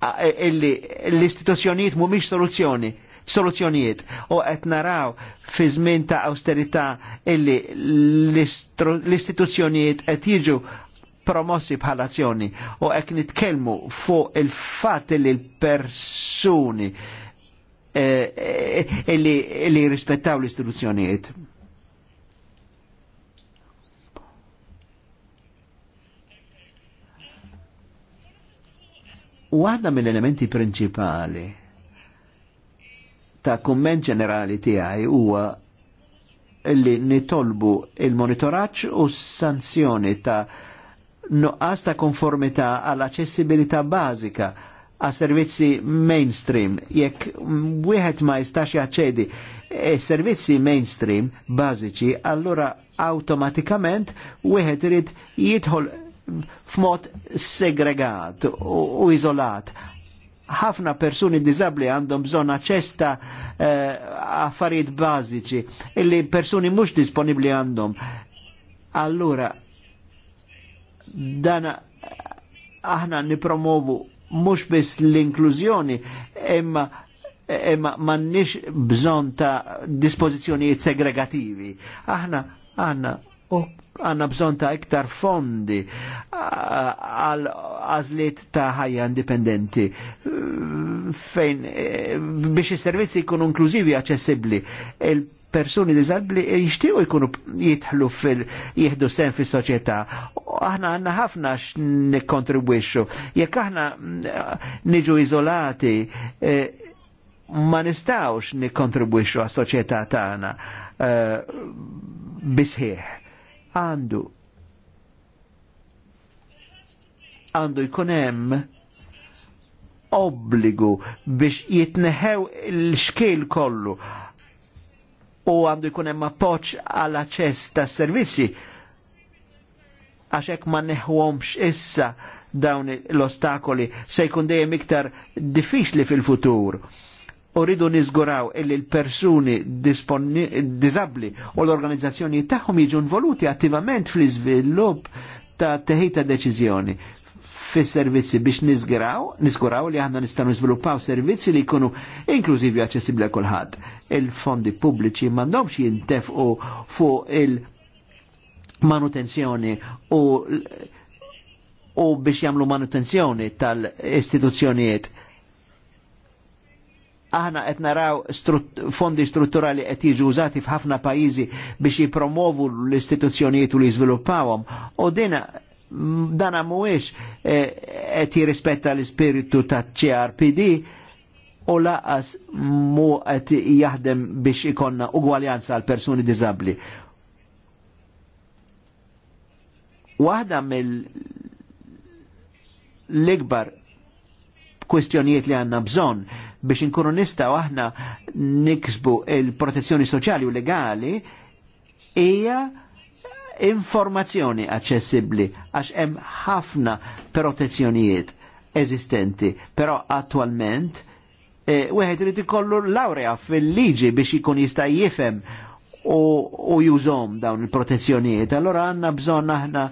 E, l-istituzzjonijiet mumiex soluzzjoni soluzzjonijiet u qed naraw fi żmien ta' austerità illi l-istituzzjonijiet qed jiġu promossi bħal azzjoni u hekk nitkellmu fuq il-fatt li l-persuni e, e, illi rispettaw l-istituzzjonijiet U għadna mill-elementi principali ta' kumment ġenerali tiegħi huwa li nitolbu il-monitoraġġ u sanzjoni ta' nuqqas ta' konformità għall aċċessibilità bażika għal servizzi mainstream. Jekk wieħed ma jistax jaċċedi e servizzi mainstream bażiċi, allora awtomatikament wieħed irid jidħol f'mod segregat u izolat. Ħafna persuni disabli għandhom bżon aċesta eh, affarijiet bażiċi illi persuni mhux disponibli għandhom. Allura dan eh, aħna nipromovu mhux biss l-inklużjoni imma imma m'għandniex bżonn ta' dispożizzjonijiet segregativi. Aħna għandna u għanna bżon ta' iktar fondi għal għazliet ta' ħajja indipendenti fejn e, biex is-servizzi jkunu inklużivi aċċessibbli il-persuni diżabli jishtiju jkunu jitħlu fil jihdu sen fis-soċjetà. Aħna għandna ħafna x'nikkontribwixxu. Jekk aħna mm, niġu izolati e, ma nistawx nikkontribwixxu għas-soċjetà tagħna e, bisħieħ għandu għandu jkun hemm obbligu biex jitneħew l-xkil kollu u għandu jkun hemm appoġġ għal aċċess tas-servizzi għax hekk ma neħwomx issa dawn l-ostakoli se jkun dejjem iktar diffiċli fil-futur u rridu nizguraw illi l-persuni disabli u l-organizzazzjoni tagħhom jiġu involuti attivament fl-iżvilupp ta' teħita deċiżjoni fis-servizzi biex nizguraw, nizguraw li għanna nistgħu niżviluppaw servizzi li jkunu inklużivi aċċessibbli għal kulħadd. Il-fondi pubbliċi m'għandhomx jintefqu fuq il-manutenzjoni u u biex jagħmlu manutenzjoni tal-istituzzjonijiet aħna qed naraw fondi strutturali qed jiġu użati f'ħafna pajjiżi biex jipromovu l-istituzzjonijiet u li jiżviluppawhom. U dina dana mhuwiex eh, qed jirrispetta l-ispiritu ta' CRPD u laqas mu qed jaħdem biex ikonna ugwaljanza għal persuni diżabbli. Waħda mill l-ikbar kwistjonijiet li għanna bżonn biex inkunu nistaw aħna niksbu il-protezzjoni soċjali u legali hija informazzjoni aċċessibbli għax hemm ħafna protezzjonijiet eżistenti, però attualment e, wieħed irid ikollu laurea fil-liġi biex ikun jista' jifhem u, u jużom dawn il-protezzjonijiet. Allora għandna bżonn aħna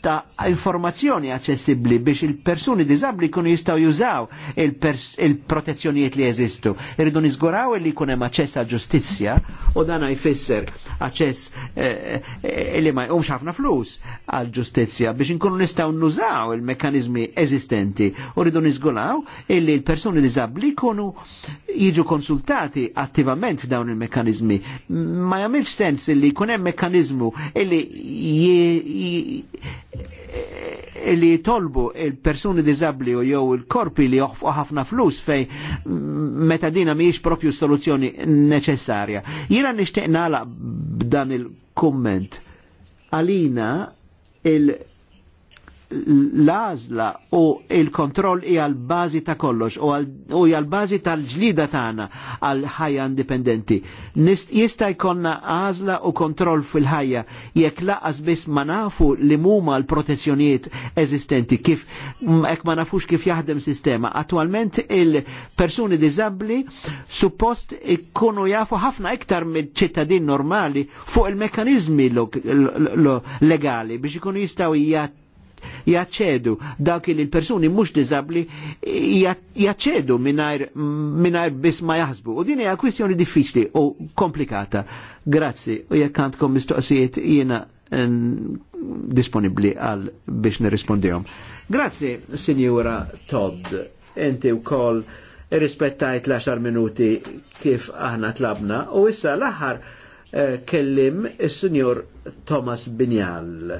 ta' informazzjoni accessibli biex il-persuni disabli kunu jistaw jużaw il-protezzjonijiet il li jeżistu. Irridu nizguraw li kunem hemm aċċess għal ġustizzja u dan jfisser aċċess eh, eh, li ma jqumx ħafna flus għal ġustizzja biex inkunu nistaw nużaw il mekanizmi eżistenti u rridu nizguraw illi l-persuni il disabli kunu jiġu konsultati attivament f'dawn il-mekkanizmi. Ma jagħmilx sens li jkun hemm mekkanizmu li tolbu il-persuni dizabli u jew il-korpi li joħfqu ħafna flus fej meta dina miex propju soluzzjoni neċessarja. Jira nishtiq nala b'dan il-komment. Alina il- l-azla u il-kontroll hija l-bażi ta' kollox u għal-bazi bażi tal-ġlida tagħna għal ħajja indipendenti. Jista' jkollna għażla u kontroll fil-ħajja jekk laqas biss ma nafu li muma l-protezzjonijiet eżistenti kif hekk ma nafux kif jaħdem sistema. Attualment il-persuni diżabbli suppost ikkunu jafu ħafna iktar mill-ċittadin normali fuq il-mekanizmi legali biex ikunu jistgħu jgħat jaċċedu dawk li l-persuni mhux diżabbli jaċċedu mingħajr biss ma jaħsbu. U din hija kwistjoni diffiċli u komplikata. Grazzi, u jekk għandkom mistoqsijiet jiena disponibbli għal biex nirrispondihom. Grazzi, Sinjura Todd, inti wkoll rispettajt l-10 minuti kif aħna tlabna u issa l-aħħar eh, kellim is-Sinjur Thomas Binjal.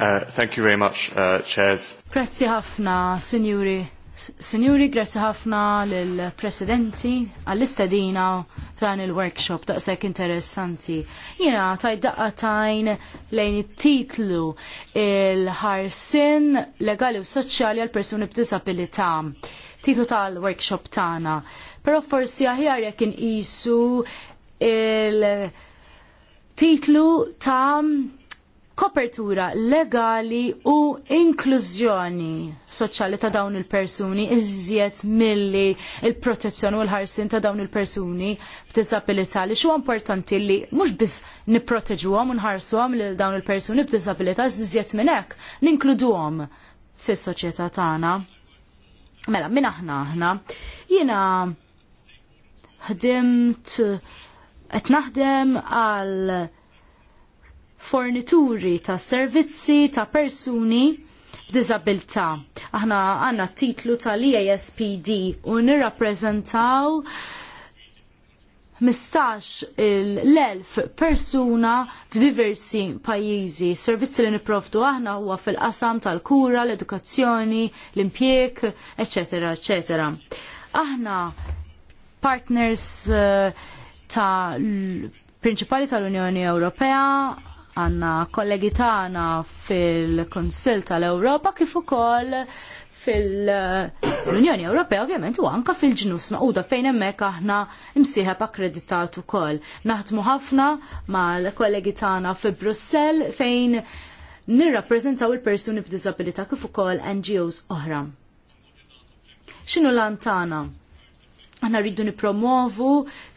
Uh, thank you very much, uh, Chairs. Grazzi ħafna, Signori. Signori, grazzi ħafna l-Presidenti għall-istadina f'dan il-workshop daqshekk interessanti. Jiena taj tajn lejn it-titlu il-ħarsin legali u soċjali għal persuni b'disabilità. Titlu tal-workshop tagħna. Però forsi aħjar jekk inqisu il-titlu ta' kopertura legali u inklużjoni soċjali ta' dawn il-persuni iżjed milli il-protezzjoni u l-ħarsin ta' dawn il-persuni b'disabilità li huwa importanti li mhux biss nipproteġuhom u nħarsuhom lil dawn il-persuni b'disabilità iżjed minn hekk ninkluduhom fis-soċjetà tagħna. Mela, minn aħna aħna. Jiena ħdimt qed naħdem għal fornituri ta' servizzi ta' persuni b'diżabilità. Aħna għandna t titlu tal-EASPD u nirrappreżentaw 15 l-elf persuna f'diversi pajjiżi. Servizzi li niprofdu aħna huwa fil-qasam tal-kura, l-edukazzjoni, l-impjek, eċetera, eccetera. Aħna partners eh, ta' prinċipali tal-Unjoni Ewropea għanna kollegi tagħna fil-Konsil tal-Ewropa kif ukoll fil-Unjoni Ewropea ovvjament u anka fil-ġnus maquda fejn hemmhekk aħna imsieħeb akkreditat ukoll. Naħdmu ħafna mal-kollegi tagħna fi Brussell fejn nirrappreżentaw il-persuni b'diżabilità kif ukoll NGOs oħra. X'inhu lan tagħna? Għanna rridu nipromovu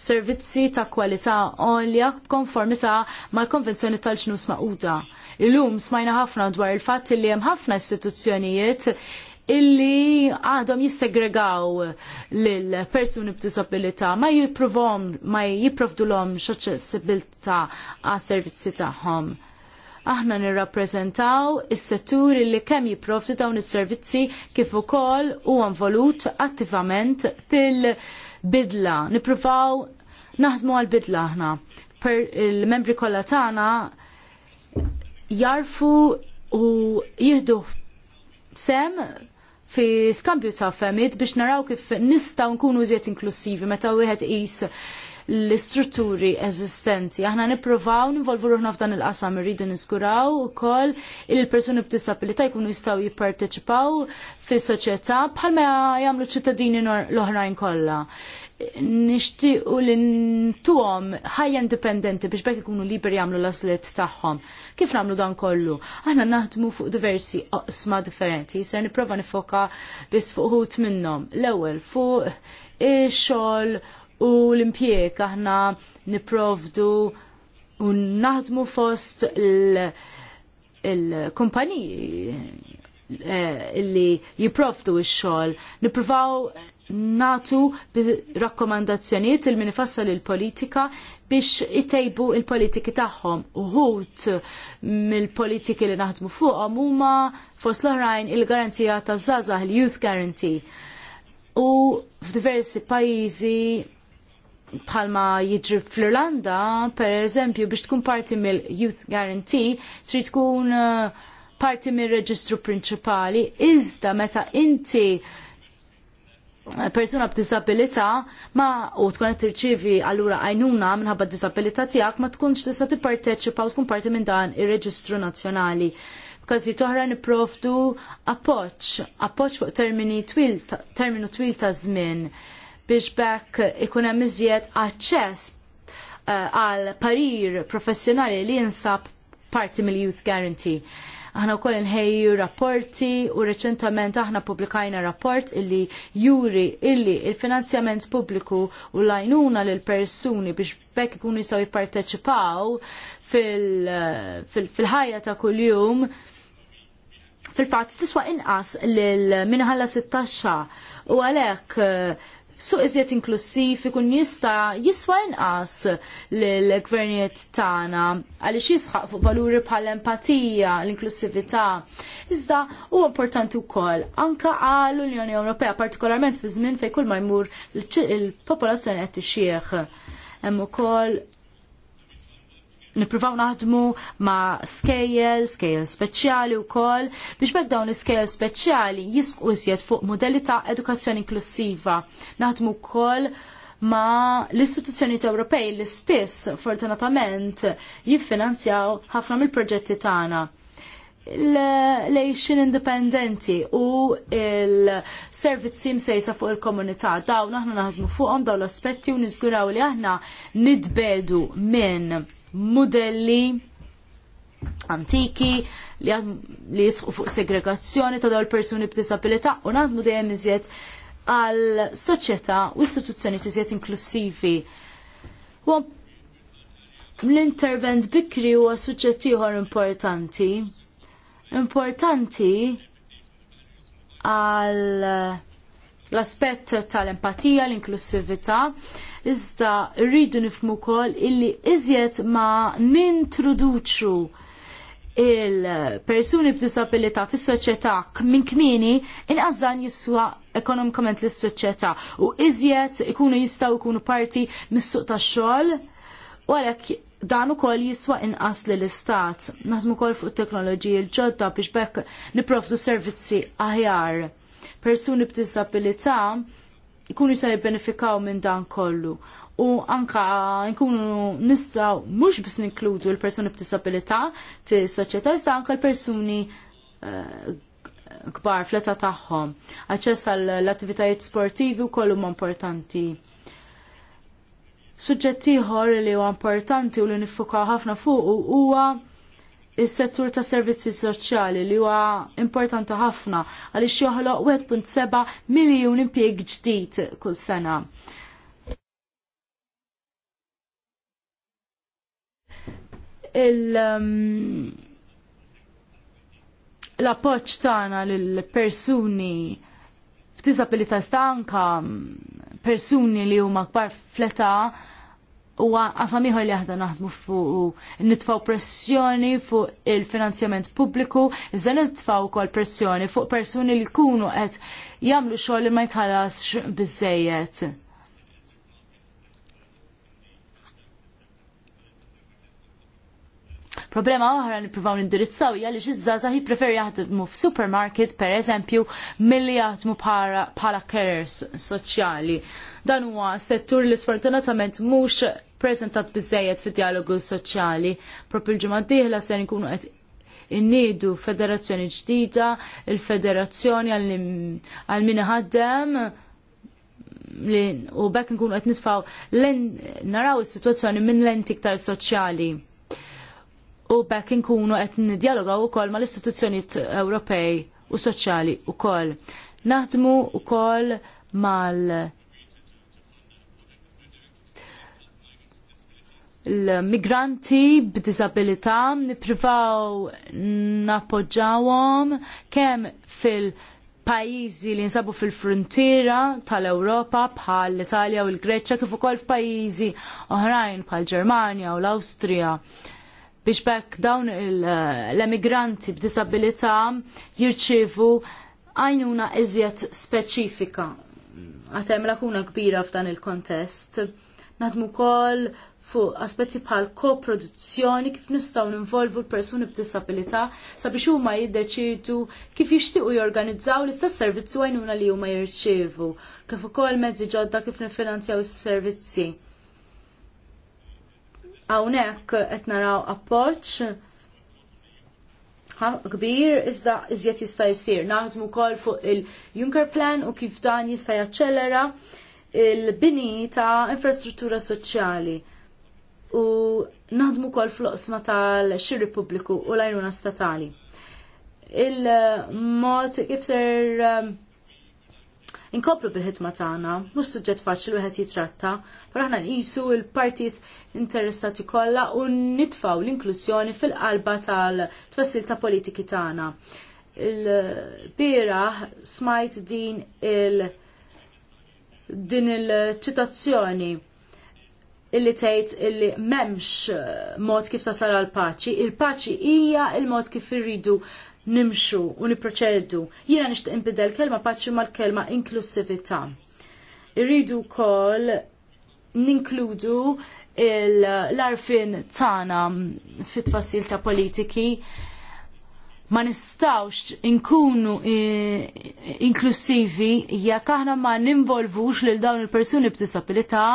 servizzi ta' kwalità għolja konformita mal konvenzjoni tal smaquda. il Illum smajna ħafna dwar il-fatt li hemm ħafna istituzzjonijiet illi għadhom jissegregaw lil persuni b'disabilita ma jipprovhom ma jipprovdulhom xoċessibilta għas servizzi tagħhom. Ta Aħna nirrappreżentaw is-setturi li kemm jipprovdu dawn is-servizzi kif ukoll huwa involut attivament fil-bidla. Nippruvaw naħdmu għal-bidla aħna. il-membri kollha tagħna jarfu u jieħdu sem fi skambju ta' femmit biex naraw kif nistaw nkunu żiet inklusivi meta wieħed qis l-istrutturi eżistenti. Aħna nippruvaw nivolvu ruħna f'dan il-qasam irridu niskuraw ukoll il-persuni b'disabilità jkunu jistgħu jipparteċipaw fis-soċjetà bħalma jagħmlu ċittadini l-oħrajn kollha nishtiqu li ntuhom ħajja indipendenti biex bekk ikunu liberi jagħmlu l-aslet tagħhom. Kif nagħmlu dan kollu? Aħna naħdmu fuq diversi oqsma differenti, ser nipprova nifoka biss fuq ħut minnhom. L-ewwel fuq ix-xogħol u l-impjeg aħna niprovdu u naħdmu fost il-kumpaniji eh, li jiprovdu ix-xogħol. Nippruvaw natu rakkomandazzjonijiet il min ifassal il-politika biex itejbu il-politiki tagħhom. Uħut mill-politiki li naħdmu fuqhom huma fost l-oħrajn il-garanzija ta' żgħażagħ il-Youth Guarantee. U f'diversi pajjiżi bħalma jiġri fl-Irlanda, per eżempju, biex tkun parti mill-Youth Guarantee, trid tkun uh, parti mill-reġistru prinċipali, iżda meta inti uh, persuna b'disabilità ma u tkun qed tirċievi allura għajnuna minħabba d-disabilità tiegħek ma tkunx tista' tipparteċipa u tkun parti minn dan ir-Reġistru Nazzjonali. Każi toħra niprofdu appoġġ, appoġġ fuq termini twil terminu twil ta' żmien biex bekk ikun hemm iżjed aċċess eh, għal parir professjonali li jinsab parti mill-Youth Guarantee. Aħna wkoll inħejju rapporti u reċentament aħna publikajna rapport illi juri illi il-finanzjament pubbliku u lajnuna lil persuni biex bekk ikunu jistgħu jipparteċipaw fil-ħajja fil fil ta' kuljum fil-fatt tiswa inqas lil minħalla 16 u għalhekk eh, suq iżjed inklusiv ikun jista' jiswa inqas lill-gvernijiet tagħna għaliex jisħaq fuq valuri bħal empatija, l-inklusività. Iżda huwa importanti wkoll anke għal unjoni Ewropea partikolarment fi żmien fejn kull ma jmur il-popolazzjoni qed tixjieħ. Hemm ukoll nipruvaw naħdmu ma' scale, scale speċjali u kol, biex bekk dawn l-scale speċjali jisqu jisjet fuq modelli ta' edukazzjoni inklusiva. Naħdmu kol ma' l-istituzzjoni Ewropej li spiss fortunatament jiffinanzjaw ħafna mill-proġetti tagħna l-lejxin indipendenti u il-servizzi msejsa fuq il-komunità. Dawn aħna naħdmu fuqhom dawn l-aspetti u niżguraw li aħna nidbedu minn modelli antiki li, li jisqu fuq segregazzjoni ta' dawl persuni b'disabilità u naħdmu dejjem iżjed għal soċjetà u istituzzjoni iżjed inklusivi. L-intervent bikri huwa suġġett ieħor importanti. Importanti għal l-aspett tal-empatija, l-inklusivita, iżda rridu nifmu wkoll illi iżjed ma nintroduċu il-persuni b'disabilità fis soċjetà minn kmini inqas dan jiswa ekonomikament lis soċjetà u iżjed ikunu jistgħu jkunu parti mis-suq tax-xogħol u għalhekk dan ukoll jiswa inqas li l-istat. Naħdmu wkoll fuq it teknoloġiji l-ġodda biex bekk nipprovdu servizzi aħjar persuni b'disabilità jkunu jista' jibbenefikaw minn dan kollu. U anka nkunu nistgħu mhux biss ninkludu l-persuni b'disabilità fis soċieta, iżda anka l-persuni eh, kbar fl-età tagħhom. Aċċess għall-attivitajiet sportivi wkoll huma importanti. Suġġett ieħor li huwa importanti u li nifukaw ħafna fuq huwa is-settur ta' servizzi soċjali li huwa importanti ħafna għaliex joħloq 1.7 miljun impjieg ġdid kull sena. Um, l-appoġġ tagħna lil persuni f'disabilità stanka persuni li huma kbar fl-età huwa qasam ieħor li aħna naħdmu fuq nitfgħu pressjoni fuq il-finanzjament pubbliku, iżda nitfgħu wkoll pressjoni fuq persuni li jkunu qed jagħmlu xogħol li ma jitħallasx bizzejiet. Problema oħra nippruvaw nindirizzaw hija li xiż-żgħażagħ jippreferi jaħdmu f'supermarket pereżempju milli jaħdmu bħala carers soċjali. Dan huwa settur li sfortunatament mhux prezentat biżejjed fid-dialogu soċjali. Propri l-ġimgħa d se nkunu qed innidu federazzjoni ġdida, il-federazzjoni għal min ħaddem u bekk nkunu qed nisfaw naraw is-sitwazzjoni minn lenti iktar soċjali. U bekk nkunu qed nidjalogaw ukoll mal-istituzzjonijiet Ewropej u soċjali ukoll. Naħdmu ukoll mal l-migranti b'disabilità nipprivaw napoġġawhom kemm fil- pajjiżi li nsabu fil-frontiera tal-Ewropa bħal l-Italja u l greċja kif ukoll f'pajjiżi oħrajn bħal Ġermanja u l-Awstrija biex bekk dawn l-emigranti b'disabilità jirċievu għajnuna iżjed speċifika għatem lakuna kbira f'dan il-kontest. Nadmu kol fuq aspetti bħal koproduzzjoni kif nistgħu ninvolvu l-persuni b'disabilità sabiex huma jiddeċidu kif jixtiequ jorganizzaw l-istess servizzi għajnuna li huma jirċievu, kif ukoll mezzi ġodda kif nifinanzjaw is-servizzi. Hawnhekk qed naraw appoġġ kbir iżda iżjed jista' jsir. Naħdmu wkoll fuq il-Juncker Plan u kif dan jista' jaċċelera il-bini ta' infrastruttura soċjali u naħdmu kol fl-oqsma tal xir pubbliku u l-għajnuna statali. Il-mod kif ser um, inkoplu bil ħitma tagħna, mhux suġġett faċli wieħed jitratta, per aħna nqisu l-partijiet interessati kollha u nitfaw l-inklużjoni fil-qalba tal-tfassil ta' politiki tagħna. il biraħ smajt din il- din il-ċitazzjoni illi tgħid illi m'hemmx eh, mod kif tasal għal paċi, il-paċi hija il-mod kif irridu nimxu u niproċedu. Jiena nixtieq inbidel kelma paċi mal-kelma inklusività. Irridu wkoll ninkludu l-arfin tagħna fit-tfassil ta' politiki ma nistawx inkunu eh, inklusivi jekk aħna ma ninvolvux lil dawn il-persuni b'disabilità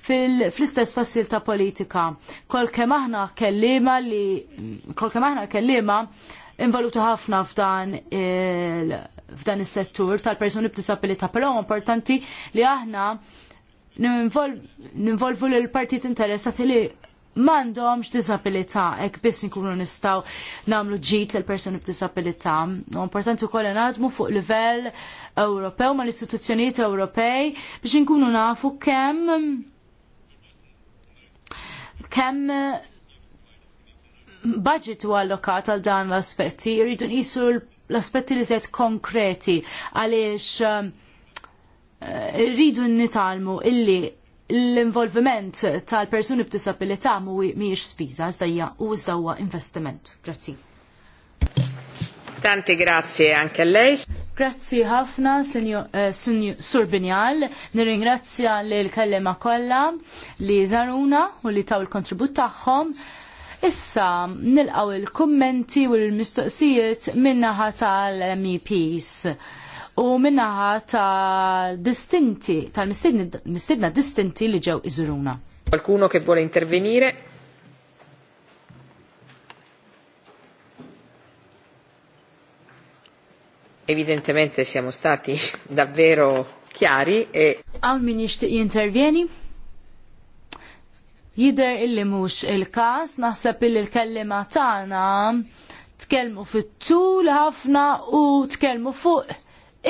fil istess fassil ta' politika. Kolkemm aħna kellima li aħna kellima involuti ħafna f'dan f'dan is-settur tal-persuni b'disabilità, però importanti li aħna ninvolvu l-partit interessati li mandomx disabilità, ek biss nkunu nistaw namlu ġit l persuni b'disabilità. U importanti wkoll naħdmu fuq livell Ewropew mal istituzzjonijiet Ewropej biex nkunu nafu kemm kemm mm, budget u allokat għal dan l-aspetti, jridu nqisu l-aspetti li zed konkreti għaliex um, eh, rridu nitalmu illi l-involviment tal-persuni b'disabilità miex spiża iżda u iżda investiment. Grazzi. Tanti grazie anke a lei. Grazzi ħafna, eh, Sur Binjal, li l-kallema kollha li Zaruna u li taw il-kontribut tagħhom. Issa nilqaw il-kummenti u l-mistoqsijiet min-naħa tal-MEPs u min-naħa tal-distinti, tal-mistidna distinti li ġew iżuruna. Qualcuno che vuole intervenire? Evidentemente siamo stati (laughs) davvero chiari e... al min jishtiq Jider illi mux il-kas, naħseb illi l-kellima tagħna tkellmu fit-tul ħafna u tkellmu fuq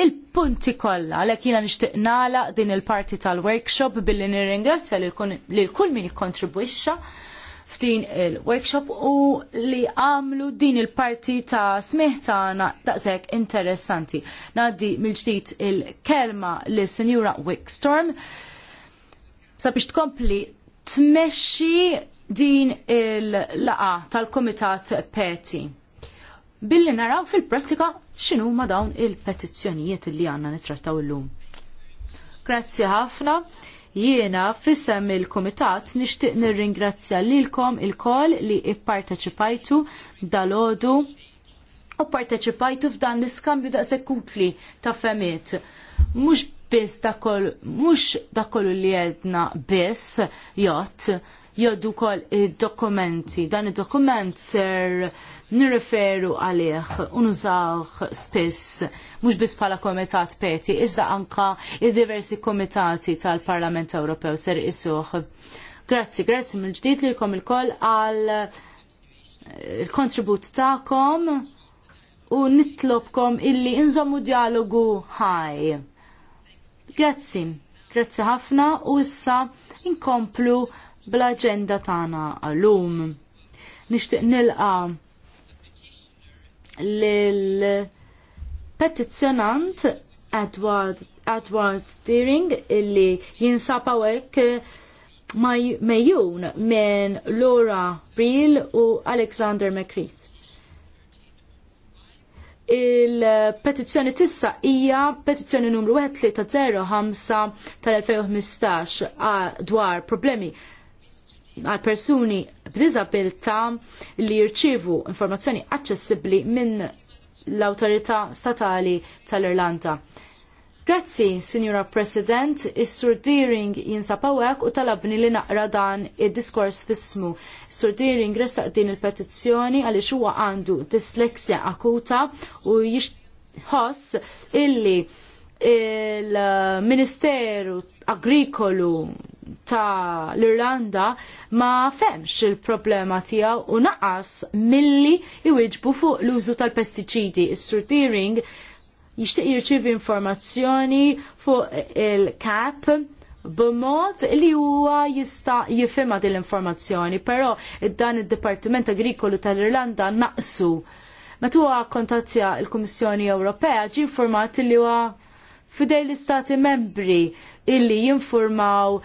il-punti kollha għalhekk jiena nixtieq nagħlaq din il-parti tal-workshop billi nirringrazzja lil kull min ikkontribwixxa f'din il-workshop u li għamlu din il-parti ta' smiħtana daqshekk interessanti. Naddi mill-ġdid il-kelma li Senjura Wickstorm sabiex tkompli tmexxi din il-laqa tal-Komitat Peti. Billi naraw fil-prattika xinu ma dawn il-petizzjonijiet li għanna nitrattaw il-lum. Grazzi ħafna. Jiena fissem il-Komitat nixtieq nirringrazzja lilkom il-kol li ipparteċipajtu dal-ħodu u parteċipajtu f'dan l-iskambju da' sekutli ta' femiet. Mux biss dakol, mux dakollu li jedna biss jott, joddu kol id-dokumenti. Dan id-dokument ser nirreferu għalih unużawh spiss mhux biss bħala komitat peti iżda anka id-diversi komitati tal-Parlament Ewropew ser isuh. Grazzi, grazzi mill-ġdid lilkom il-koll għal eh, il-kontribut tagħkom u nitlobkom illi inżommu dialogu ħaj. Grazzi, grazzi ħafna u issa inkomplu bl-agenda tagħna għallum. Nixtieq nilqa' lil petizzjonant Edward, Edward Deering illi jinsab hawnhekk eh, mejjun minn Laura Brill u Alexander McCreath. Il-petizzjoni tissa hija petizzjoni numru 05 tal-2015 dwar problemi għal persuni b'diżabilità li jirċievu informazzjoni aċċessibbli minn l-autorità statali tal-Irlanda. Grazzi, Signora President, is-Sur Deering jinsapawek u talabni li naqra dan id-diskors fismu. Sur Deering ressaq din il-petizzjoni għaliex huwa għandu disleksja akuta u jixtħoss illi il-Ministeru Agrikolu ta' l-Irlanda ma femx il-problema tiegħu u naqas milli iwiġbu fuq l-użu tal-pestiċidi. Is-Sur jishtiq jixtieq jirċievi informazzjoni fuq il-CAP b'mod li huwa jista' jifhimha din l-informazzjoni, però dan id-Dipartiment Agrikolu tal-Irlanda naqsu. Meta huwa kontattja l-Kummissjoni Ewropea ġie informati li huwa fidej l-istati membri illi jinformaw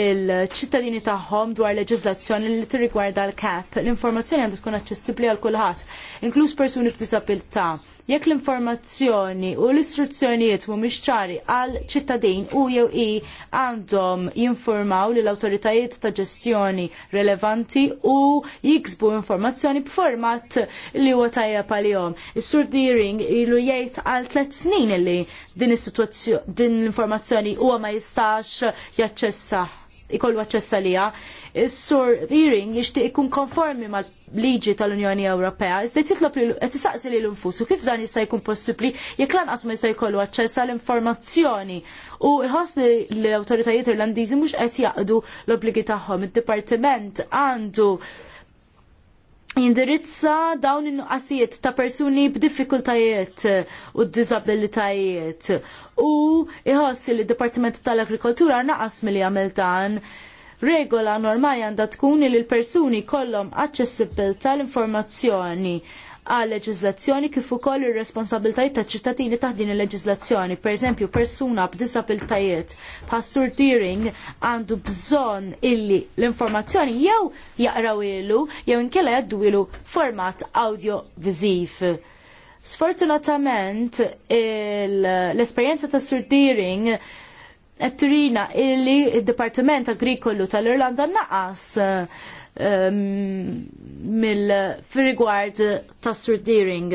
il-ċittadini tagħhom dwar leġiżlazzjoni li tirrigwarda l-kap. L-informazzjoni għandu tkun aċċessibbli għal kulħadd, inkluż persuni b'disabilità. Jekk l-informazzjoni u l-istruzzjonijiet mhumiex ċari għal ċittadin u jew i għandhom jinformaw l awtoritajiet ta' ġestjoni relevanti u jiksbu informazzjoni b'format li huwa tajja għalihom. Is-Sur Deering ilu jgħid għal tliet snin li din is-sitwazzjoni din l-informazzjoni huwa ma jistax jaċċessa ikollu aċċessa liha. Is-Sur Deering jixtieq ikun konformi mal liġi tal-Unjoni Ewropea, iżda titlob li qed li l-infusu kif dan jista' jkun possibbli jekk lanqas ma jista' jkollu aċċess għall informazzjoni u jħoss li l-awtoritajiet Irlandiżi mhux qed jaqdu l-obbligi tagħhom. Id-dipartiment għandu jindirizza dawn in-nuqqasijiet ta' persuni b'diffikultajiet u d-disabilitajiet u iħossi li d-Dipartiment tal-Agrikoltura naqas milli jagħmel dan regola normali għandha tkun li l-persuni kollhom aċċessibbil tal informazzjoni għal leġiżlazzjoni kif ukoll ir-responsabiltajiet taċ ċittadini taħt din il-leġiżlazzjoni. Pereżempju, persuna b'disabiltajiet pastur Deering għandu bżonn illi l-informazzjoni jew jaqraw ilu jew inkella jaddu ilu format audio viżiv. Sfortunatament l-esperjenza ta' Sir Deering qed turina illi il dipartiment Agrikollu tal-Irlanda naqas eh, mill-rigward ta' surdeering.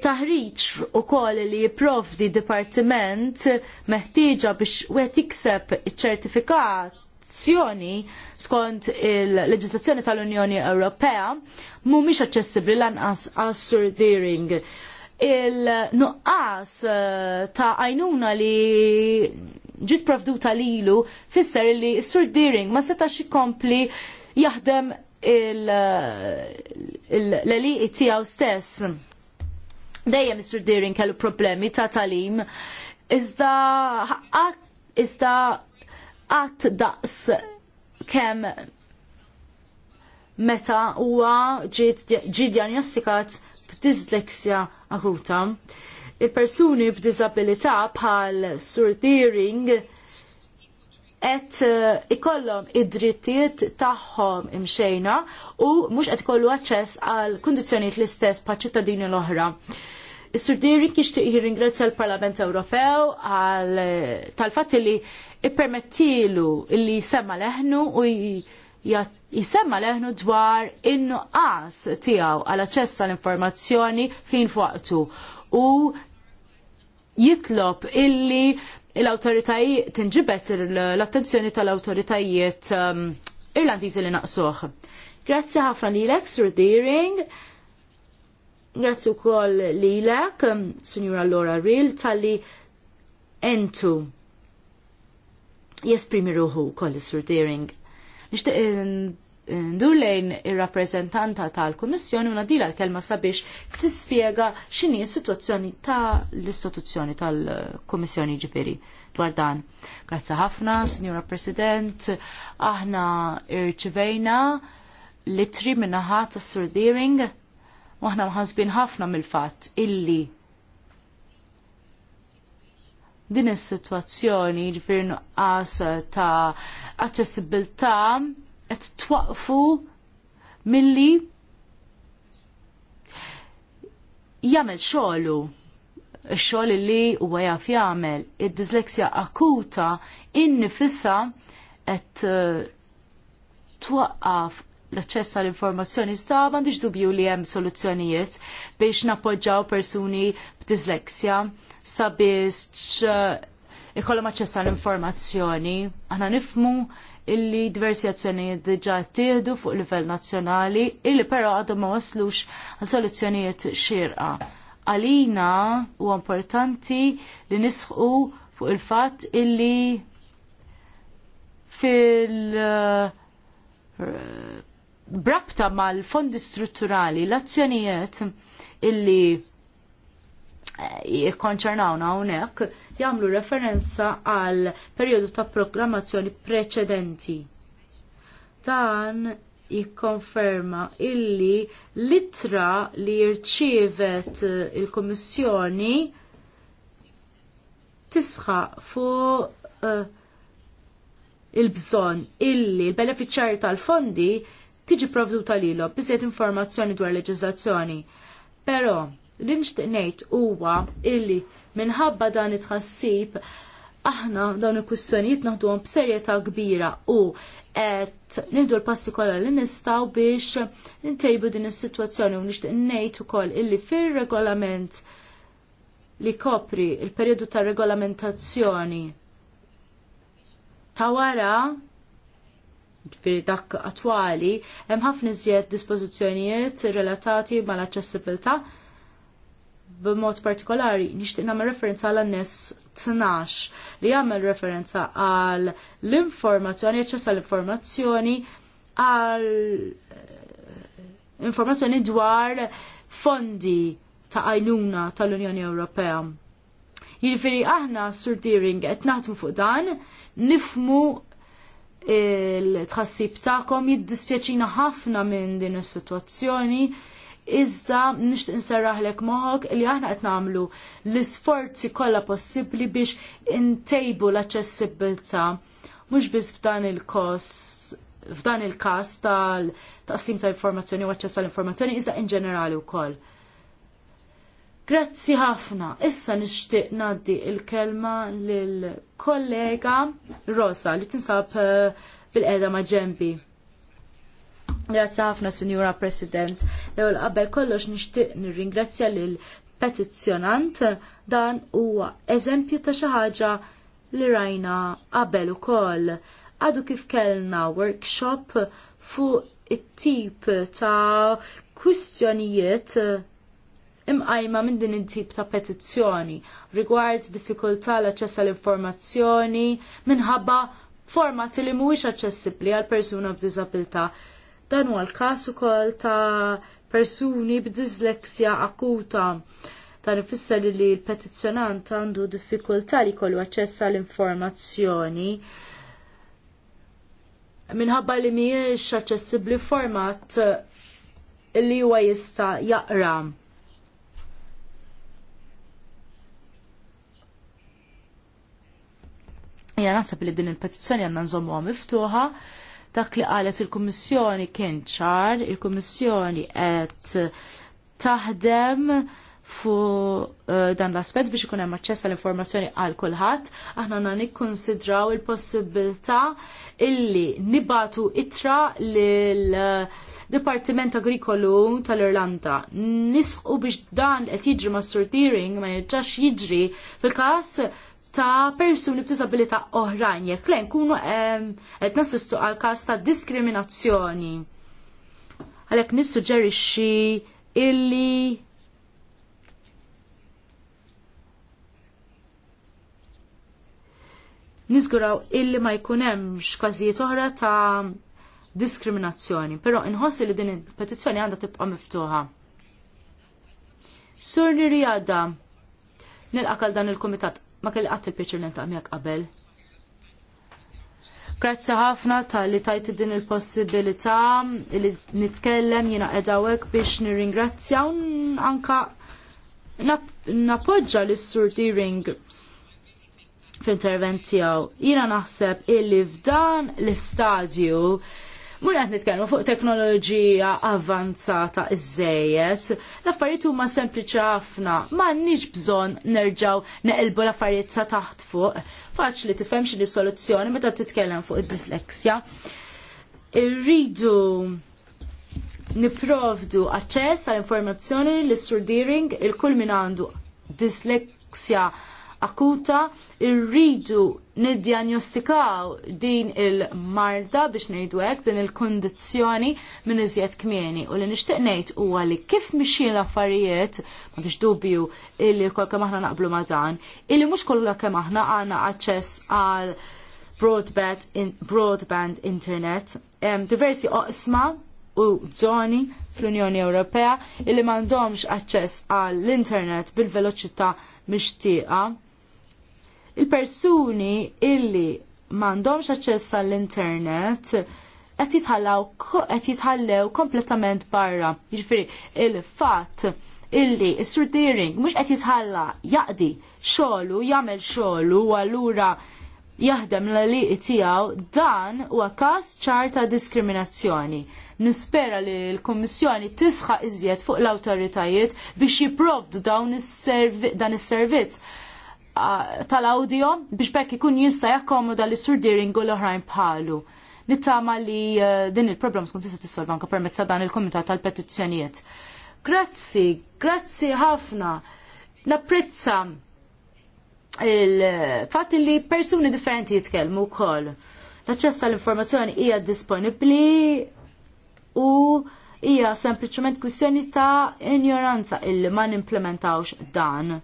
Taħriċ u koll li jiprovdi dipartiment meħtieġa biex wieħed jikseb ċertifikazzjoni skont il-leġislazzjoni tal-Unjoni Ewropea mhumiex aċċessibbli lanqas għal surdeering. deering il-nuqqas eh, ta' għajnuna li ġit provduta lilu fisser li s-sur Deering ma setax ikompli jaħdem l-eliqi tijaw stess. Dejjem Mr. Deering kellu problemi ta' talim, iżda iżda għat daqs kem meta huwa ġi diagnostikat disleksja akuta. Il-persuni b'disabilità bħal Sur Deering qed eh, ikollhom id-drittijiet tagħhom imxejna u mhux qed ikollu aċċess għal kundizzjonijiet l-istess pa' ċittadini l-oħra. Is-Sur jixtieq jirringrazzja l-Parlament Ewropew għal eh, tal-fatt li ippermettilu li semma leħnu u jisemma leħnu dwar innu qas tiegħu għal aċċess għall informazzjoni fin fuqtu u jitlob illi l-autoritajiet tinġibet l-attenzjoni tal-autoritajiet um, irlandiżi li naqsuh. Grazzi ħafna lilek, Sir Deering. Grazzi wkoll lilek, um, Sinjura Laura Rill, tal-li entu jesprimi ruħu kolli Sir Deering. Nixtieq eh, ndur lejn ir-rappreżentanta tal-Kummissjoni u nadila l-kelma sabiex tispjega x'inhi s-sitwazzjoni tal-istituzzjoni tal-Kummissjoni ġifieri dwar dan. Grazzi ħafna, Sinjura President, aħna irċivejna litri minnaħat tas-Sur Deering u aħna mħasbin ħafna mill-fatt illi din is-sitwazzjoni jiġifier nuqqas ta' aċċessibilità qed twaqfu milli jagħmel xogħlu x-xogħol li huwa jaf jagħmel. Id-disleksja akuta innifisha qed eh, twaqqaf l-aċċess għall informazzjoni iżda m'għandix dubju li hemm soluzzjonijiet biex nappoġġaw persuni b'disleksja sabiex eh, ikollhom aċċess għall informazzjoni. Aħna nifmu illi diversi azzjonijiet diġà ttieħdu fuq livell nazzjonali illi però għadhom ma waslux għal soluzzjonijiet xierqa. Għalina huwa importanti li nisħu fuq il-fatt illi fil- eh, brabta mal-fondi strutturali l-azzjonijiet illi jikkonċernawna hawnhekk jagħmlu referenza għal perjodu ta' proklamazzjoni preċedenti. Dan jikkonferma illi l-ittra li rċievet il-Kummissjoni tisħaq fuq uh, il-bżonn illi l-beneficjari il bżonn illi l beneficjari tal fondi tiġi provduta lilhom biżżejjed informazzjoni dwar leġiżlazzjoni. Però Li nixtieq ngħid huwa illi minħabba dan it-tħassib aħna dawn il-kwistjonijiet naħduhom b'serjetà kbira u qed nieħdu l-passi kollha li nistgħu biex ntejbu din is-sitwazzjoni u nixtieq ngħid ukoll illi fir-regolament li kopri il-perjodu ta' regolamentazzjoni ta' wara fir dak attwali hemm ħafna iżjed dispożizzjonijiet relatati mal aċċessibilta b'mod partikolari nixtieq nagħmel referenza għal annes tnax li jagħmel referenza għal l-informazzjoni, aċċess għall informazzjoni għal eh, informazzjoni dwar fondi ta' għajnuna tal-Unjoni Ewropea. Jiġifieri aħna sur Deering qed naħdmu fuq dan, nifmu il-tħassib tagħkom jiddispjaċina ħafna minn din is-sitwazzjoni iżda nixtieq lek moħok li aħna qed nagħmlu l-isforzi kollha possibbli biex intejbu l-aċċessibilità mhux biss f'dan il-kos f'dan il-każ tal-taqsim tal informazzjoni u aċċess tal-informazzjoni iżda in ġenerali wkoll. Grazzi ħafna. Issa nixtieq ngħaddi l kelma lil kollega Rosa li tinsab eh, bil-qeda ma' ġenbi. Grazzi ħafna, Sinjura President. l qabel kollox nixtieq nirringrazzja lil petizzjonant dan huwa eżempju ta' xi ħaġa li rajna qabel ukoll. Għadu kif kellna workshop fuq it-tip ta' kwistjonijiet imqajma minn din it-tip ta' petizzjoni rigward diffikultà l-aċċess għall informazzjoni minħabba formati li mhuwiex aċċessibbli għal persuna b'diżabilità. Dan huwa l-każ ukoll ta' persuni b'disleksja akuta dan ifisser li l-petizzjonant għandu diffikultà li jkollu aċċess għall informazzjoni minħabba li mhijiex aċċessibbli format li huwa jista' jaqra. Jena naħseb li din il-petizzjoni għandna nżommuha miftuħa Dak li qalet il-Kummissjoni kien ċar, il-Kummissjoni qed taħdem fu eh, dan l-aspett biex ikun hemm aċċess għall informazzjoni għal kulħadd, aħna għandna nikkonsidraw il-possibilità illi nibatu itra lil eh, Dipartiment Agrikolu tal-Irlanda. Nisqu biex dan qed jiġri ma' Sir ma jiġġax jiġri fil-każ ta' persuni b'disabilità oħrajn jekk le nkunu ehm, qed nassistu għal każ ta' diskriminazzjoni. Għalhekk nissuġġerixxi illi nizguraw illi ma jkun hemmx każijiet oħra ta' diskriminazzjoni, però inħoss li din il-petizzjoni għandha tibqa' miftuħa. Sur li rjada, dan il-Kumitat ma kelli qatt il-pjaċir li ntaqmi qabel. Grazzi ħafna tal-li tajt din il-possibilità li nitkellem jiena qedawek biex nirringrazzja u anka nappoġġa lis sur Deering fl-intervent tiegħu. Jiena naħseb illi f'dan l-istadju Murat nitkellmu fuq teknoloġija avanzata iżejjed, l-affarijiet huma sempliċi ħafna, m'għandniex bżonn nerġgħu neqilbu l-affarijiet sa taħt fuq. Faċli tifhem xi soluzzjoni meta titkellem fuq id-disleksja. Irridu niprovdu aċċess għall informazzjoni l-surdiring il-kull min għandu disleksja akuta, irridu niddiagnostikaw din il-marda biex nejdu għek din il kondizjoni minn iżjed kmieni u li nixtieq ngħid huwa li kif mxin l-affarijiet m'għandix dubju illi kol kem aħna naqblu ma' dan, illi mhux kollu kemm aħna għandna aċċess għal broadband, in, broadband internet, um, diversi oqsma u zoni fl-Unjoni Ewropea illi m'għandhomx aċċess għall internet bil-veloċità mixtieqa il-persuni illi m'għandhomx aċċess għall-internet qed jitħallaw qed jitħallew kompletament barra. Jiġifieri il-fatt illi s-sur Deering mhux qed jitħalla jaqdi xogħlu jagħmel xogħlu u allura jaħdem l liq tiegħu dan huwa każ ċar ta' diskriminazzjoni. Nispera li l-Kummissjoni tisħaq iżjed fuq l-awtoritajiet biex jipprovdu dawn is-servizz tal-audio biex bekk ikun jista' jakkomoda li surdiering u l-oħrajn bħalu. Nittama li eh, din il-problem skont tista' tissolva anke permezz ta' dan il-Kumitat tal-Petizzjonijiet. Grazzi, grazzi ħafna. Napprezza il-fatt li persuni differenti jitkellmu wkoll. L-aċċess għall-informazzjoni hija disponibbli u hija sempliċement kwistjoni ta' ignoranza illi ma nimplementawx dan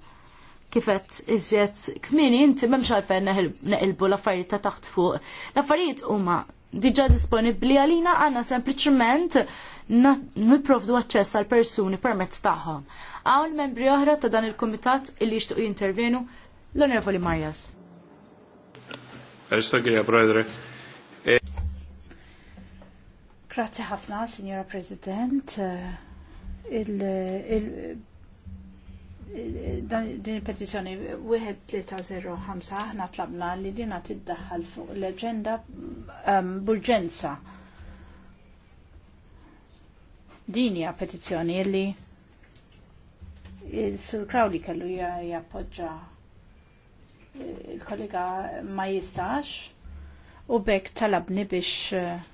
kifet iżjed kmini inti memx għalfejn neqilbu l-affarijiet ta' taħt fuq. L-affarijiet huma diġa disponibli għalina għanna sempliciment niprovdu għacċess għal persuni permezz taħħom. Għawn membri oħra ta' dan il-komitat illi jishtuq jintervenu l-Onorevoli Marjas. Eh. Grazie ħafna, Signora President. Eh, il din il-petizjoni 1305 aħna tlabna li dina tiddaħħal fuq l-agenda um, burġenza. Din hija petizzjoni li il-Sur Crowley kellu jappoġġa eh, il-kollega ma jistax u bekk talabni biex eh,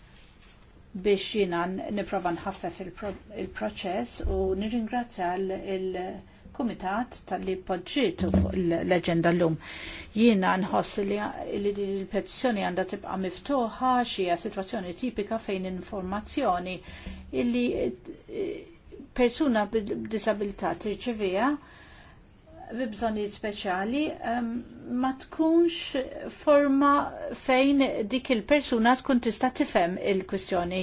biex jina niprofa nħaffef il-proċess u nirringrazzja l- kumitat tal-li podġitu fuq l leġenda l-lum. Jiena nħoss li l-petizzjoni għandha tibqa' miftuħa xi situazzjoni tipika fejn informazzjoni illi persuna b'disabilità tirċivija bibżonijiet speċjali um, ma tkunx forma fejn dik il-persuna tkun tista' tifhem il-kwistjoni.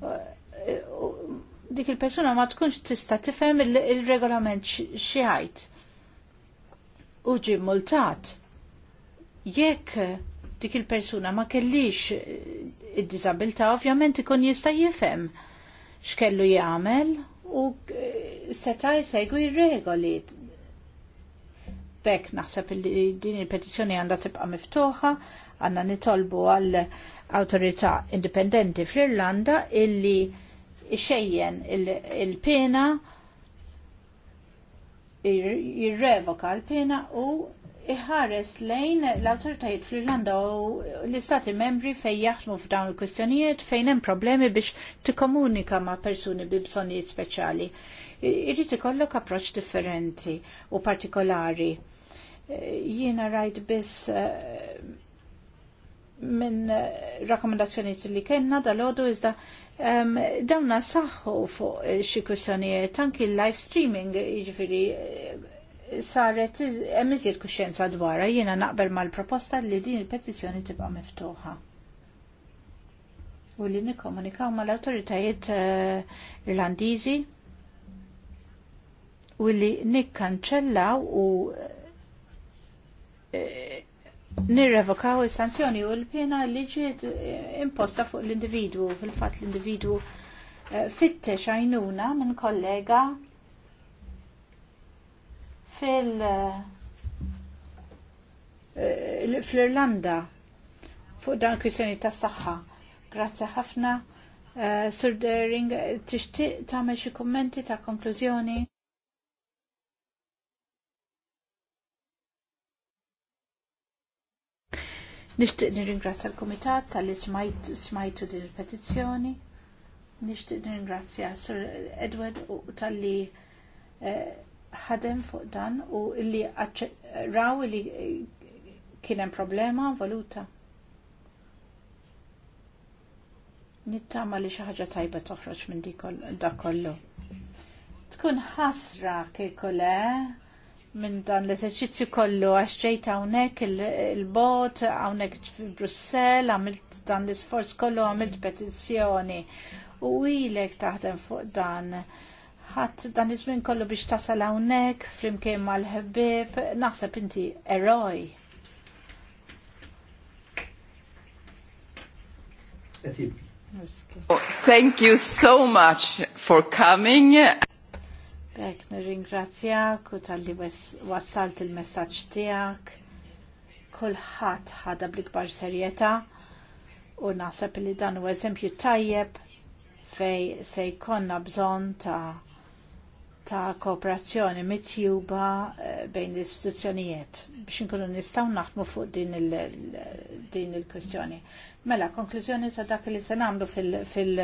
uh, uh, dik il-persuna ma tkunx tista tifhem il-regolament xi ħajt. U ġi multat. Jekk dik il-persuna ma kellix eh, id-diżabilità ovvjament ikun jista' jifhem x'kellu jagħmel u eh, seta' jsegwi r-regoli. Bekk naħseb li din il-petizzjoni għandha tibqa' miftuħa, għandna nitolbu għall awtorità indipendenti fl-Irlanda illi ixejjen il-pena jirrevoka l-pena u iħares lejn l-autoritajiet fl-Irlanda u l-istati membri fej jaħdmu f'dawn il-kwistjonijiet fejn hemm problemi biex tikkomunika ma' persuni bi bżonnijiet speċjali. Irrid ikollok approċċ differenti u partikolari. Eh, jiena rajt biss eh, minn eh, rakkomandazzjonijiet li kellna dal-għodu iżda Um, dawna saħħu fuq xi kwistjonijiet anki live streaming jiġifieri eh, saret hemm iżjed kuxjenza dwarha jiena naqbel mal-proposta li din il-petizzjoni tibqa' miftuħa. U li nikkomunikaw mal-awtoritajiet uh, Irlandiżi u li nikkanċellaw u uh, nirrevokaw il-sanzjoni u l-pena li ġiet eh, imposta fuq l-individwu. Fil-fat l-individwu eh, fittex għajnuna minn kollega fil- eh, irlanda fuq dan kwistjoni tas saħħa. Grazzi ħafna. Sur Dering, tixtieq tagħmel xi kummenti ta' konklużjoni? Nixtieq nirringrazzja l-Kumitat tal-li smajtu din il-petizzjoni. Nixtieq nirringrazzja Sir Edward tal-li eh, ħadem fuq dan u illi raw li eh, kien hemm problema voluta. Nittama li xi ħaġa tajba toħroġ minn dik kollu. Tkun ħasra kieku le minn dan l-eżerċizzju kollu għax ġejt hawnhekk il-bot, hawnhekk f'Brussell, għamilt dan l-isforz kollu għamilt petizzjoni u ilek taħdem fuq dan. Ħadd dan iż-żmien kollu biex tasal hawnhekk flimkien mal-ħbieb, naħseb inti eroj. Thank you so much for coming nir nirringrazzjak u tal-li wassalt il-messagġ tijak. Kulħat ħada bl-ikbar serjeta u nasab li dan u eżempju tajjeb fej se jkonna bżon ta' ta' kooperazzjoni mitjuba eh, bejn l-istituzzjonijiet biex inkunu nistgħu naħdmu fuq din il-kwestjoni. Mela, konklużjoni ta' dak li se nagħmlu fil-, fil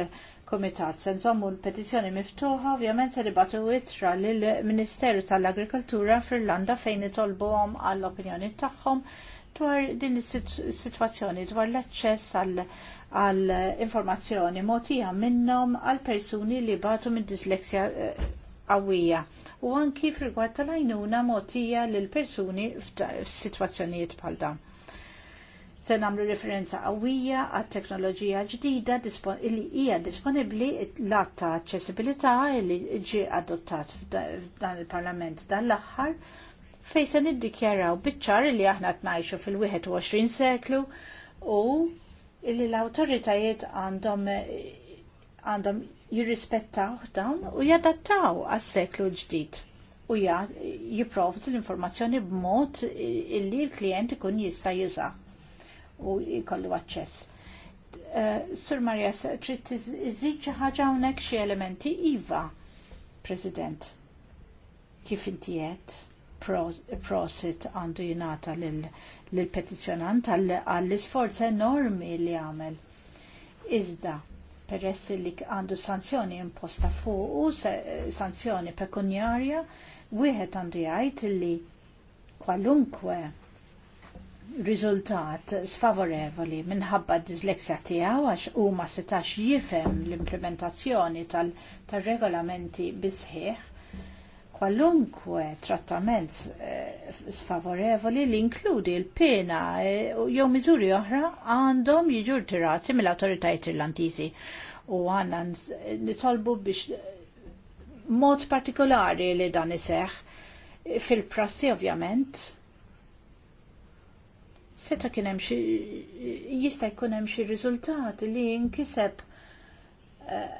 komitat. Se nżommu l-petizzjoni miftuħa, ovvjament se nibatu itra lill-Ministeru tal-Agrikoltura fl-Irlanda fejn itolbuhom għall-opinjoni tagħhom dwar din is-sitwazzjoni dwar l-aċċess għall informazzjoni mogħtija minnhom għal persuni li batu minn disleksja eh, qawwija u anki fil rigward tal-għajnuna mogħtija lill persuni f'sitwazzjonijiet bħal dawn se namlu referenza qawwija għat teknoloġija ġdida li hija disponibbli l-att ta' aċċessibilità li ġie adottat f'dan il-Parlament dan l-aħħar fejn se niddikjaraw biċ-ċar li aħna tnajxu fil-21 seklu u li l-awtoritajiet għandhom għandhom jirrispettaw dawn u jadattaw għas-seklu ġdid u jiprovdu l-informazzjoni b'mod illi l-klient ikun jista' jużaw u jkollu aċċess. Eh, Sur Marja, trid iżid xi ħaġa hawnhekk xi elementi iva, President. Kif inti qed prosit għandu jingħata lill-petizzjonant għall-isforz enormi li għamel. Iżda, peress li għandu sanzjoni imposta fuq u sanzjoni pekunjarja, wieħed għandu jgħid li kwalunkwe riżultat sfavorevoli minħabba d disleksja tiegħu għax huma ma setax jifhem l-implementazzjoni tal-regolamenti tal sħiħ kwalunkwe trattament eh, sfavorevoli li inkludi l-pena eh, jew miżuri oħra għandhom jiġu rtirati mill-awtoritajiet irlandiżi u għanna nitolbu biex mod partikolari li dan iseħħ fil-prassi ovvjament seta kien hemm xi jista' jkun hemm xi riżultat li jinkiseb eh,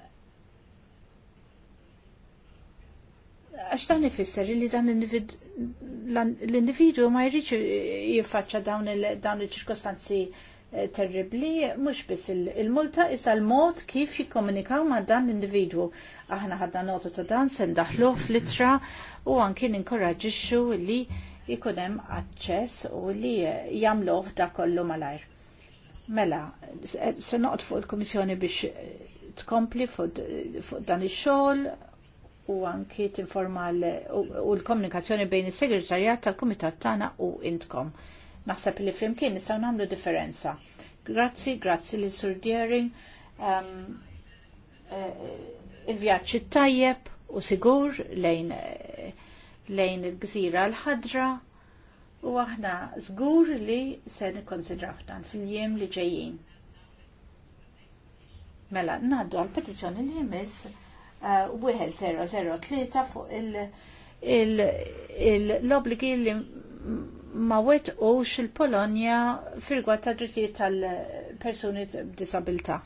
għax dan ifisser li dan l-individu ma jridx jiffaċċa dawn il-ċirkostanzi eh, terribli, mhux biss il-multa, iżda l-mod kif jikkomunikaw ma' dan l-individwu. Aħna ħadna nota ta' dan, se daħlu fl litra u anki ninkoraġixxu li jkun hemm aċċess u li jagħmluh da kollu malajr. Mela, se noqgħod fuq il-Kummissjoni biex eh, tkompli fuq dan ix-xogħol u anki tinforma u l-komunikazzjoni bejn is-segretarjat tal-kumitat tagħna u intkom. Naħseb li flimkien nistgħu nagħmlu differenza. Grazzi, grazzi li Sur Deering. Um, ehm, uh, eh, eh, il-vjaċċi tajjeb u sigur lejn uh, lejn il-gżira l-ħadra u aħna żgur li se nikkonsidraw dan fil-jiem li ġejjin. Mela, ngħaddu għal petizzjoni li jmiss uh, wieħed 003 fuq l-obligi li ma wetqux il-Polonja firgwa ta' drittijiet tal-persuni b'disabilità.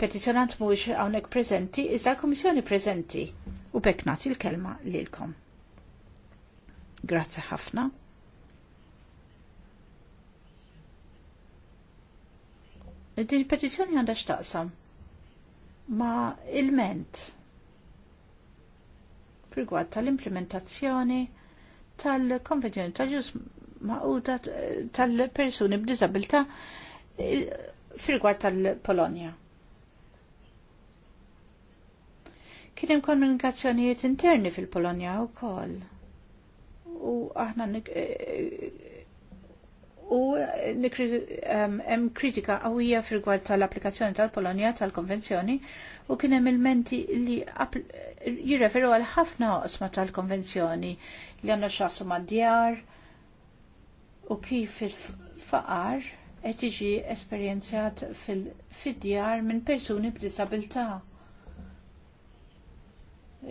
Petizjonant mhuwiex hawnhekk preżenti, iżda l-Kummissjoni preżenti u bekk nagħti l-kelma lilkom. Grazzi ħafna. Din petizzjoni għandha x'taqsam ma' il-ment rigward tal-implementazzjoni tal-konvenzjoni tal-ġus maquda tal-persuni b'diżabilità eh, fil-rigward tal-Polonja. Kien hemm komunikazzjonijiet interni fil-Polonja wkoll u aħna e, e, u hemm kritika qawwija f'rigward tal-applikazzjoni tal-Polonja tal-Konvenzjoni u kien hemm ilmenti li jirreferu għal ħafna oqsma tal-Konvenzjoni li għandna x'għasu mad-djar u kif il-faqar qed jiġi esperjenzjat fid-djar minn persuni b'disabilità.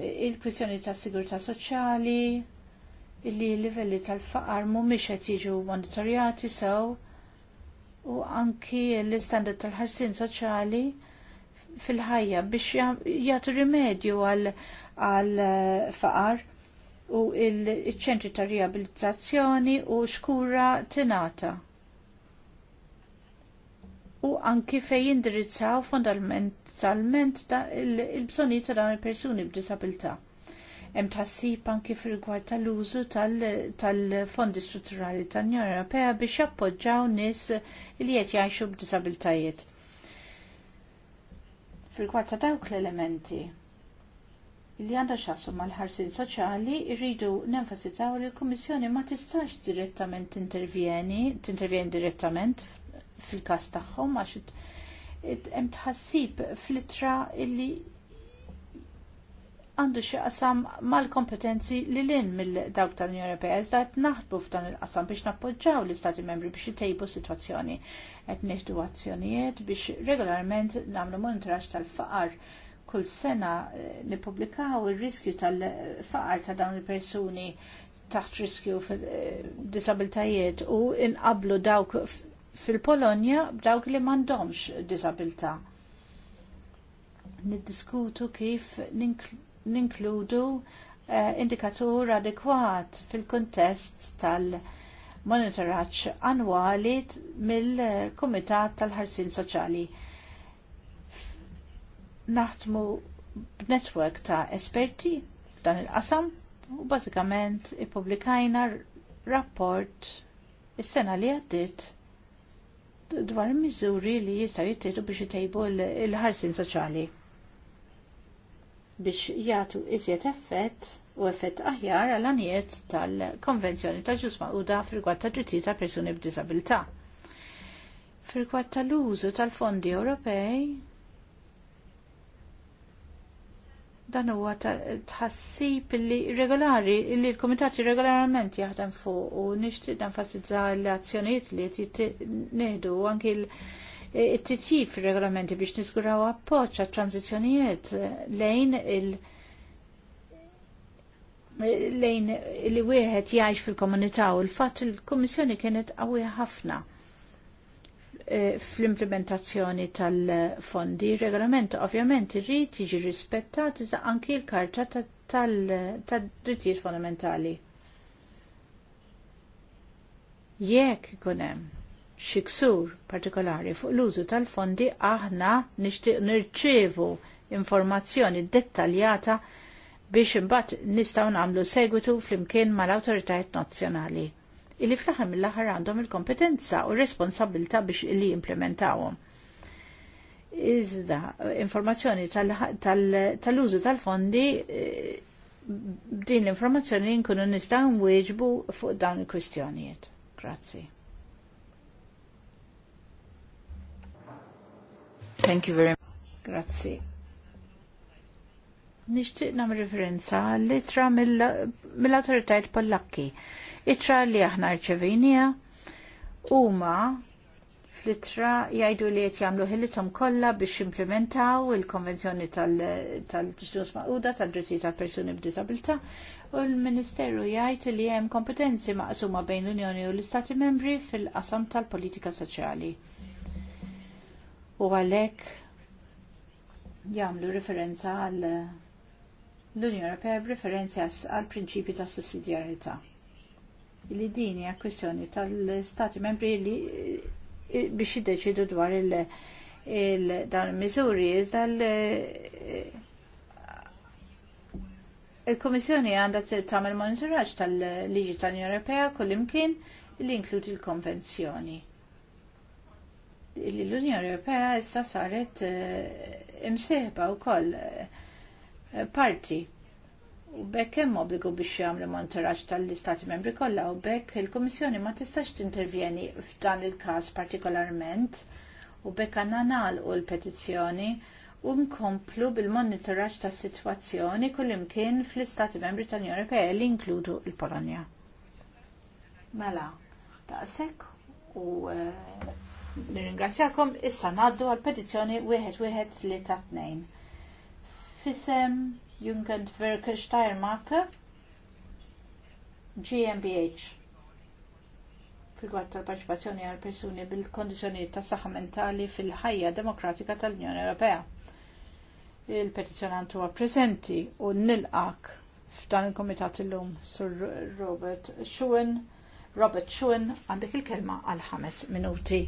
Il-kwistjoni tas-sigurtà soċjali, illi livelli tal-faqar mhumiex qed jiġu monitorjati sew u anki l-istandard tal-ħarsin soċjali fil-ħajja biex jagħtu rimedju għal eh, faqar u l ċentri ta' riabilitazzjoni u xkura tinata. U anki fejn jindirizzaw fondamentalment il-bżonijiet ta' dawn il-persuni b'disabilità hemm tassib anki fil-gwar tal-użu tal-fondi strutturali tal-Unjoni Ewropea biex jappoġġjaw nies li qed jgħixu b'diżabiltajiet. Fil-gwar ta' dawk l-elementi li għandha xassu mal-ħarsin soċjali rridu nenfasizzaw li l-Kummissjoni ma tistax direttament tintervjeni, tintervjeni direttament fil-każ tagħhom għax hemm tħassib fl-ittra illi għandu xi qasam mal-kompetenzi li lin mill-dawk tal-Unjoni Ewropea iżda qed naħdbu f'dan il-qasam biex nappoġġaw l-Istati Membri biex jtejbu sitwazzjoni qed nieħdu azzjonijiet biex regolarment nagħmlu monitoraġġ tal-faqar kull sena eh, nippubblikaw ir-riskju tal-faqar ta' dawn il-persuni taħt riskju fil eh, u inqablu dawk fil-Polonja b'dawk li m'għandhomx disabilta. Niddiskutu kif ninklu ninkludu eh, indikatur adekwat fil-kontest tal-monitoraċ annwali mill-Kumitat tal-Ħarsin Soċjali. Naħdmu b'netwerk ta' esperti dan il-qasam u bażikament ippubblikajna rapport is-sena li għaddiet dwar miżuri li jistaw jittieħdu biex jtejbu l-ħarsin soċjali biex jagħtu iżjed effett u effett aħjar għal anijiet tal-Konvenzjoni ta' ġusma u da fil ta' drittijiet ta' persuni b'disabilità. fil tal-użu tal-fondi Ewropej dan huwa tħassib li regolari li l-komitati regolarment jaħdem fuq u nixtieq dan fassizza l-azzjonijiet li qed nieħdu anki l- it-titjib fil-regolamenti biex nisguraw appoċ għat tranzizjonijiet lejn il- lejn li wieħed jgħix fil-komunità u l-fatt il-Kummissjoni kienet qawwija ħafna eh, fl-implementazzjoni tal-fondi. Regolament ovvjament irrid jiġi rispettat iżda anki l-karta tad-drittijiet fondamentali. Jekk ikun hemm xi partikolari fuq l-użu tal-fondi aħna nixtieq nirċievu informazzjoni dettaljata biex imbagħad nistgħu nagħmlu segwitu flimkien mal-awtoritajiet nazzjonali illi fl-aħħar mill-aħħar għandhom il-kompetenza u r-responsabilità biex illi jimplementawhom. Iżda, informazzjoni tal-użu tal tal tal-fondi eh, din l-informazzjoni nkunu nistgħu nwieġbu fuq dawn il-kwistjonijiet. Grazzi. Thank you very much. Grazzi. Nixtieq nam referenza l-itra mill-autoritajt Pollakki. Itra li aħna rċevinija huma fl-itra jgħidu li qed jagħmlu ħilithom kollha biex implementaw il-Konvenzjoni tal-Ġnus Maquda tal-Drittijiet tal-Persuni b'Disabilità u l-Ministeru jgħid li hemm kompetenzi maqsuma bejn l-Unjoni u l-Istati Membri fil-qasam tal-politika soċjali u għalhekk jagħmlu referenza għal l-Unjoni Ewropea b'referenza għal prinċipju ta' sussidjarjetà. Li din hija kwistjoni tal-Stati membri li eh, biex jiddeċidu dwar il- dan il-miżuri iżda eh, il-Komissjoni għandha tagħmel monitoraġġ tal-liġi tal-Unjoni Ewropea kullimkien li inkludi l-Konvenzjoni l-Unjoni Ewropea issa saret eh, imsieħba wkoll eh, parti u bekk hemm obbligu biex jagħmlu monitoraġġ tal-Istati Membri kollha u bekk il-Kummissjoni ma tistax tintervjeni f'dan il-każ partikolarment u bekk għandna nagħlqu l-petizzjoni u nkomplu bil-monitoraġġ tas-sitwazzjoni kullimkien fl-Istati Membri tal-Unjoni Ewropea li inkludu l-Polonja. Mela, daqshekk u eh, Nirringrazzjakom issa naddu għal petizzjoni tnejn. Fisem Jungend Verke Steiermark GmbH fil tal-parċipazzjoni għal persuni bil-kondizjoni ta' saħħa mentali fil-ħajja demokratika tal-Unjoni Ewropea. Il-petizzjonant huwa preżenti u nilqak f'dan il-komitat illum sur Robert Schuen, Robert Schuen għandek il-kelma għal ħames minuti.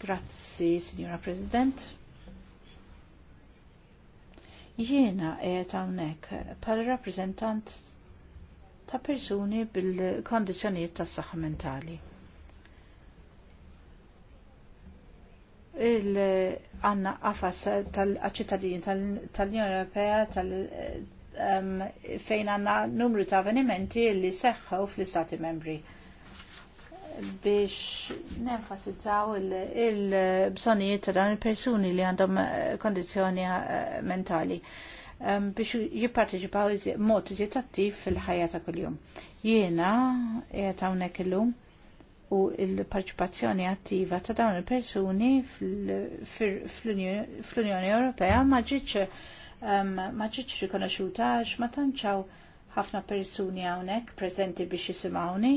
Grazzi, Signora President. Jiena qiegħed hawnhekk bħala rappreżentant ta' persuni bil-kondizzjonijiet tas-saħħa mentali. il-għanna għafas tal-ċittadini tal-Unjoni Ewropea tal ehm, fejn għanna numru ta' avvenimenti li seħħu fl-Istati membri biex nenfasizzaw il-bżonijiet ta' dan il-persuni li għandhom eh, kondizjoni eh, mentali ehm, biex jipparteċipaw mod iżjed attiv fil-ħajja ta' kuljum. Jiena qiegħed hawnhekk illum u l-parċipazzjoni attiva ta' dawn il-persuni fl-Unjoni Ewropea ma ġietx ehm, ma rikonoxuta għax ma tantxaw ħafna persuni hawnhekk preżenti biex jisimawni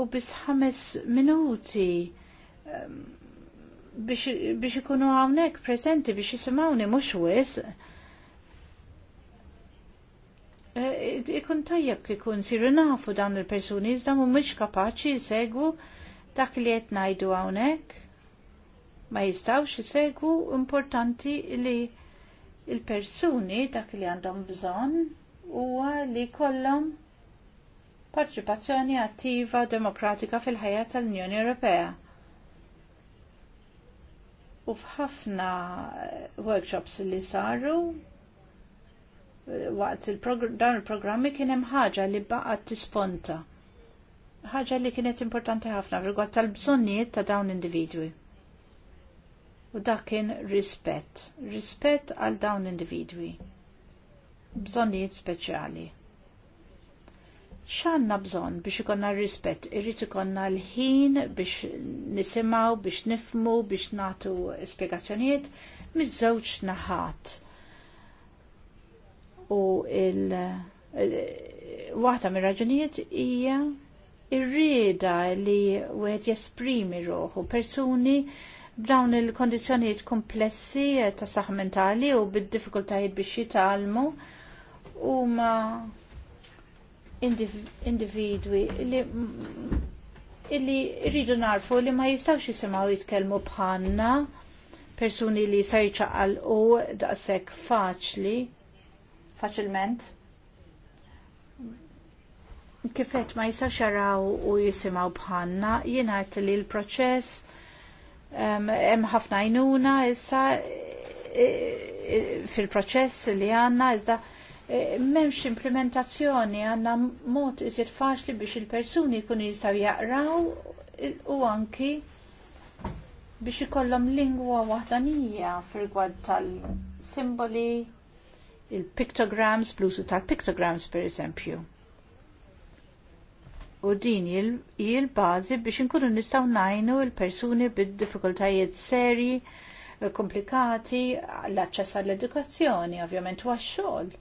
u bis ħames minuti ehm, biex ikunu għawnek prezenti biex jisimawni mux wis. E, e, ikun tajjeb kikun siru nafu dawn il-personi, iżda mu mux kapaċi jisegwu dak li jett najdu għawnek. Ma jistawx jisegwu importanti li il-personi dak li għandhom bżon u li kollom parċipazzjoni attiva demokratika fil-ħajja tal-Unjoni Ewropea. U f'ħafna eh, workshops li saru eh, waqt il dan il-programmi kien hemm ħaġa li baqgħet tisponta. Ħaġa li kienet importanti ħafna rigward tal-bżonnijiet ta' dawn individwi. U dak kien rispett, rispett għal dawn individwi. Bżonnijiet speċjali xanna bżon biex ikonna rispet, irrit ikonna l-ħin biex nisimaw, biex nifmu, biex natu spiegazzjoniet, miż-żewġ naħat. U il- waħda mir raġunijiet hija rieda li wieħed jesprimi ruħu persuni b'dawn il kondizzjonijiet komplessi ta' saħ mentali u bid-diffikultajiet biex jitalmu u ma' individwi li rridu narfu li ma jistawx jisimaw jitkelmu bħanna persuni li sa jċaqal u daqsek faċli faċilment kifet ma jistawx jaraw u jisimaw bħanna jingħad li l-proċess hemm ħafna għajnuna issa e, e, fil-proċess li għandna iżda Eh, memx implementazzjoni għanna mod iżid faċli biex il-persuni kun jistaw jaqraw eh, u anki biex ikollhom lingwa waħdanija fil-gwad tal-simboli, il-pictograms, blusu tal-pictograms per eżempju. U din il-bazi biex nkunu nistaw najnu il-persuni bid-diffikultajiet seri, eh, komplikati, l-aċċess għall-edukazzjoni, ovvjament, u għax-xogħol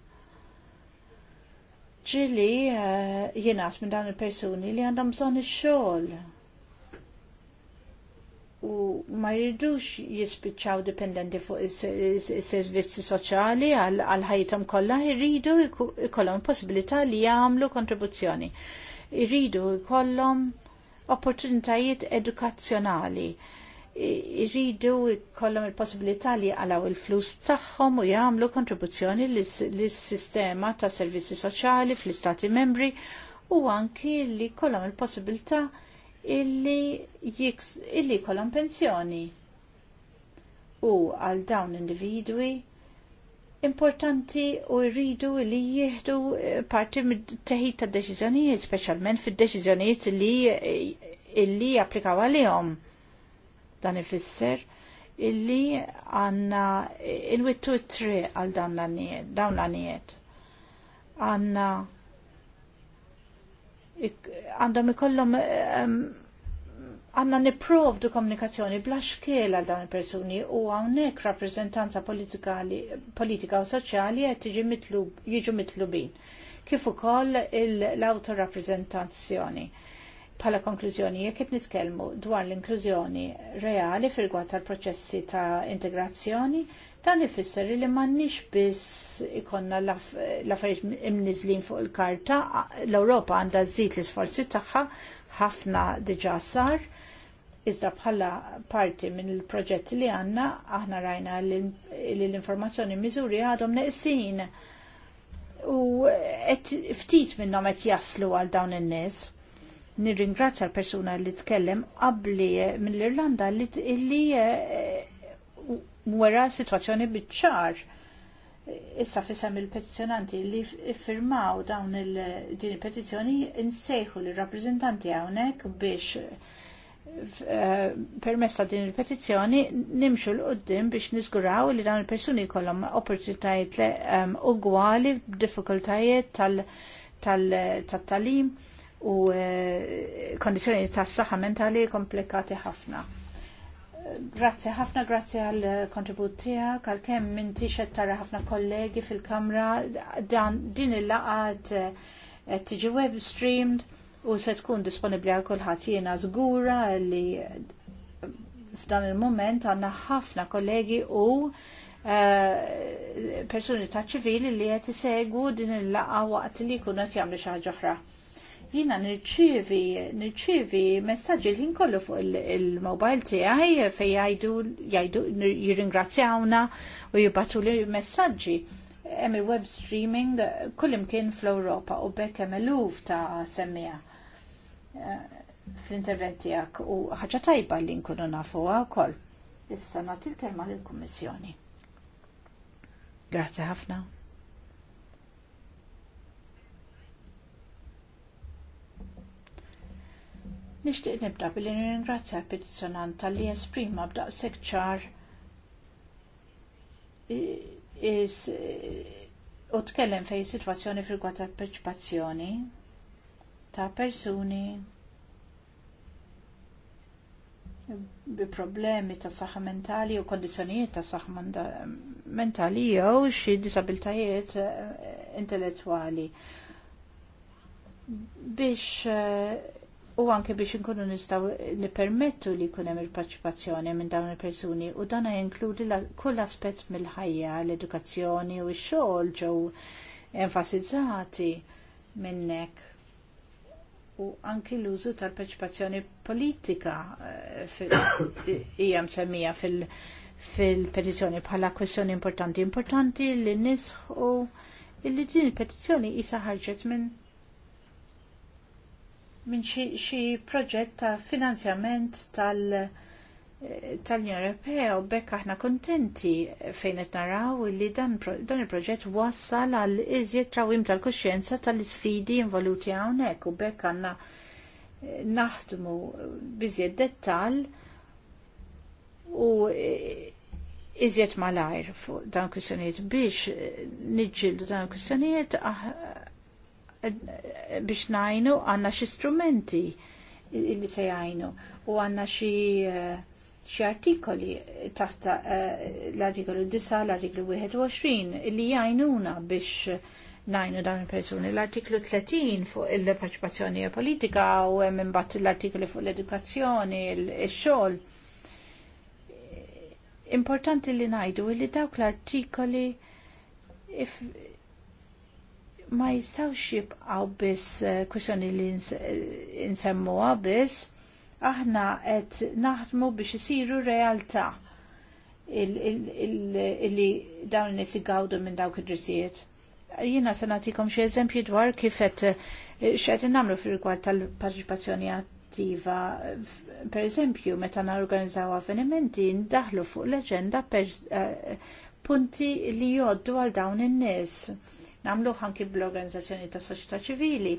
Ġili eh, jenaf minn dawn il-persuni li għandhom bżonn ix-xogħol u ma jridux jispiċċaw dipendenti fuq is-servizzi soċjali għal ħajjithom kollha, jridu jkollhom possibilità li jagħmlu kontribuzzjoni. Jridu jkollhom opportunitajiet edukazzjonali irridu kollom il-possibilità li għalaw il-flus tagħhom u jagħmlu kontribuzzjoni lis-sistema ta' servizzi soċjali fl-istati membri u anki li kollom il-possibilità illi, illi kollom pensjoni. U għal dawn individwi importanti u jridu li jieħdu eh, parti mid-teħid ta' deċiżjonijiet, speċjalment fid-deċiżjonijiet li eh, illi applikaw għalihom Dan ifisser illi għanna inwittu it tri għal dawn l-għaniet. Għanna għandhom ikollhom għanna du komunikazzjoni bla xkiel għal dawn il-persuni u għawnek rappresentanza politika u soċjali għed jiġu mitlubin. Kif ukoll l-autorappreżentazzjoni. Bħala konklużjoni, jekk qed nitkellmu dwar l-inklużjoni reali fil tal-proċessi ta' integrazzjoni, dan ifisser li m'għandniex biss ikonna l-affarijiet imniżlin fuq il-karta, l-Ewropa għandha żżid l-isforzi tagħha ħafna diġà sar. Iżda bħala parti minn il-proġett li għandna, aħna rajna li l-informazzjoni miżuri għadhom neqsin u ftit minnhom qed jaslu għal dawn in-nies nirringrazzja l-persuna li tkellem qabli eh, mill-Irlanda li eh, wera situazzjoni biċ-ċar. Issa fisem il-petizjonanti li firmaw dawn il-din il-petizjoni insejħu li rappresentanti għawnek biex eh, permessa din il-petizjoni nimxu l-qoddim biex nizguraw li dawn il-persuni kollom opportunitajiet um, ugwali, diffikultajiet tal-talim. Tal, tal, tal, tal, tal, tal, tal, tal, u eh, kondizjoni ta' s-saħħa mentali komplikati ħafna. Grazzi ħafna, grazzi għal kontribut tiegħek, għal kemm inti xed tara ħafna kollegi fil-kamra, dan din il-laqad eh, tiġi web streamed u se tkun disponibbli għal kulħadd jiena żgura li eh, f'dan il-moment għandna ħafna kollegi u persuni ta' ċivili li qed isegwu din il-laqgħa waqt li jkunu qed jagħmlu xi ħaġa oħra. Jina nirċivi, nirċivi messaġġi l-ħin kollu fuq il-mobile tiegħi fej jajdu, jajdu, jirringrazzjawna u jibbatu li messaġġi. Hemm il-web streaming kull imkien fl-Ewropa u bekk hemm eluf ta' semmija eh, fl interventi tiegħek u ħaġa tajba li nkunu nafuha wkoll. Issa nagħti l-kelma lill-Kummissjoni. Grazie ħafna. Nixtieq nibda billi nirringrazzja petizzjonanta li jesprima b'daqshekk ċar u tkellem fejn sitwazzjoni fil ta' perċipazzjoni ta' persuni bi problemi ta' saħħa mentali u kondizjonijiet ta' saħħa mentali jew xi disabilitajiet eh, intellettwali biex eh, u anke biex inkunu nistaw nippermettu li jkun hemm il-parċipazzjoni minn dawn il-persuni u dana jinkludi kull aspett mill-ħajja, l-edukazzjoni u x-xogħol ġew enfasizzati minnek u anki l-użu tal-parċipazzjoni politika eh, (coughs) hija msemmija fil- fil-petizzjoni bħala kwestjoni importanti importanti li nisħu illi din il-petizzjoni isa ħarġet minn minn xi proġett ta' finanzjament tal- eh, tal-Unjoni Ewropea u bekk aħna kontenti fejn qed naraw li dan, dan il-proġett wassal għal iżjed trawim tal-kuxjenza tal-isfidi involuti hawnhekk u bekk għandna eh, naħdmu biżjed dettal u eh, iżjed malajr fuq dan kwistjonijiet biex niġġieldu dan kwistjonijiet biex najnu għanna xi strumenti li se jgħinu u għanna xi eh, artikoli taħt eh, l-artikolu 9, l-artiklu 21 li jajnuna biex najnu dawn il-persuni. L-artiklu 30 fuq il-parċipazzjoni politika u hemm imbagħad l-artikoli fuq l-edukazzjoni, il xol Importanti li ngħidu li dawk l-artikoli ma jistawx jibqaw biss eh, kwestjoni li eh, nsemmuha biss, aħna qed naħdmu biex isiru realtà illi dawn nies igawdu minn dawk id-drittijiet. Jiena se nagħtikom xi eżempji dwar kif qed eh, x'qed nagħmlu fil rigward tal-parteċipazzjoni attiva. Per eżempju, meta narganizzaw avvenimenti, ndaħlu fuq l-aġenda punti li joddu għal dawn in-nies namluħ anki bl-organizzazzjoni ta' soċjetà ċivili,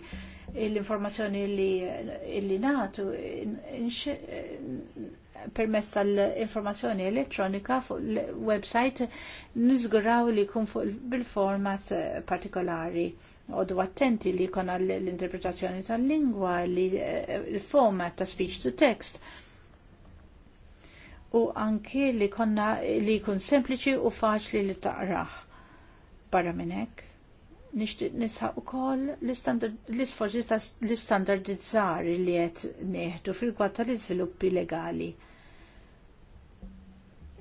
l-informazzjoni li natu permess tal-informazzjoni elettronika fuq il-website nizguraw li jkun fuq bil-format partikolari. Odu attenti li jkun l-interpretazzjoni tal-lingwa, li eh, il-format ta' speech to text. U anki li konna li jkun sempliċi u faċli li taqraħ barra minn hekk nixtieq nisħaq ukoll l-isforzi ta' l-istandardizzar li qed neħdu fil-gwad tal-iżviluppi legali.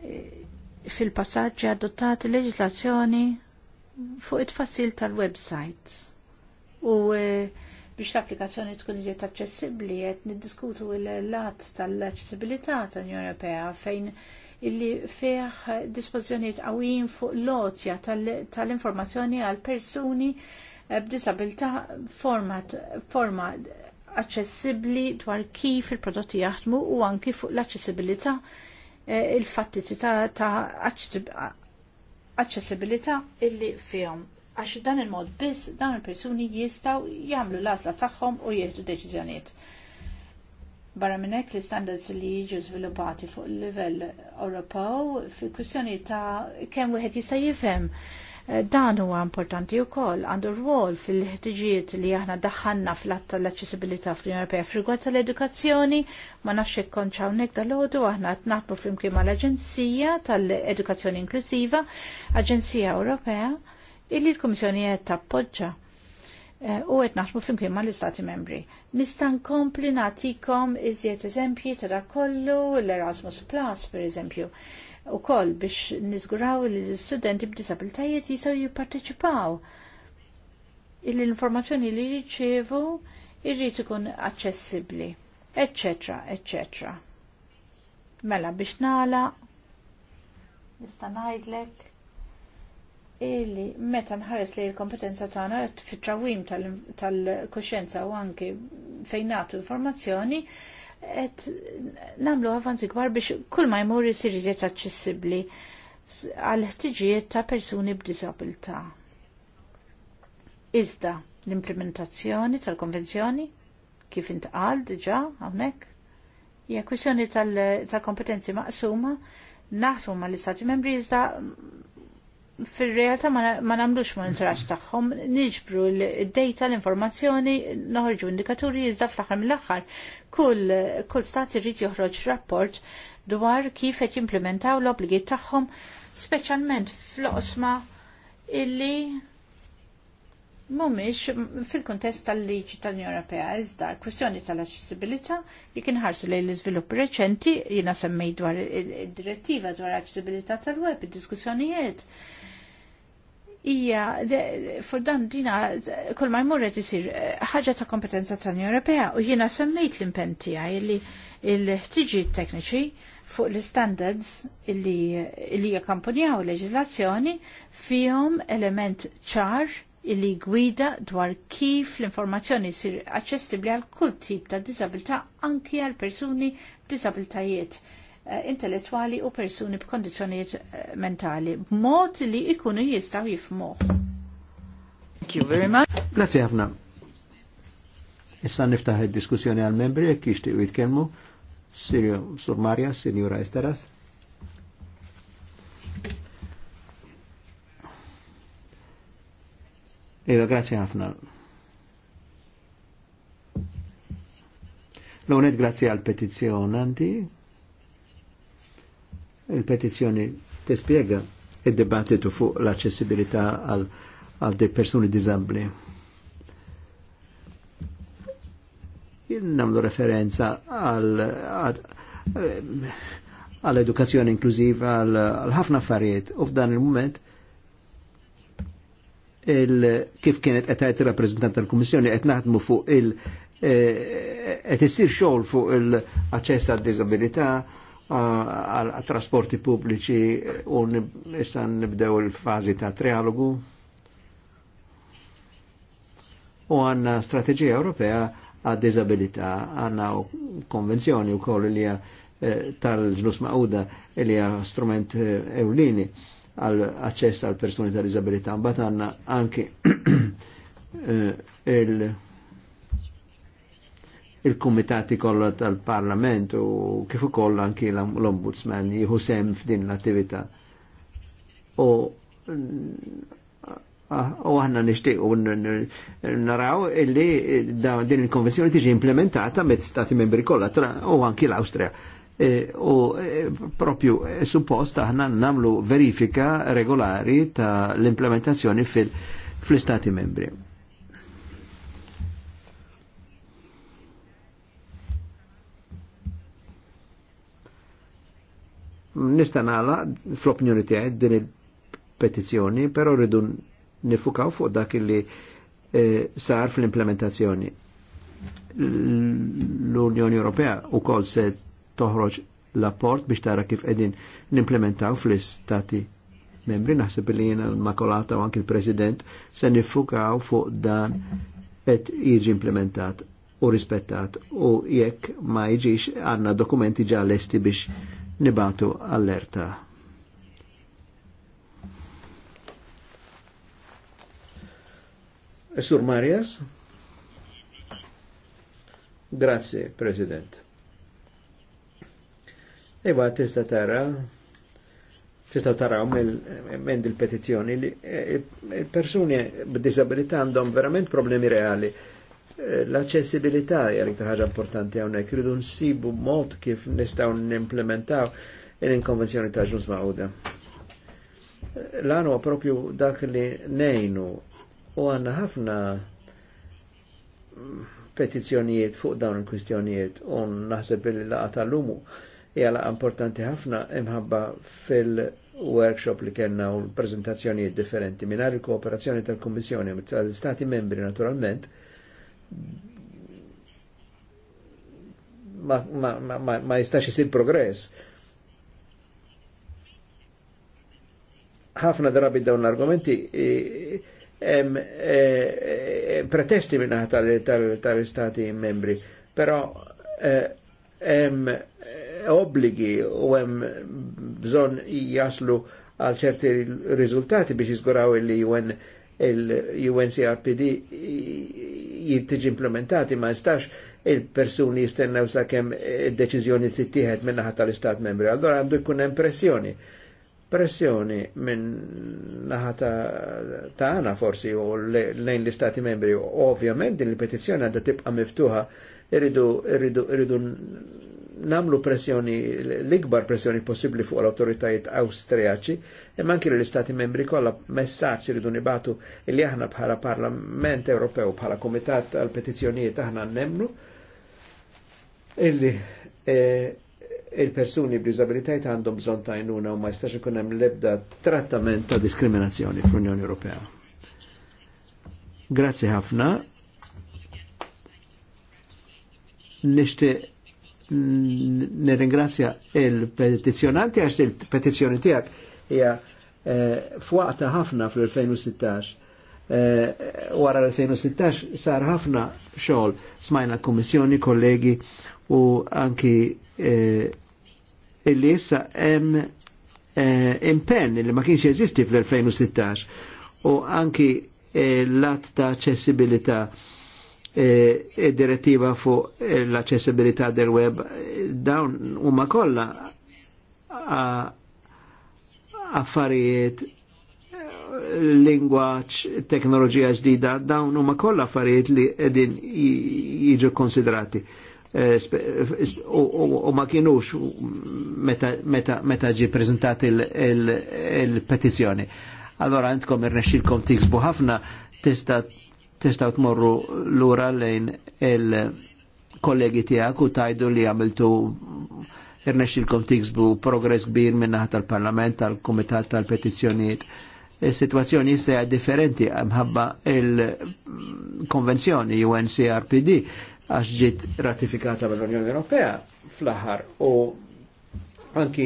E, Fil-passaġġi adottati leġislazzjoni fuq it-fassil tal-websites. U e, biex l-applikazzjoni tkun iżjed aċċessibbli qed niddiskutu l-lat tal-aċċessibilità tal-Unjoni Ewropea fejn illi fih dispożjonijiet għawin fuq lotja tal-informazzjoni għal personi eh, b'disabilità format forma aċċessibbli dwar kif il-prodotti jaħdmu u anki fuq l-aċċessibilità eh, il fattizi ta' aċċessibilità illi fihom għax dan il-mod biss dan il-persuni jistaw jagħmlu l-għażla tagħhom u jieħdu deċiżjonijiet. Barra minnek li standards li jiġu żviluppati fuq il-livell Ewropew fi kwistjoni ta' kemm wieħed jista' jifhem eh, dan huwa importanti wkoll għandu rwol fil-ħtiġijiet li aħna daħħalna fl-att tal-aċċessibilità fl-Unjoni Ewropea f'rigward tal-edukazzjoni ma nafx jekk kontx hawnhekk dal aħna qed naħdmu flimkien mal-Aġenzija tal-Edukazzjoni Inklusiva, Aġenzija Ewropea, illi l-Kummissjoni qed tappoġġa Eh, u qed naħdmu flimkien mal istati membri. Nista' nkompli nagħtikom iżjed eżempji ta' dak kollu l-Erasmus Plus pereżempju koll biex niżguraw li l-istudenti b'disabilitajiet jistgħu jipparteċipaw. Il-informazzjoni li jirċievu irrid ikun aċċessibbli, eċċetra, eċċetra. Mela biex nala, nista' ngħidlek illi meta nħares li l-kompetenza tagħna fit-trawim tal-kuxjenza u anke fejn nagħtu informazzjoni qed nagħmlu avanzi kbar biex kull ma jmur isir iżjed aċċessibbli għal ħtiġijiet ta' persuni b'disabilità. Iżda l-implementazzjoni tal-konvenzjoni kif intqal diġà hawnhekk hija kwistjoni tal-kompetenzi maqsuma ma l istati membri iżda fil-realtà ma namlux monitoraġġ tagħhom, niġbru l-data, l-informazzjoni, noħorġu indikaturi iżda fl-aħħar mill-aħħar. Kull kull stat irid joħroġ rapport dwar kif qed jimplementaw l-obligi tagħhom, speċjalment fl-osma illi mhumiex fil-kuntest tal-liġi tal-Unjoni Ewropea iżda l-kwestjoni tal-aċċessibilità li kien ħarsu lejn l-iżvilupp reċenti jiena semmej dwar id-direttiva dwar aċċessibilità tal-web, id-diskussjonijiet hija fuq dan dina kol ma jmurret jisir isir eh, ħaġa ta' kompetenza ta' unjoni Ewropea u jiena semmejt l impenti għaj li l-ħtiġijiet tekniċi fuq l-standards li jakkampanjaw leġislazzjoni fihom element ċar li gwida dwar kif l-informazzjoni jisir aċċessibbli għal kull tip ta' disabilta' anki għal persuni b'disabiltajiet Eh, intellettuali u persuni b'kondizjonijiet eh, mentali b'mod li ikunu jistaw jifmuh. Thank you very much. Grazie ħafna. Issa niftaħ id-diskussjoni għal membri kiex jixtiequ jitkellmu. Sirju Sur Marja, Sinjura Esteras. Iva, grazie ħafna. L-unet grazie għal petizjonanti. Il-petizzjoni tispjega il dibattitu fuq l-aċċessibilità għal għal dei persuni diżabbli. Namlu referenza għal għal edukazzjoni inklużiva għal ħafna affarijiet u f'dan il-moment il kif kienet qed rappreżentant tal-Kummissjoni qed naħdmu fuq il eh, qed issir xogħol fuq il-aċċess għad-diżabilità għal-trasporti pubbliċi u nistan nibdew il-fazi ta' trialogu u għanna strategija Ewropea għad disabilità għanna u konvenzjoni u koll li eh, tal-ġlus maquda li strument eulini eh, għal aċċess għal personi tal disabilità. Mbagħad għandna anki (clears throat) eh, il- il-kumitati kollha tal-Parlament u kif ukoll anki l-Ombudsman jieħu sem f'din l-attività. U u għanna nishtiqu naraw illi din il-konvenzjoni tiġi implementata mezz stati membri kollha u anki l-Awstrija. E, u e, propju e, suppost aħna namlu verifika regolari ta' l-implementazzjoni fil stati membri nista' nala fl-opinjoni tiegħi din il-petizzjoni, però rridu nifukaw fuq dak li eh, sar fl-implementazzjoni. L-Unjoni Ewropea wkoll se toħroġ l-apport biex tara kif qegħdin nimplementaw fl-istati membri naħseb li jena l-Makolata u anki l-President se nifukaw fuq dan qed jiġi implementat u rispettat u jekk ma jiġix għandna dokumenti ġa biex nibatu allerta. Sur Marias? Grazie, President. Iba tista tara, tista tara um, mend il-petizjoni eh, il-persuni b'disabilità għandhom verament problemi reali Eh, l-accessibilità jgħal iktar ħaġa importanti għawnek, rridu nsibu mod kif nistaw n-implementaw il-konvenzjoni ta' ġuż ma'uda. Eh, L-għanu propju dak li nejnu u għanna ħafna mm, petizjonijiet fuq dawn il-kwistjonijiet u naħseb li laqa tal-lumu jgħala importanti ħafna imħabba fil-workshop li kena u l-prezentazzjonijiet differenti minar il-kooperazzjoni tal-Kommissjoni tal-Stati membri naturalment ma, ma, ma, ma jistax jisir progress. ħafna drabi dawn l-argumenti e, e, pretesti minna tal-istati membri, però hemm e, obbligi u hemm bżon jaslu għal ċerti rizultati biex jizguraw il-UNCRPD jittiġi implementati ma jistax il-persuni jistennew sakemm id-deċiżjoni tittieħed minn naħa tal-Istat membri. Allora għandu jkun hemm pressjoni. Pressjoni minn naħata ta' għana forsi u lejn l-Istati membri. Ovvjament din il-petizzjoni għadda tibqa' miftuħa irridu namlu pressjoni, l-ikbar pressjoni possibli fuq l-autoritajiet austriaċi imma anki l-Istati membri kollha messaġġ iridu nibatu li aħna bħala Parlament Ewropew bħala Komitat għal petizzjonijiet aħna nemnu illi e, il-persuni b'dizabilitajt għandhom bżon ta' jnuna u ma jistax ikun hemm lebda ebda trattament ta' diskriminazzjoni fl-Unjoni Ewropea. Grazzi ħafna. Nishti nirringrazzja il-petizjonanti għax il-petizjoni tiegħek hija eh, fwaqta ħafna fl-2016. Eh, wara l-2016 sar ħafna xogħol smajna l-Kummissjoni, kollegi u anki eh, illi issa hemm impenn li ma kienx jeżisti fl-2016 u anki l-att ta' accessibilità id-direttiva fuq l-accessibilità del web dawn huma kollha ah, affarijiet lingwaċ, teknoloġija ġdida, dawn huma kollha affarijiet li qegħdin jiġu konsidrati. Eh, eh, u ma kienux meta ġi prezentat il-petizjoni. Allora għandkom irnexxilkom tiksbu ħafna tista' tmorru lura lejn il-kollegi tiegħek u tajdu li għamiltu irnexxilkom tiksbu progress kbir minnaħa tal-Parlament, tal komitat tal-Petizzjonijiet. Is-sitwazzjoni e issa differenti għamħabba il-konvenzjoni UNCRPD għax ġiet ratifikata mill-Unjoni Ewropea fl-aħħar u anki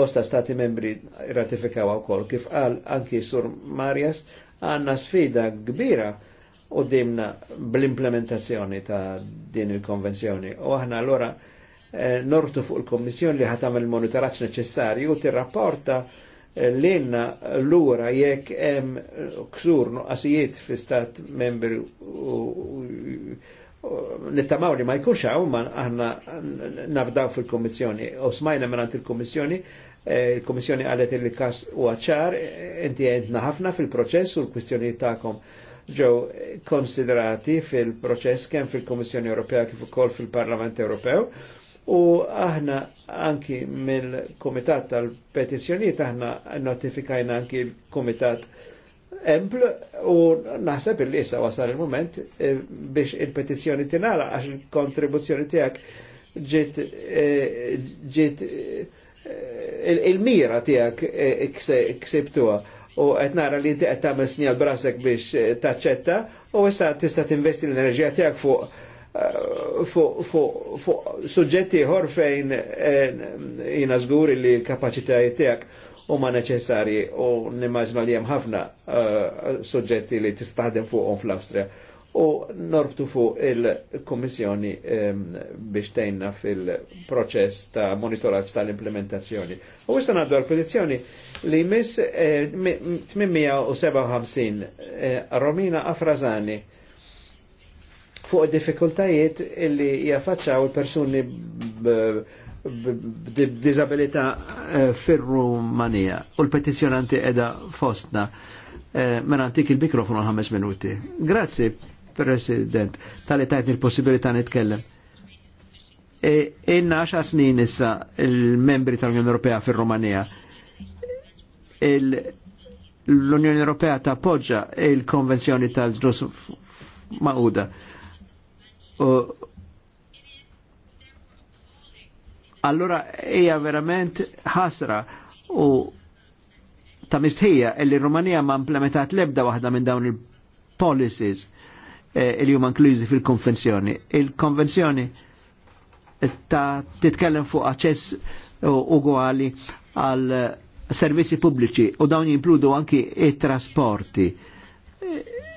bosta stati membri ratifikaw wkoll kif qal anki sur Marjas għanna sfida kbira u dimna bl-implementazzjoni ta' din il-konvenzjoni. U aħna allora Eh, nortu fuq il-Kommissjoni li ħatam il-monitoraċ neċessarju u tirrapporta eh, l-inna l-ura jekk hemm ksur nuqqasijiet fi stat membri nittamaw li ma jkunx ma aħna nafdaw fil-Kommissjoni u smajna minn il-Kommissjoni eh, il-Kommissjoni qalet il kas u għacċar inti għedna ħafna fil-proċess u l-kwistjoni ta'kom ġew konsiderati fil-proċess kemm fil-Kommissjoni Ewropea kif ukoll fil-Parlament Ewropew U aħna anki mill-Komitat tal-Petizzjonijiet aħna notifikajna anki l-Komitat Empl u naħseb il issa wasal il-moment eh, biex il-petizzjoni tinara għax il-kontribuzzjoni tijak ġit eh, ġit eh, il-mira tijak ksibtuha u qed nara li inti qed tagħmel brasek biex taċċetta u issa tista' tinvesti l-enerġija tiegħek fuq Eh, fuq suġġetti ħor fejn eh, jina żgur li l-kapaċitajiet tiegħek huma neċessarji u nimmaġna li hemm ħafna eh, suġġetti li tistaħdem fuqhom fl-Awstrija. U norbtu fuq il-Kommissjoni biex tejna fil-proċess ta' monitoraġġ tal-implementazzjoni. U issa għaddu għal-petizzjoni li miss 857 Romina Afrazani fuq diffikultajiet illi jaffaċċaw il-persuni b'disabilità eh, firru manija u l-petizjonanti edha fostna. Eh, Mena antik il-mikrofonu l ħames minuti. Grazzi, President, tal-li tajtni l-possibilità nitkellem. E, inna 10 snin issa il-membri tal-Unjoni Ewropea fir-Rumanija l-Unjoni Ewropea tappoġġa il-Konvenzjoni tal-ġnus Mauda Uh, allora hija verament ħasra u ta' mistħija li Romania ma' implementat lebda waħda minn dawn il-policies eh, li huma inklużi fil-konvenzjoni. Il-konvenzjoni ta' titkellem fuq aċċess uguali għal servizzi pubbliċi u dawn jimpludu anki e trasporti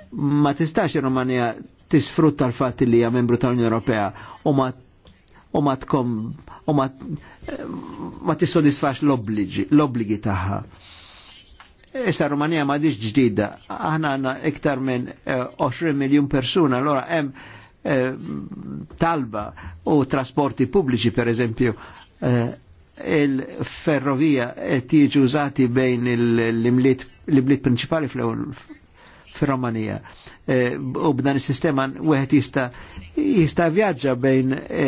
Ma tistax ir tisfrutta l fat li hija membru tal-Unjoni Ewropea u ma u ma tkom u ma ma tissodisfax l-obbligi l-obbligi tagħha. Issa Rumanija ma diġ ġdida, aħna għandna iktar minn 20 eh, miljun persuna, allora hemm eh, talba u trasporti pubbliċi per eżempju eh, il-ferrovija tiġi użati bejn l-imliet l-imliet principali fl fir-Romanija. E, u b'dan il sistema u għet jista' jista' vjaġġa bejn e,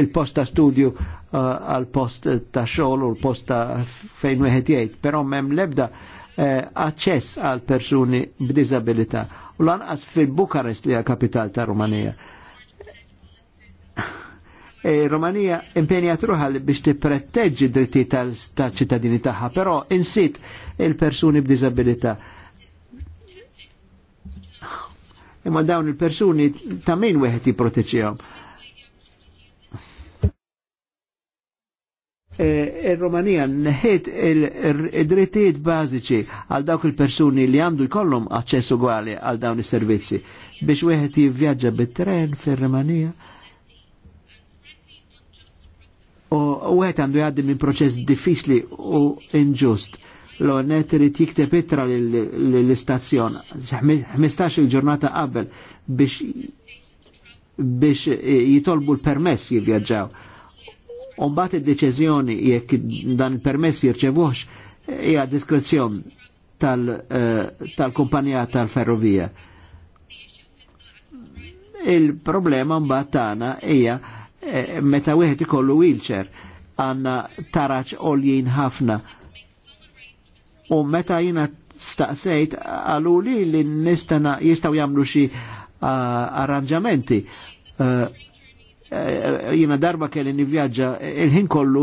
il-post ta' studju e, għal post ta' xol u l-post ta' fejn u għet jgħid, Pero mem lebda aċċess għal persuni b'diżabilità u lanqas fil-Bukarest li għal kapital ta' Rumanija. E, Romania impenjat ruħal biex ti pretteġi dritti tal-ċittadini taħħa, pero insit il-persuni b'dizabilita imma dawn il-persuni ta' min weħet jipproteġihom. E, Il-Romanija neħet il-drittijiet bażiċi għal dawk il-persuni li għandu jkollhom aċċess ugwali għal dawn is-servizzi biex weħet jivvjaġġa bit-tren fir-Romanija. U wieħed għandu jgħaddi minn proċess diffiċli u inġust l-onet rrit jikteb itra l-istazzjon 15 il-ġurnata qabel biex biex jitolbu l-permess jivvjaġġaw. Umbat id deċezjoni jekk dan il-permess jirċevux hija diskrezzjon eh, tal-kumpanija tal-ferrovija. Il-problema mbagħad tagħna hija eh, meta wieħed ikollu wheelchair għandna taraċ oljin ħafna U meta jina staqsejt għalu li li nistana jistaw jamlu xi arranġamenti. Jina darba kelli nivjaġġa il-ħin kollu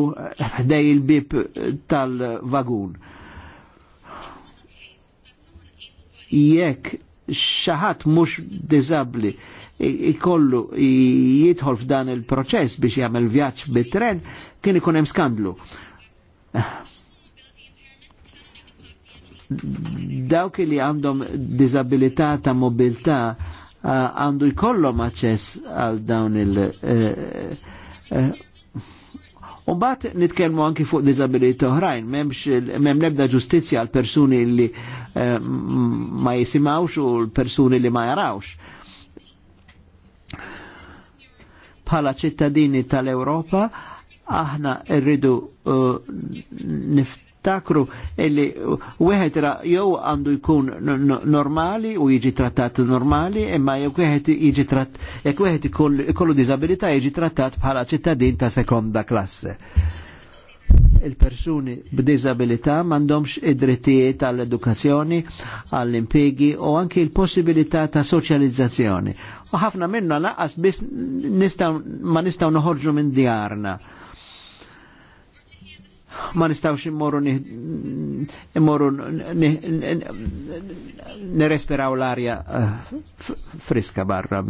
ħdej il-bib tal-vagun. Jekk xaħat mux dizabli ikollu jidħol f'dan il-proċess biex jagħmel vjaġġ bit-tren kien ikun hemm skandlu dawk li għandhom disabilità ta' mobilità eh, għandu jkollhom aċċess għal dawn il- eh, eh, bat nitkelmu anki fuq disabiliti oħrajn, mem nebda ġustizja għal persuni li ma jisimawx u l-persuni li ma jarawx. Bħala ċittadini tal-Europa, aħna rridu uh, nift Takru illi wieħed jew għandu jkun normali u jiġi trattat normali, imma jekk wieħed jiġi tratt jekk wieħed ikollu diżabilità jiġi trattat bħala ċittadin ta' sekonda klasse. Il-persuni b'diżabilità m'għandhomx id-drittijiet għall-edukazzjoni, għall-impjegi u anki l-possibilità ta' soċjalizzazzjoni. U ħafna minna naqas biss ma nistaw noħorġu minn djarna ma nistawx immorru immorru nirespiraw l-arja eh, friska barra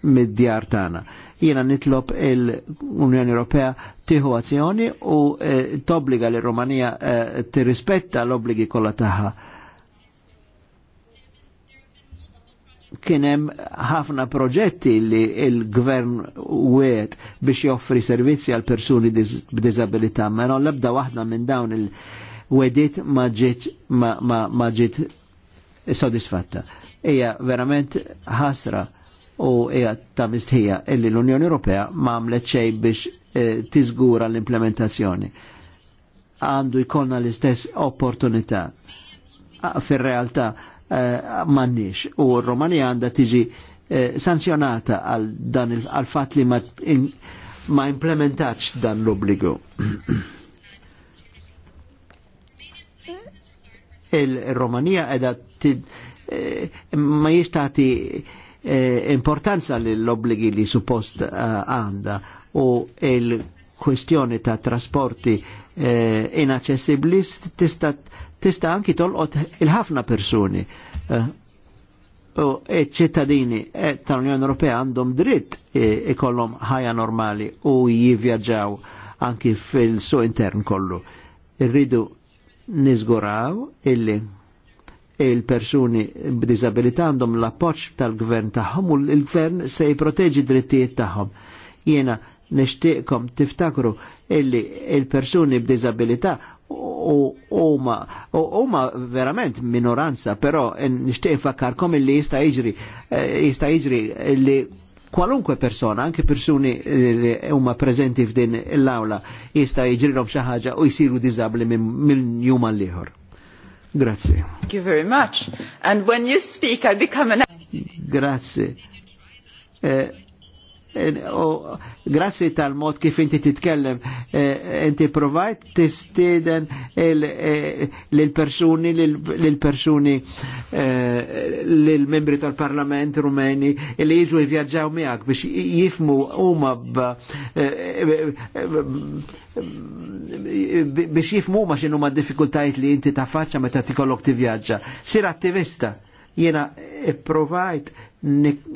mid-djar tana. Jena nitlob il-Unjoni Ewropea tiħu azzjoni u eh, tobbliga l-Romanija eh, tirrispetta l obligi kollha tagħha kienem ħafna proġetti li il-gvern wet biex joffri servizzi għal persuni b'dizabilità, ma non labda waħda minn dawn il-wedit ma ġiet ma, ma, ma sodisfatta. Ija verament ħasra u ija ta' mistħija illi l-Unjoni Ewropea ma għamlet xej biex eh, tiżgura l-implementazzjoni. Għandu jkollna l-istess opportunità. Fir-realtà, Eh, mannix u r għanda tiġi eh, sanzjonata għal dan għal fat li ma implementax dan l-obbligu. (coughs) il romania edha eh, ma jistati importanza l-obbligi li suppost għanda u il-kwestjoni ta' trasporti inaċessibli tistat tista' anki tolqot il-ħafna persuni. Eh, u ċittadini eh, tal-Unjoni Ewropea għandhom dritt eh, ikollhom ħajja normali u jivvjaġġaw anki fil-su intern kollu. Irridu nizguraw illi il-persuni b'disabilità għandhom l-appoċ tal-gvern tagħhom u l-gvern se jproteġi drittijiet tagħhom. Jiena nixtieqkom tiftakru illi il-persuni b'disabilità u huma huma verament minoranza, però eh, nixtieq fakkarkom illi jista' jiġri eh, jista' jiġri li kwalunkwe persona, anke persuni li eh, huma preżenti f'din l-awla jista' jiġrilhom xi ħaġa u jsiru diżabbli minn jum għal ieħor. Grazie. Thank you very much. And when you speak, I become an... Grazie. Eh, grazzi tal-mod kif inti titkellem, e, inti provajt tistiden l-persuni, e, l-persuni, e, l-membri tal-parlament rumeni li jiġu jivjaġġaw miegħek biex jifmu huma biex jifmu ma xinu ma diffikultajiet li inti ta' faċċa meta tikollok tivjaġġa. Sir attivista, jena provajt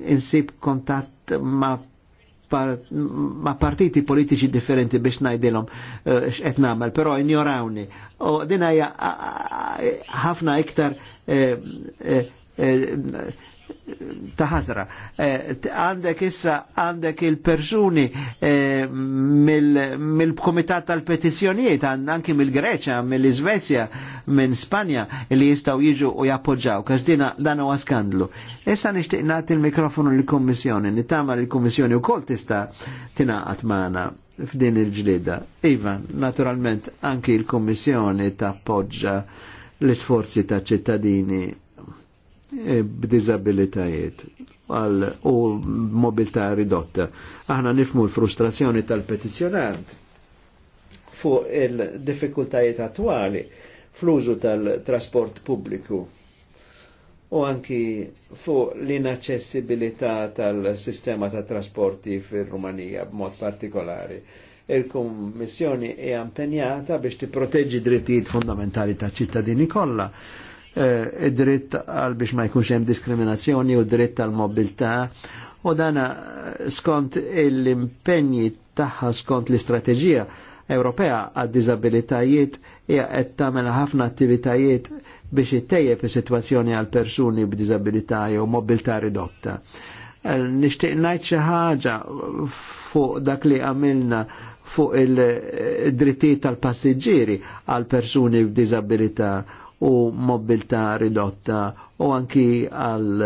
insib kontatt ma' ma partiti politiċi differenti biex najdilom eh, x'qed nagħmel, però ignorawni. U din hija ħafna iktar eh, eh, ta' ħażra. Eh, għandek issa għandek il-persuni eh, mill-Komitat tal petizjonijiet anki mill-Greċja, mill izvezja minn Spanja li jistaw jiġu u jappoġġaw, każ dan huwa skandlu. Issa nixtieq nagħti il-mikrofonu lill-Kummissjoni, nitama lill-Kummissjoni wkoll tista' tingħaqad magħna f'din il ġlieda Iva, naturalment anki l-Kummissjoni tappoġġa l-isforzi ta' ċittadini E, b'dizabilitajiet u mobilità ridotta. Aħna nifmu l-frustrazzjoni tal-petizjonant fuq il-diffikultajiet attuali fl-użu tal-trasport pubbliku u anki fuq l-inaċessibilità tal-sistema ta' trasporti fir-Rumanija b'mod partikolari. Il-Kummissjoni e impenjata biex tipproteġġi drittijiet fondamentali ta' ċittadini kollha Eh, id-dritt għal biex ma jkunx hemm diskriminazzjoni u dritt għal mobilità u dana eh, skont l-impenji tagħha skont l-istrateġija Ewropea għad diżabilitajiet hija qed tagħmel ħafna attivitajiet biex ittejjeb is-sitwazzjoni għal persuni b'diżabilità jew mobilità ridotta. Eh, nixtieq ngħid xi ħaġa fuq dak li għamilna fuq il-drittijiet tal-passiġġieri għal persuni b'diżabilità u mobilta ridotta u anki għal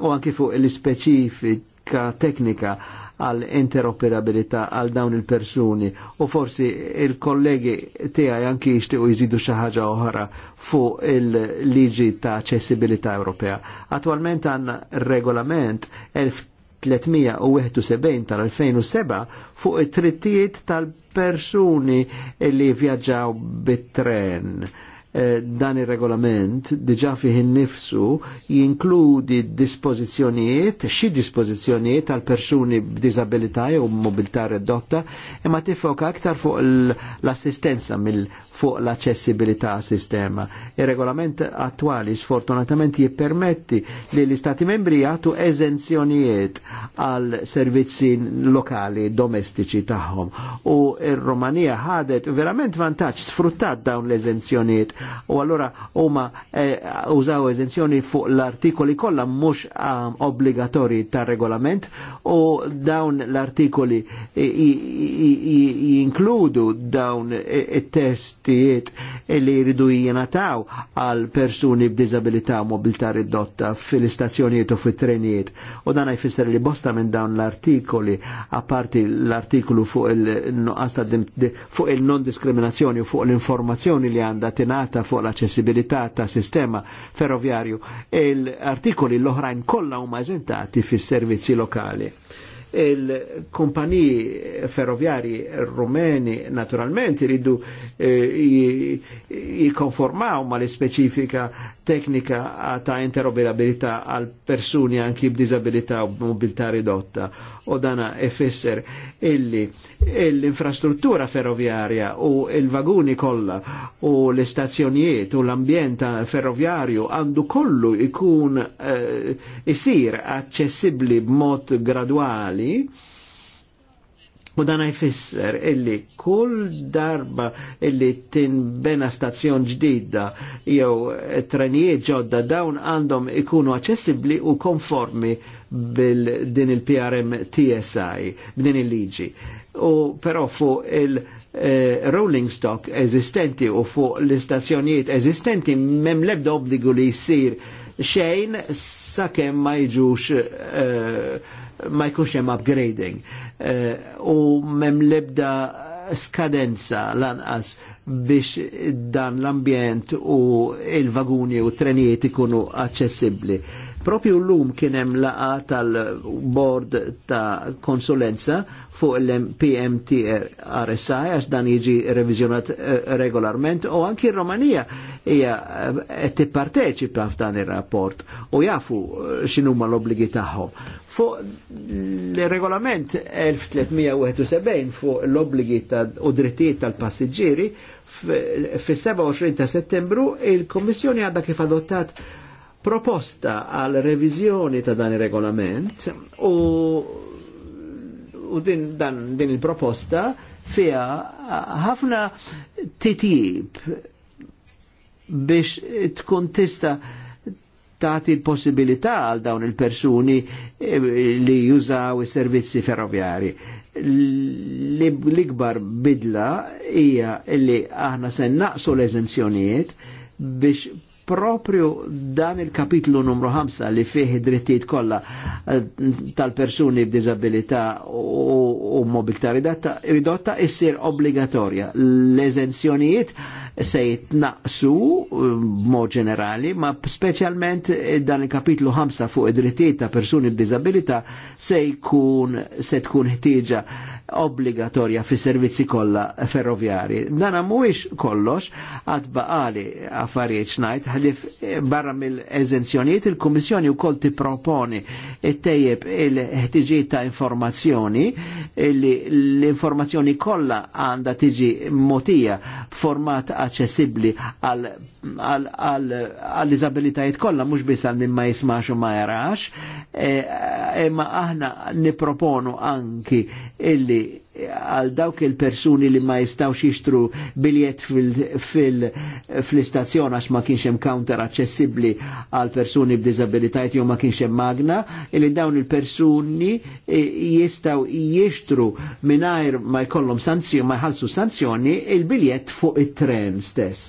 u anki fuq l-speċifika teknika għal interoperabilità għal dawn il-persuni u forsi il-kollegi tiegħi anki jixtiequ jżidu xi ħaġa oħra fuq il-liġi ta' accessibilità Ewropea. Attualment għandna regolament 371 tal-2007 fuq it-trittijiet tal-persuni li vjaġġaw bit-tren Eh, dan ir-regolament diġa fih innifsu jinkludi dispozizjoniet, xi dispozizjoniet għal persuni b'diżabilità u mobilità redotta, imma tifoka aktar fuq l-assistenza mill fuq l-aċċessibilità sistema. Ir-regolament attuali sfortunatament jippermetti li l-Istati membri jagħtu eżenzjonijiet għal servizzi lokali domestiċi tagħhom. U r romania ħadet verament vantaġġ sfruttat dawn l-eżenzjonijiet U allura huma eh, użaw eżenzjoni fuq l-artikoli kollha mhux ehm, obbligatorji tar-regolament u dawn l-artikoli jinkludu dawn it-testijiet e, e, li jridu jingħataw għal persuni b'diżabilità u mobilità ridotta fil-istazzjonijiet u fit-trenijiet. U dan jfisser li bosta minn dawn l-artikoli, apparti l artiklu fuq il-non diskriminazzjoni u fuq l-informazzjoni li għandha tingħata dettaljata fuq l accessibilità ta' sistema ferroviarju il e artikoli l-oħrajn kollha huma eżentati fis-servizzi lokali il-kumpaniji ferroviari rumeni naturalment iridu jikonformaw eh, ma l-specifika teknika ta' interoperabilità għal persuni anki b'disabilità u mobilità ridotta u dana effesser illi l-infrastruttura ferroviarja u il-vaguni kolla u l-istazzjonijiet u l ambjenta ferroviarju għandu kollu ikun eh, isir accessibli b'mod gradwali legali u dan jfisser illi kull darba illi tinbena stazzjon ġdida jew trenijiet ġodda dawn għandhom ikunu aċċessibbli u konformi bil din il-PRM TSI, b'din il-liġi. U però fuq il- Uh, rolling stock eżistenti u fuq l-istazzjonijiet eżistenti mem lebda obbligu li jissir xejn sakemm ma jiġux uh, ma jkunx hemm upgrading eh, u mem lebda skadenza lanqas biex dan l-ambjent u il-vaguni u trenijiet ikunu aċċessibbli Propju l-lum kienem laqa tal-bord ta' konsulenza fuq l pmtrsi għax dan jiġi revizjonat eh, regolarment u anki Romania hija eh, qed tipparteċipa f'dan ir-rapport u jafu eh, x'inhuma l-obbligi tagħhom. Fuq l-regolament 1371 fuq l obligi u drittijiet tal-passiġġieri fis-27 ta' settembru il-Kommissjoni għadha kif adottat proposta għal revizjoni ta' dan il-regolament u, u din, dan, din il-proposta fija ħafna titjib biex tkun tista' tagħti l-possibilità għal dawn il-persuni eh, li jużaw is-servizzi ferroviari. L-ikbar bidla hija li aħna sen naqsu l-eżenzjonijiet biex propju dan il-kapitlu numru 5 li fih drittijiet kollha eh, tal-persuni b'diżabilità u mobilità ridotta issir obbligatorja. L-eżenzjonijiet se jitnaqsu um, b'mod ġenerali, ma speċjalment eh, dan il-kapitlu 5 fuq id-drittijiet ta' persuni b'diżabilità se jkun se tkun ħtieġa obbligatorja fis servizzi kollha ferroviari. Dan mhuwiex kollox għad baqali affarijiet xnajt ħalif eh, barra mill-eżenzjonijiet il-Kummissjoni wkoll tipproponi it-tejjeb il-ħtiġijiet ta' informazzjoni li l-informazzjoni kollha għandha tiġi motija format aċċessibbli għall-iżabilitajiet kollha mhux biss għal min ma jismax u ma jarax, imma e, e, aħna nipproponu anki illi għal dawk il-persuni li ma jistawx jixtru biljet fil-istazzjon għax ma kienx hemm counter aċċessibbli għal persuni b'dizabilitajt jew ma kienx hemm magna, illi dawn il-persuni e, jistaw jixtru mingħajr ma jkollhom sanzjoni ma jħallsu sanzjoni il-biljett fuq it-tren stess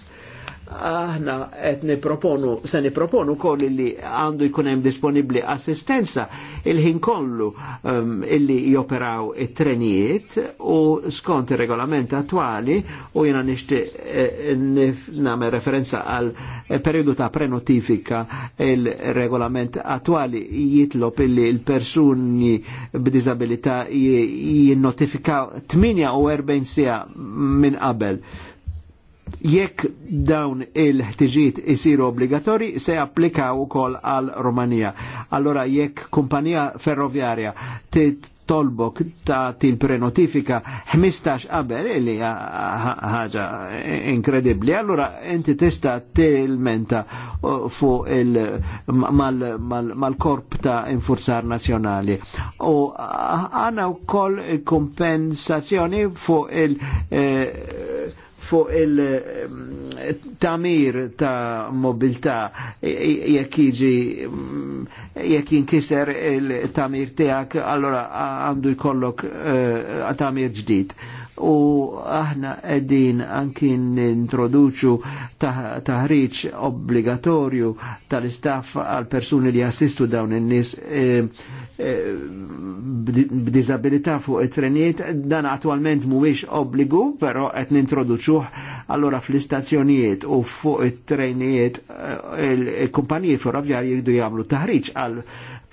aħna qed niproponu se niproponu koll li għandu jkun hemm disponibbli assistenza il-ħin kollu um, illi joperaw it-trenijiet u skont ir-regolament attwali u jiena nixtieq eh, nagħmel referenza għal eh, periodu ta' prenotifika il-regolament attwali jitlob illi l-persuni il b'diżabilità jinnotifikaw 48 sija minn qabel jekk dawn il-ħtiġiet isiru obbligatori se applikaw ukoll għal Romania. Allora jekk kumpanija ferroviarja tolbok ta' til-prenotifika 15 qabel li ħaġa inkredibli. Allora enti tista' tilmenta uh, fuq il mal-korp ta' infurzar nazjonali. U uh, għana u kompensazzjoni fuq il- eh, fuq il-tamir ehm, ta' mobilità e, e, jekk jiġi mm, jekk jinkiser il-tamir tijak allora għandu jkollok eh, tamir ġdid u aħna qegħdin anki nintroduċu taħriġ obbligatorju tal-istaff għal persuni li jassistu dawn in-nies eh, eh, b'diżabilità fuq it-trenijiet dan attwalment mhuwiex obbligu però qed nintroduċuh allora fl-istazzjonijiet u fuq it-trenijiet eh, il-kumpaniji ferroviarji jridu jagħmlu taħriġ għal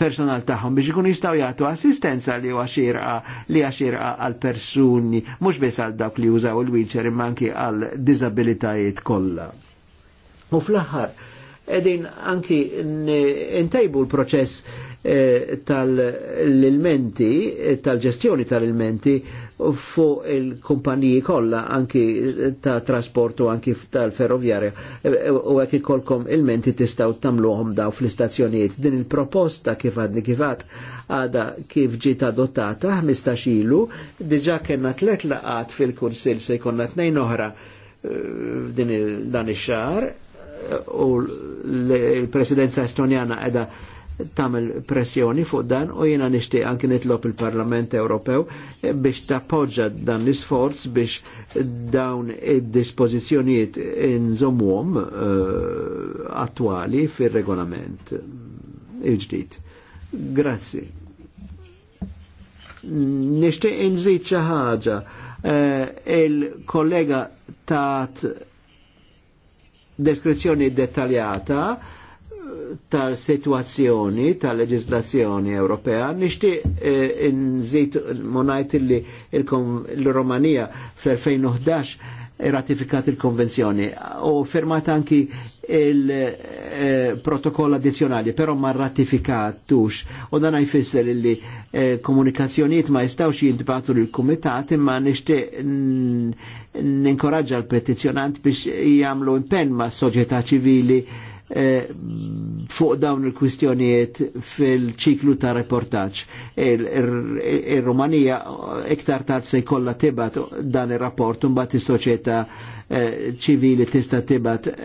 personal tagħhom biex ikun jistgħu jagħtu assistenza li huwa li huwa xierqa għal persuni mhux biss għal dawk li jużaw il-wheelchair imma anki għal disabilitajiet kollha. U fl-aħħar edin anki intajbu l-proċess eh, tal-ilmenti, eh, tal-ġestjoni tal-ilmenti fuq il-kumpaniji kollha anki ta' trasportu anki tal-ferrovjarja e, e, u hekk ikolkom il-menti tistgħu tagħmluhom daw fl-istazzjonijiet. Din il-proposta kif għadni għad għada kif ġiet adottata 15 ilu diġa' kena tlet laqat fil kursil se jkollna tnejn oħra e, din dan il xahar u l-presidenza estonjana għada tamel pressjoni fuq dan u jena nishtiq anki nitlop il-Parlament Ewropew eh, biex tappoġġa dan l-isforz biex dawn id-dispożizzjonijiet inżommuhom uh, eh, attuali fir-regolament eh, il-ġdid. Grazzi. Nishtiq inżid xi ħaġa. Uh, il-kollega tat deskrizzjoni dettaljata tal-situazzjoni tal-leġislazzjoni Ewropea. nixti eh, nżid monajt li l romania fl-2011 ratifikat il-konvenzjoni u firmat anki il-protokoll addizjonali, però ma ratifikatux. U dan jfisser li eh, komunikazzjoniet ma jistawx jintbatu l-Kumitat imma nixtieq ninkoraġġa l-petizjonant biex jagħmlu impenn ma' s-soġieta ċivili Eh, fuq dawn il-kwistjonijiet fil-ċiklu ta' reportaċ. Il-Rumanija iktar tard se jkollha tibat dan ir-rapport mbagħad is-soċjetà eh, ċivili tista' tibat eh,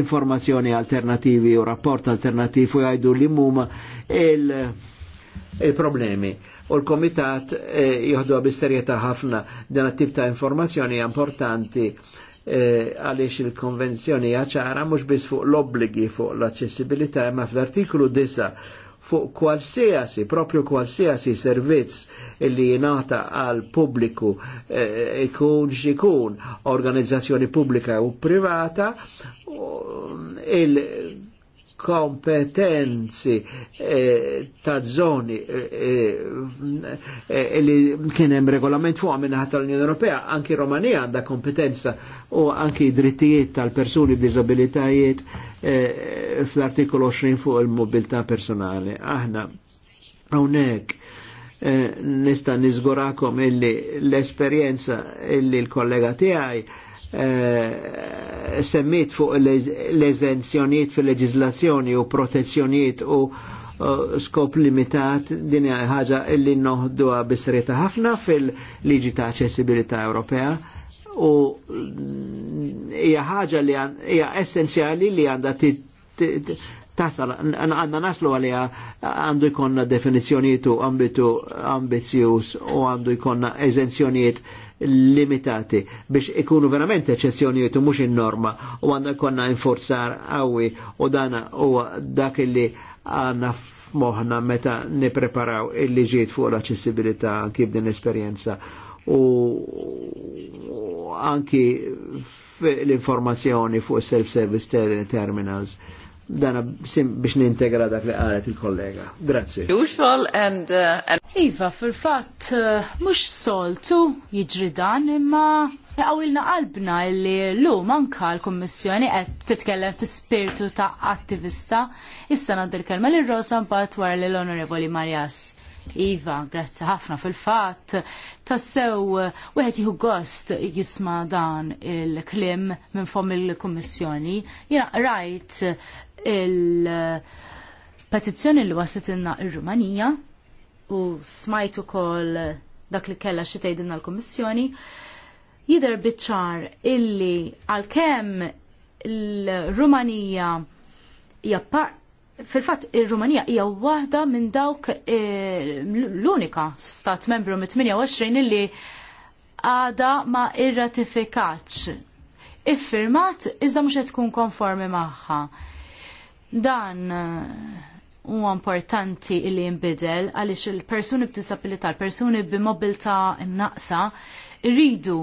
informazzjoni alternativi u rapport alternativ u jgħidu li mhuma il-problemi. U l-komitat jihdu bis-serjetà ħafna dan it-tip ta' informazzjoni importanti Eh, għalix il-konvenzjoni ċara mux bis fuq l obligi fuq l-aċċessibilità imma fl artiklu 9 fuq kwalsiasi, propju kwalsiasi servizz li jenata għal publiku eh, ikun e, xikun organizzazzjoni pubblika u privata, il kompetenzi eh, ta' zoni eh, eh, li kienem regolament fuq minna ħatta l-Unjoni Ewropea, anki Romania għanda kompetenza u anki drittijiet tal-persuni b'dizabilitajiet fl-artikolu 20 fuq il-mobilità personali. Aħna għonek, nista' nizgurakom illi l esperienza illi l-kollega tiegħi eh, semmit fuq l ezenzjoniet fil-leġizlazzjoni u protezzjoniet u eh, skop limitat din ħaġa illi noħduha bisreta ħafna fil-liġi ta' aċċessibilità Ewropea u mm, hija ħaġa li hija essenzjali li għandha tasal, għanna naslu għalija għandu jkonna definizjoniet u ambitu ambizjus u għandu jkonna eżenzjoniet limitati biex ikunu verament eċezzjonijiet u mhux in-norma u għandna konna infurzar qawwi u dana huwa dak li għandna f'moħħna meta nippreparaw il-liġijiet fuq l-aċċessibilità anki b'din esperjenza u, anki l-informazzjoni fuq self-service terminals. Ter dana biex nintegra dak li għalet il-kollega. Grazzi. Usual and... Uh, iva, fil-fat, uh, mux soltu jiġri dan imma għawilna qalbna li l lu manka l-kommissjoni għed titkellem fi spiritu ta' attivista. Issa nad kelma li rosa mbat wara li l-onorevoli Marjas. Iva, grazzi ħafna fil-fat. Tassew, u uh, għed jihu gost jisma dan il-klim minn fom il-kommissjoni. Jina rajt, il-petizzjoni li inna ir-Rumanija u smajtu kol dak li kella xi tgħidilna l-Kummissjoni jidher biċ-ċar illi għalkemm l-Rumanija hija fil-fatt ir-Rumanija hija waħda minn dawk e, l-unika stat membru mit-28 illi għada ma irratifikax. Iffirmat iżda mhux qed tkun konformi magħha. Dan eh, huwa importanti li jinbidel għaliex il-persuni b'disabilità, il-persuni b'mobilità naqsa rridu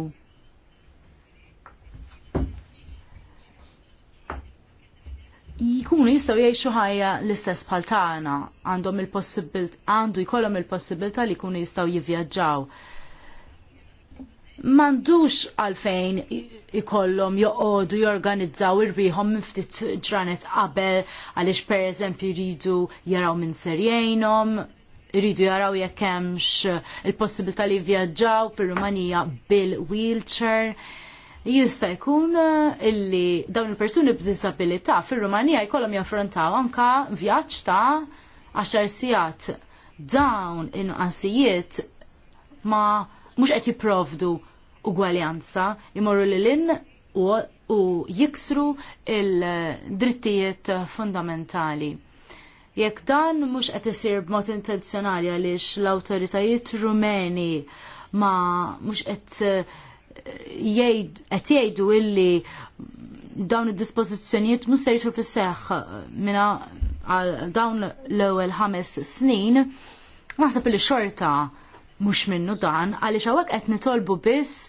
jikunu jistaw jiexu ħajja l-istess bħal tagħna għandhom il għandu jkollhom il-possibilità li jkunu jistaw jivvjaġġaw mandux għalfejn ikollhom joqogħdu jorganizzaw irbiħom miftit ġranet qabel għaliex pereżempju jridu jaraw minn serjejnhom, jridu jaraw jekk hemmx il-possibilità li vjaġġaw fir-Rumanija bil-wheelchair. Jista' jkun eh, illi dawn il-persuni b'disabilità fir-Rumanija jkollhom jaffrontaw anka vjaġġ ta' għaxar sijat dawn in-qasijiet ma' mux qed jipprovdu ugwaljanza, imorru li lin u, u jiksru il-drittijiet fundamentali. Jekk dan mhux qed isir b'mod intenzjonali għaliex l-awtoritajiet rumeni ma mhux qed eh, qed jgħidu illi dawn id-dispożizzjonijiet mhux se jitru fis-seħħ għal dawn l-ewwel ħames snin, naħseb li xorta mhux minnu dan għaliex hawnhekk qed nitolbu biss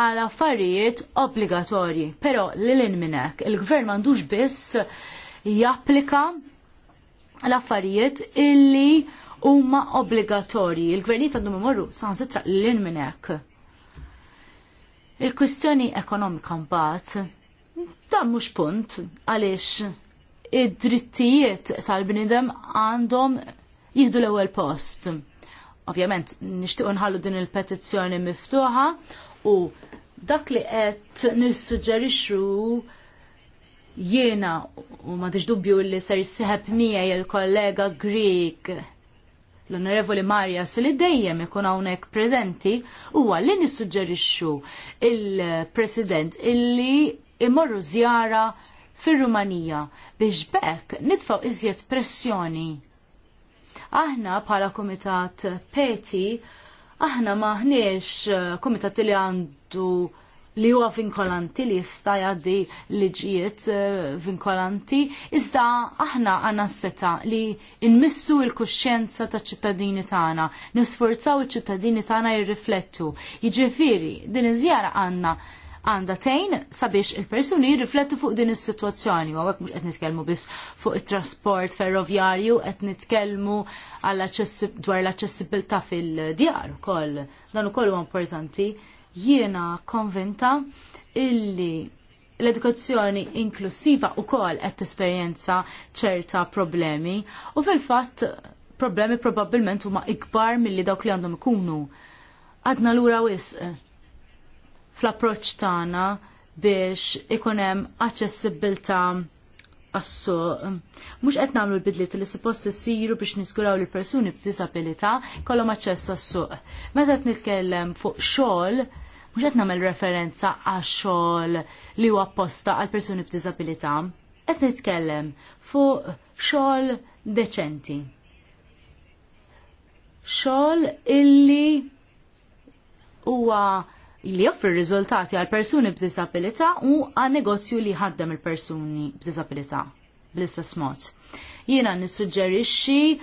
għal affarijiet obbligatorji. Però lil minn hekk il-gvern m'għandux biss japplika l-affarijiet illi huma obbligatorji. Il-gvernijiet għandhom imorru saħansitra lil minn hekk. Il-kwistjoni ekonomika mbagħad dan mhux punt għaliex id-drittijiet tal-bnidem għandhom jieħdu l-ewwel post. Ovvjament, nixtiequ nħallu din il-petizzjoni miftuħa u dak li qed nissuġġerixxu jiena u ma dubju li ser siħeb miegħi il-kollega Greek l-Onorevoli Marja li dejjem ikun hawnhekk preżenti huwa li nissuġġerixxu il-President illi imorru żjara fir-Rumanija biex bhekk nitfgħu iżjed pressjoni Aħna bħala Kumitat Peti, aħna maħniex eh, komitat li għandu li huwa vinkolanti li jista' jgħaddi liġijiet eh, vinkolanti, iżda aħna għandna seta li nmissu l-kuxjenza taċ ċittadini tagħna, nisforzaw iċ-ċittadini tagħna jirriflettu. Jiġifieri din iżjara għandna għandha tejn sabiex il-persuni jirriflettu fuq din is-sitwazzjoni u għawek mhux qed nitkellmu biss fuq it-trasport ferrovjarju qed nitkellmu dwar l accessibilta fil-djar ukoll. Dan ukoll huwa importanti. Jiena konvinta illi l-edukazzjoni inklusiva u kol għet esperienza ċerta problemi u fil-fat problemi probabilment huma ikbar mill-li dawk li għandhom ikunu. Għadna l-ura wisq fl-approċ tagħna biex ikun hemm aċċessibilità assu. Mhux qed nagħmlu l-bidliet li suppost isiru biex niskuraw lill persuni b'disabilità kollhom aċċess għas-suq. Meta qed nitkellem fuq xogħol, mhux qed nagħmel referenza għax xogħol li huwa apposta għal persuni b'disabilità. Qed nitkellem fuq xogħol deċenti. Xogħol illi huwa li joffri riżultati għal persuni b'disabilità u għal negozju li ħaddem il-persuni b'disabilità bl-istess mod. Jiena nissuġġerixxi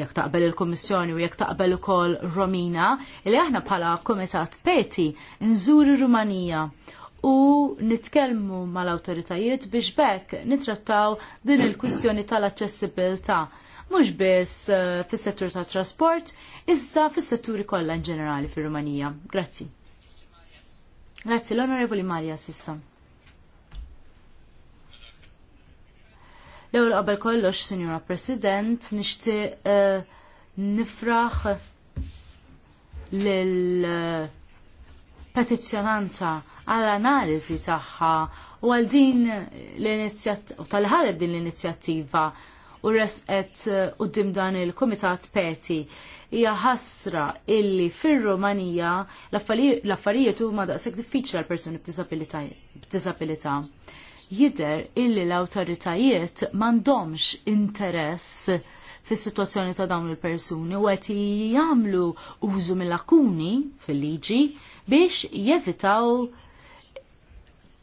jekk taqbel il-Kommissjoni u jekk taqbel ukoll Romina li aħna bħala Komitat Peti nżur rumanija u nitkellmu mal-awtoritajiet biex bekk nitrattaw din il-kwistjoni tal-aċċessibilità mhux biss uh, fis-settur tat trasport, iżda fis-setturi kollha in ġenerali fir-Rumanija. Grazzi. Grazzi l'onorevole Maria Marja sissa. L-ewwel qabel kollox, Signora President, nixtieq uh, nifraħ l eh, petizzjonanta għal analiżi tagħha u għal din l-inizjattiva u tal-ħalet din l-inizjattiva u resqet eh, u dan il-Kumitat Peti hija ħasra illi fir-Rumanija l-affarijiet huma daqshekk diffiċli għal persuni b'diżabilità. Jidher illi l-awtoritajiet m'għandhomx interess fis-sitwazzjoni ta' dawn il-persuni u qed jagħmlu użu mill-lakuni fil-liġi biex jevitaw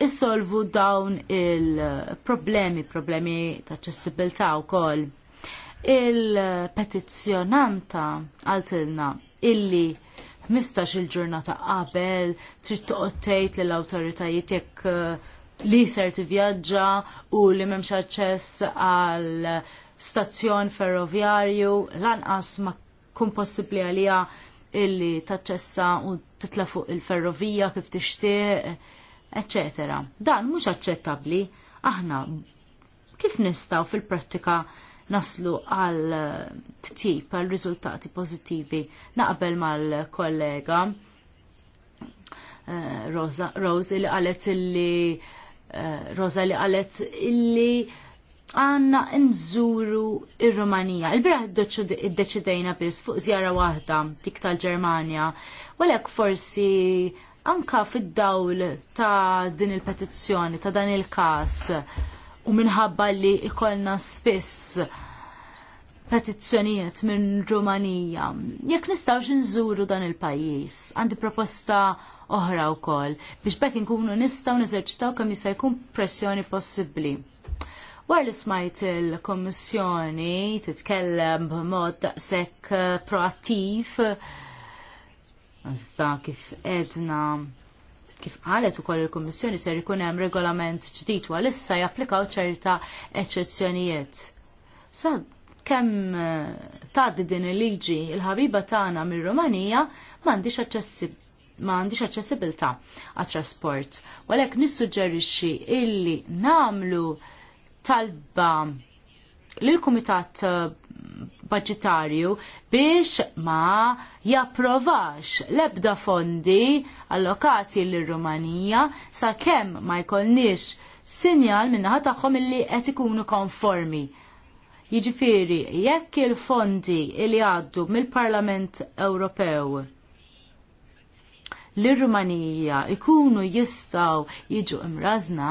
issolvu dawn il-problemi, problemi ta' ċessibilta' u Il-petizzjonanta għaltilna illi mistax il-ġurnata qabel trid toqgħod tgħid lill-awtoritajiet jekk uh, li ser tivvjaġġa u li m'hemmx aċċess għal stazzjon ferroviarju lanqas ma kun possibbli għalija illi taċċessa u titla fuq il-ferrovija kif tixtieq, eċċetera. Dan mhux aċċettabbli aħna kif nistgħu fil-prattika naslu għal ttip eh, għal riżultati pozittivi Naqbel mal-kollega eh, Rosa, li qalet illi eh, Rosa li qalet illi għanna nżuru il-Romania. Il-bira id-deċidejna biss fuq zjara waħda dik tal-Ġermanja. Walek forsi anka fid-dawl ta' din il-petizzjoni, ta' dan il-kas u minħabba li ikolna spiss petizzjonijiet minn Rumanija. Jekk nistgħux nżuru dan il-pajjiż, għandi proposta oħra wkoll biex bekk inkunu nistgħu neżerċitaw kemm jista' jkun pressjoni possibbli. Wara li smajt il-Kommissjoni titkellem b'mod daqshekk proattiv, Nista kif edna Kif qalet ukoll il-Kummissjoni ser ikun hemm regolament ġdid u għalissa japplikaw ċerta eċċezzjonijiet. Sa kemm eh, tgħaddi din il-liġi il-ħabiba tagħna mir-Rumanija m'għandix aċċessibbli ma għandix aċċessibilità għat-trasport. Walek nissuġġerixxi illi namlu talba l-Kumitat eh, budgetarju biex ma japprovax l-ebda fondi allokati l-Rumanija sa kemm ma jkollniex sinjal minnaħa tagħhom illi qed ikunu konformi. Jiġifieri jekk il-fondi li għaddu mill-Parlament Ewropew l-Rumanija ikunu jistaw jiġu imrażna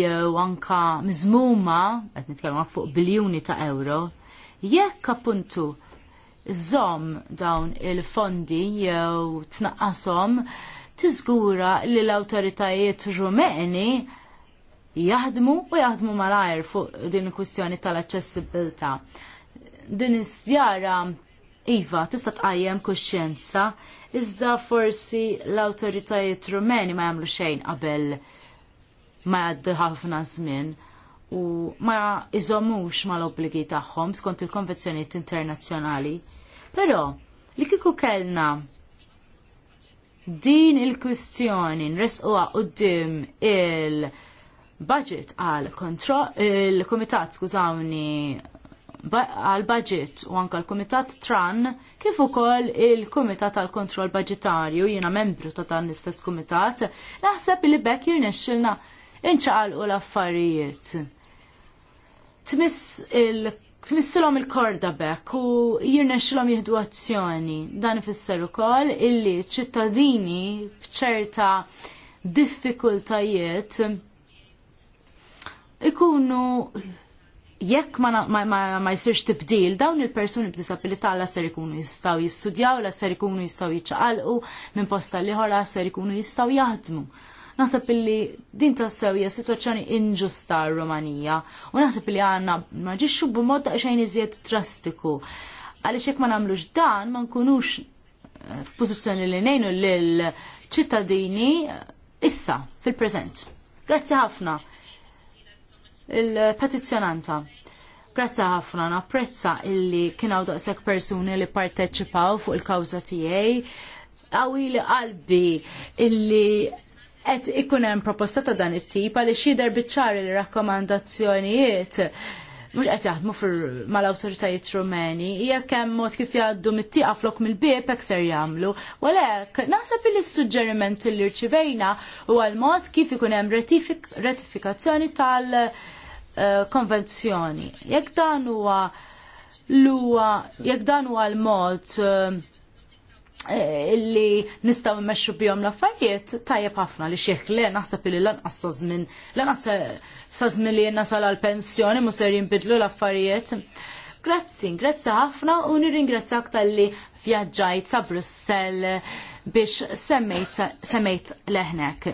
jew anka mizmuma, qed nitkellmu fuq biljuni ta' euro, Jekk appuntu żomm dawn il-fondi jew tnaqqashom, tiżgura li l-awtoritajiet rumeni jaħdmu u jaħdmu malajr fuq din il-kwistjoni tal-aċċessibilità. Din iż-żjara Iva, tista' tqajjem kuxjenza, iżda forsi l-awtoritajiet rumeni ma jagħmlu xejn qabel ma jgħaddi ħafna żmien u ma iżommux mal-obbligi tagħhom skont il-konvenzjonijiet internazzjonali. Però li kieku kellna din il-kwistjoni nresquha qudiem il-budget għal kontro il-kumitat skużawni għal budget u anka l-Kumitat Tran kif ukoll il-Kumitat għal kontroll Budgetarju jiena membru ta' dan l-istess kumitat naħseb li bekk jirnexxilna inċaqalqu l-affarijiet tmiss il tmissilhom il-korda bekk u jirnexxilhom jihdu azzjoni. Dan ifisser ukoll illi ċittadini b'ċerta diffikultajiet ikunu jekk ma, ma, ma, ma jisirx tibdil, dawn il-persuni b'disabilità la ser ikunu jistaw jistudjaw, la ser ikunu jistaw jiċċaqalqu, minn posta liħor la ser ikunu jistaw jaħdmu. Nasab illi din tassew sewja sitwazzjoni inġusta r-Romanija u naħseb illi għandna maġixxu b'mod daqsxejn iżjed drastiku. Għaliex jekk ma nagħmlux dan ma nkunux eh, f'pożizzjoni li ngħinu l ċittadini eh, issa fil-preżent. Grazzi ħafna il-petizzjonanta. Grazzi ħafna, napprezza illi kienaw daqsek daqshekk persuni li parteċipaw fuq il-kawża tiegħi. Għawi li qalbi illi qed ikun hemm proposta ta' dan it-tip għaliex jidher biċ-ċar li rakkomandazzjonijiet mux qed jaħdmu mal-awtoritajiet rumeni, jekk hemm mod kif jgħaddu mit-tieqa flok mill-bieb hekk ser jagħmlu. Walek, naħseb li s-suġġeriment li rċivejna huwa l-mod kif ikun hemm ratifikazzjoni tal-konvenzjoni. Eh, jekk dan huwa l jekk dan huwa l-mod eh, Eh, illi nistaw immexxu bihom l-affarijiet tajjeb ħafna li xieħ le naħseb illi lanqas sa żmien lanqas sa żmien li nasal l pensjoni mhux ser jinbidlu l-affarijiet. Grazzi, grazzi ħafna u nirringrazzjak aktar li vjaġġajt sa Brussell biex semmejt leħnek.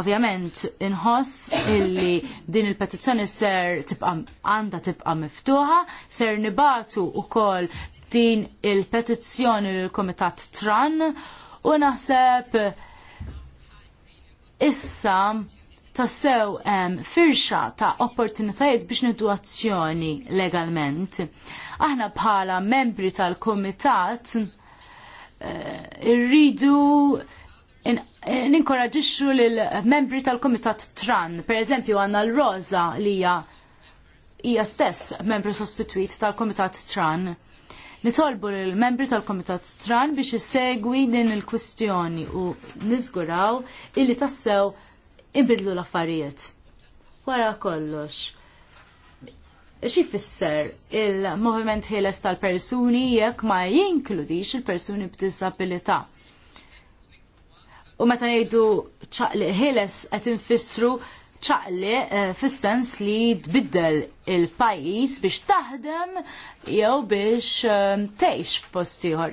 Ovvjament, inħoss illi din il-petizzjoni ser tibqa għanda tibqa miftuħa, ser nibatu u kol din il-petizzjoni l-Komitat Tran u naħseb issa tassew em, firxa ta' opportunitajiet biex nidu azzjoni legalment. Aħna bħala membri tal-Komitat eh, irridu ninkoraġixxu lil membri tal-Kumitat Tran, per eżempju għanna l-Rosa li hija stess membri sostituit tal-Kumitat Tran nitolbu l-membri tal-Komitat Tran biex jissegwi din il-kwistjoni u niżguraw illi tassew ibidlu l-affarijiet. Wara kollox. x'ifisser fisser il-moviment ħieles tal-persuni jekk ma jinkludix il-persuni b'disabilità. U meta ngħidu ċaqli ħeles qed infissru ċaqli eh, fis-sens li tbiddel il-pajis biex taħdem jew biex ehm, tgħix post ieħor.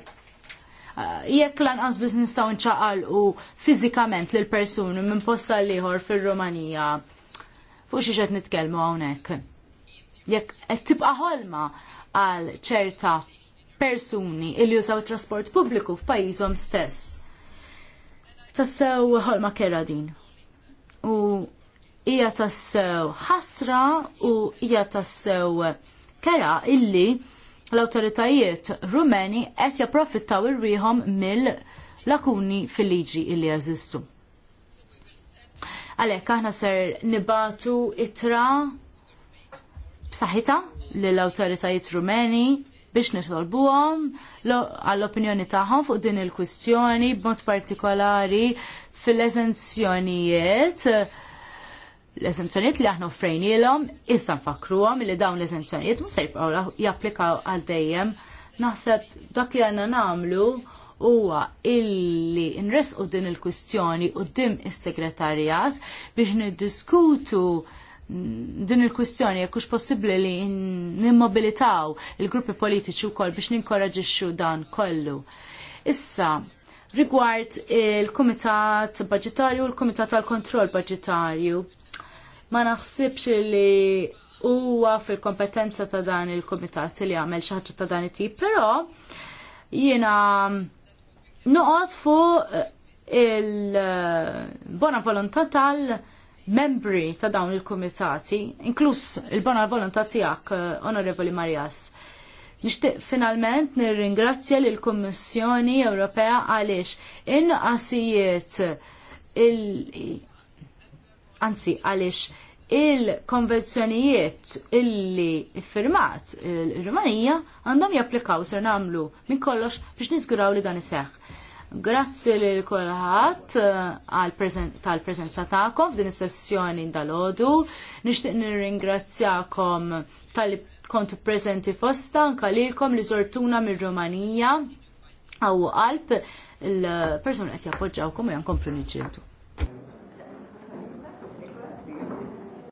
Ah, jekk lanqas biss nistgħu nċaqalqu fiżikament lil persuni minn posta ieħor fir-Rumanija fuq xi qed nitkellmu hawnhekk. Jekk qed tibqa' ħolma għal ċerta persuni il jużaw trasport pubbliku f'pajjiżhom stess. Tassew ħolma kera din. U hija tassew ħasra u hija tassew kera illi l-awtoritajiet rumeni qed japprofittaw irwieħhom mill-lakuni fil-liġi illi jeżistu. Għalhekk aħna ser nibatu itra b'saħħitha lill awtoritajiet rumeni biex nitolbuhom għall-opinjoni tagħhom fuq din il-kwistjoni b'mod partikolari fil-eżenzjonijiet l-eżenzjoniet li aħna offrejnielhom iżda nfakruhom li dawn l-eżenzjoniet mhux se jibqgħu japplikaw għal dejjem. Naħseb dak li għandna nagħmlu huwa illi nresqu din il-kwistjoni dim is-segretarjat biex niddiskutu din il-kwistjoni jekkux possibbli li nimmobilitaw il-gruppi politiċi wkoll biex ninkoraġixxu dan kollu. Issa, rigward il-Kumitat Budgetarju u l-Kumitat tal-Kontroll Budgetarju, ma naħsibx li huwa fil-kompetenza ta' dan il-komitat li għamel xi ħaġa ta' dan it-tip, però jiena noqgħod fuq il-bona volontà tal-membri ta' dawn il-komitati, inkluż il-bona volontà tiegħek, Onorevoli Marias. Nixtieq finalment nirringrazzja lill kummissjoni Ewropea għaliex in-qasijiet anzi għaliex il-konvenzjonijiet illi firmat il-Rumanija għandhom japplikaw ser namlu minn kollox biex nizguraw li dan iseħ. Grazzi li l-kolħat eh, tal-prezenza ta'kom f'din is-sessjoni dal-ħodu. Nishtiq nirringrazzjakom tal kontu prezenti fosta anka lilkom li zortuna mir-Rumanija għaw qalb il-persuna qed jappoġġawkom u jankomplu niġġieldu.